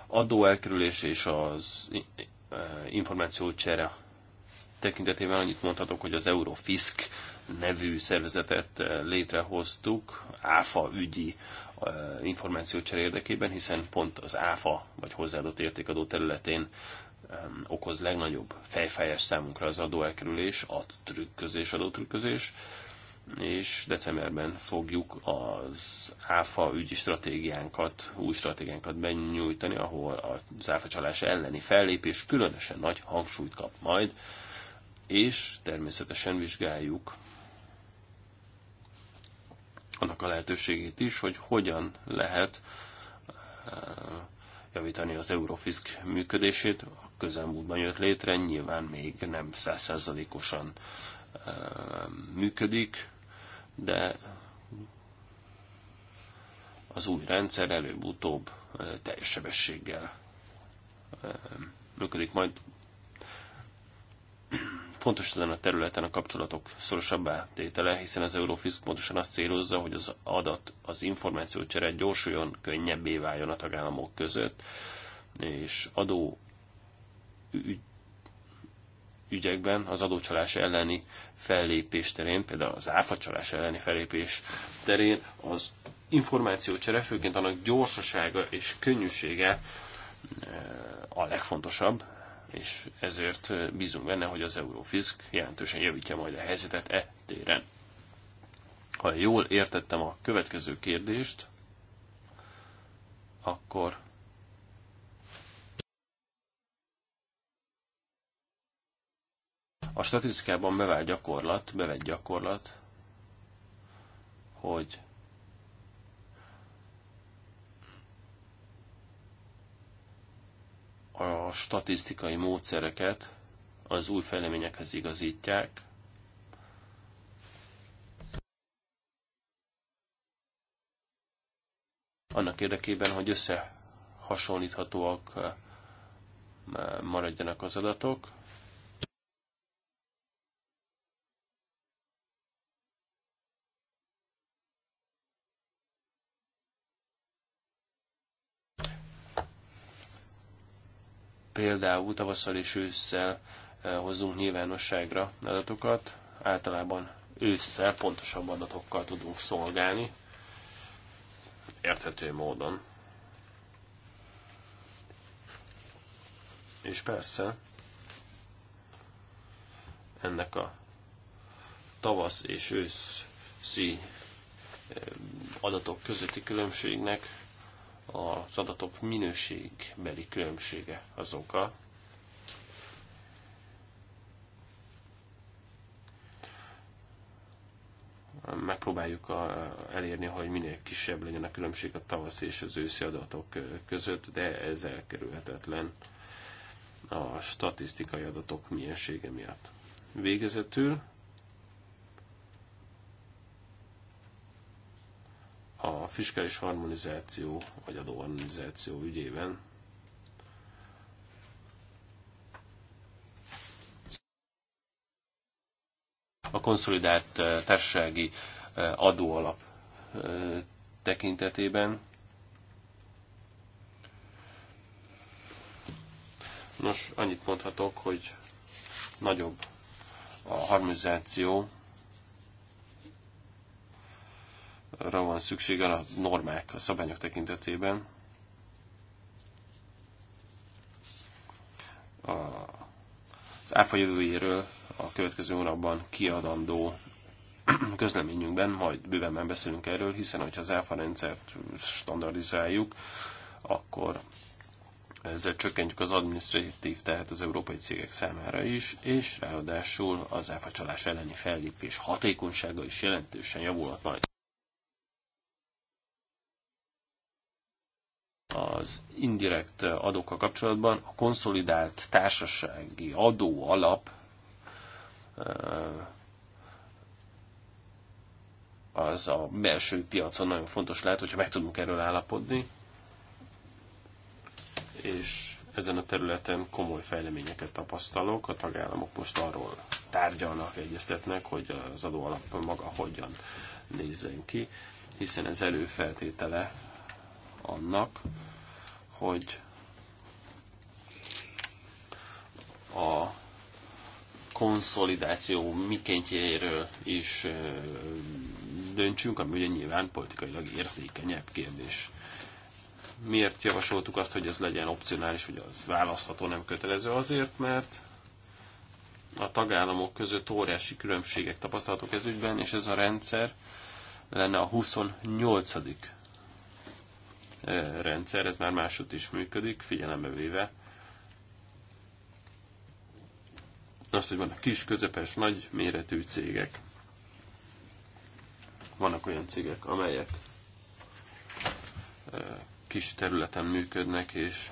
adó elkerülés és az uh, információcsere tekintetében annyit mondhatok, hogy az Eurofisk nevű szervezetet eh, létrehoztuk ÁFA ügyi eh, információcsere érdekében, hiszen pont az ÁFA vagy hozzáadott értékadó területén okoz legnagyobb fejfájás számunkra az adóelkerülés, a trükközés, adótrükközés, és decemberben fogjuk az ÁFA ügyi stratégiánkat, új stratégiánkat benyújtani, ahol az ÁFA csalás elleni fellépés különösen nagy hangsúlyt kap majd, és természetesen vizsgáljuk annak a lehetőségét is, hogy hogyan lehet eh, javítani az Eurofisk működését. A közelmúltban jött létre, nyilván még nem százszerzalékosan eh, működik, de az új rendszer előbb-utóbb eh, teljes sebességgel működik majd Fontos ezen a területen a kapcsolatok szorosabb átétele, hiszen az Eurofisk pontosan azt célozza, hogy az adat, az információcsere gyorsuljon, könnyebbé váljon a tagállamok között, és adó ügy, ügyekben, az adócsalás elleni fellépés terén, például az áfacsalás elleni fellépés terén az információcsere, főként annak gyorsasága és könnyűsége eh, a legfontosabb, és ezért bízunk benne, hogy az Eurofisk jelentősen javítja majd a helyzetet e téren. Ha jól értettem a következő kérdést, akkor a statisztikában bevált gyakorlat, bevett gyakorlat, hogy a statisztikai módszereket az új fejleményekhez igazítják, annak érdekében, hogy összehasonlíthatóak eh, maradjanak az adatok. például tavasszal és ősszel eh, hozunk nyilvánosságra adatokat, általában ősszel pontosabb adatokkal tudunk szolgálni, érthető módon. És persze ennek a tavasz és őszi eh, adatok közötti különbségnek az adatok minőségbeli különbsége az oka. Megpróbáljuk elérni, hogy minél kisebb legyen a különbség a tavasz és az őszi adatok között, de ez elkerülhetetlen a statisztikai adatok miensége miatt. Végezetül a fiskális harmonizáció vagy adóharmonizáció ügyében a konszolidált társasági adóalap tekintetében. Nos, annyit mondhatok, hogy nagyobb a harmonizáció ra van szüksége a normák, a szabályok tekintetében. A, az áfa jövőjéről a következő hónapban kiadandó közleményünkben, majd bővenben beszélünk erről, hiszen hogyha az áfa rendszert standardizáljuk, akkor ezzel csökkentjük az administratív tehet az európai cégek számára is, és ráadásul az csalás elleni fellépés hatékonysága is jelentősen javulhat majd. az indirekt adókkal kapcsolatban a konszolidált társasági adó alap az a belső piacon nagyon fontos lehet, hogyha meg tudunk erről állapodni, és ezen a területen komoly fejleményeket tapasztalok. A tagállamok most arról tárgyalnak, egyeztetnek, hogy az adóalap maga hogyan nézzen ki, hiszen ez előfeltétele annak, hogy a konszolidáció mikéntjéről is döntsünk, ami ugye nyilván politikailag érzékenyebb kérdés. Miért javasoltuk azt, hogy ez legyen opcionális, hogy az választható, nem kötelező? Azért, mert a tagállamok között óriási különbségek tapasztalhatók ez ügyben, és ez a rendszer lenne a 28. E, rendszer, ez már máshogy is működik, figyelembe véve azt, hogy vannak kis, közepes, nagy méretű cégek. Vannak olyan cégek, amelyek e, kis területen működnek, és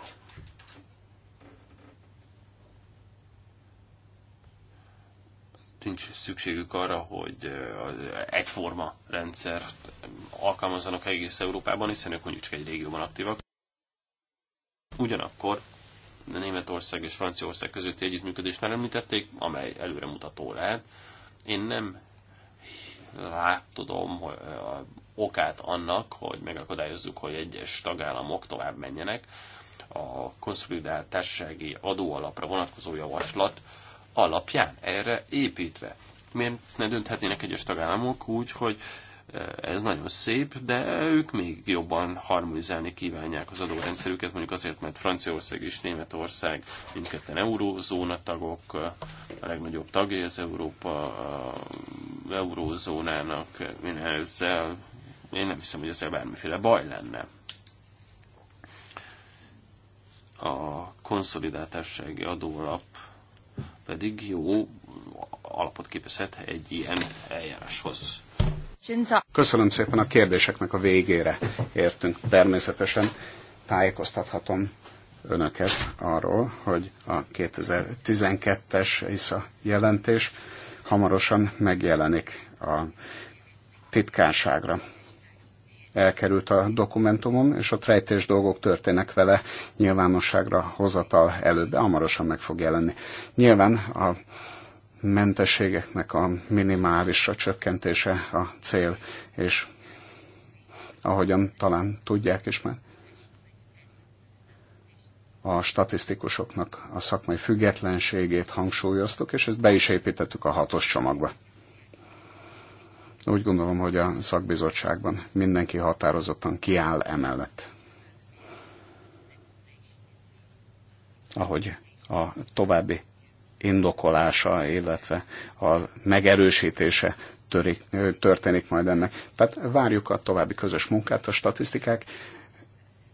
nincs szükségük arra, hogy eh, egyforma rendszert alkalmazzanak egész Európában, hiszen ők mondjuk csak egy régióban aktívak. Ugyanakkor Németország és Franciaország közötti együttműködést már említették, amely előremutató lehet. Én nem látodom hogy a eh, okát annak, hogy megakadályozzuk, hogy egyes tagállamok tovább menjenek. A konszolidált társasági adóalapra vonatkozó javaslat alapján, erre építve. Miért ne dönthetnének egyes tagállamok úgy, hogy e, ez nagyon szép, de ők még jobban harmonizálni kívánják az adórendszerüket, mondjuk azért, mert Franciaország és Németország mindketten eurózóna tagok, e, a legnagyobb tagja az Európa a eurózónának, én ezzel én nem hiszem, hogy ezzel bármiféle baj lenne. A konszolidáltársági adóalap pedig jó alapot képezhet egy ilyen eljáráshoz. Köszönöm szépen a kérdéseknek a végére értünk. Természetesen tájékoztathatom önöket arról, hogy a 2012-es ISZA jelentés hamarosan megjelenik a titkárságra elkerült a dokumentumom, és a rejtés dolgok történnek vele nyilvánosságra hozatal előtt, de hamarosan meg fog jelenni. Nyilván a mentességeknek a minimálisra csökkentése a cél, és ahogyan talán tudják is már, a statisztikusoknak a szakmai függetlenségét hangsúlyoztuk, és ezt be is építettük a hatos csomagba. Úgy gondolom, hogy a szakbizottságban mindenki határozottan kiáll emellett. Ahogy a további indokolása, illetve a megerősítése törik, történik majd ennek. Tehát várjuk a további közös munkát, a statisztikák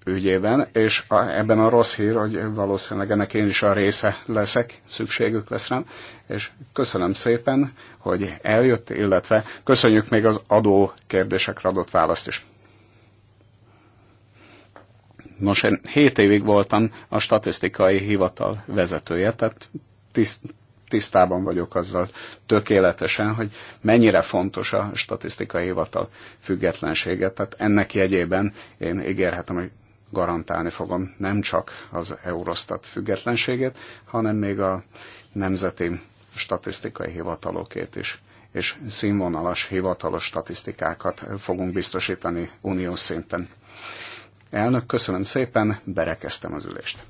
ügyében, és a, ebben a rossz hír, hogy valószínűleg ennek én is a része leszek, szükségük lesz rám, és köszönöm szépen, hogy eljött, illetve köszönjük még az adó kérdésekre adott választ is. Nos, én 7 évig voltam a statisztikai hivatal vezetője, tehát tiszt, tisztában vagyok azzal tökéletesen, hogy mennyire fontos a statisztikai hivatal függetlensége. Tehát ennek jegyében én ígérhetem, hogy garantálni fogom nem csak az Eurostat függetlenségét, hanem még a nemzeti statisztikai hivatalokét is és színvonalas, hivatalos statisztikákat fogunk biztosítani uniós szinten. Elnök, köszönöm szépen, berekeztem az ülést.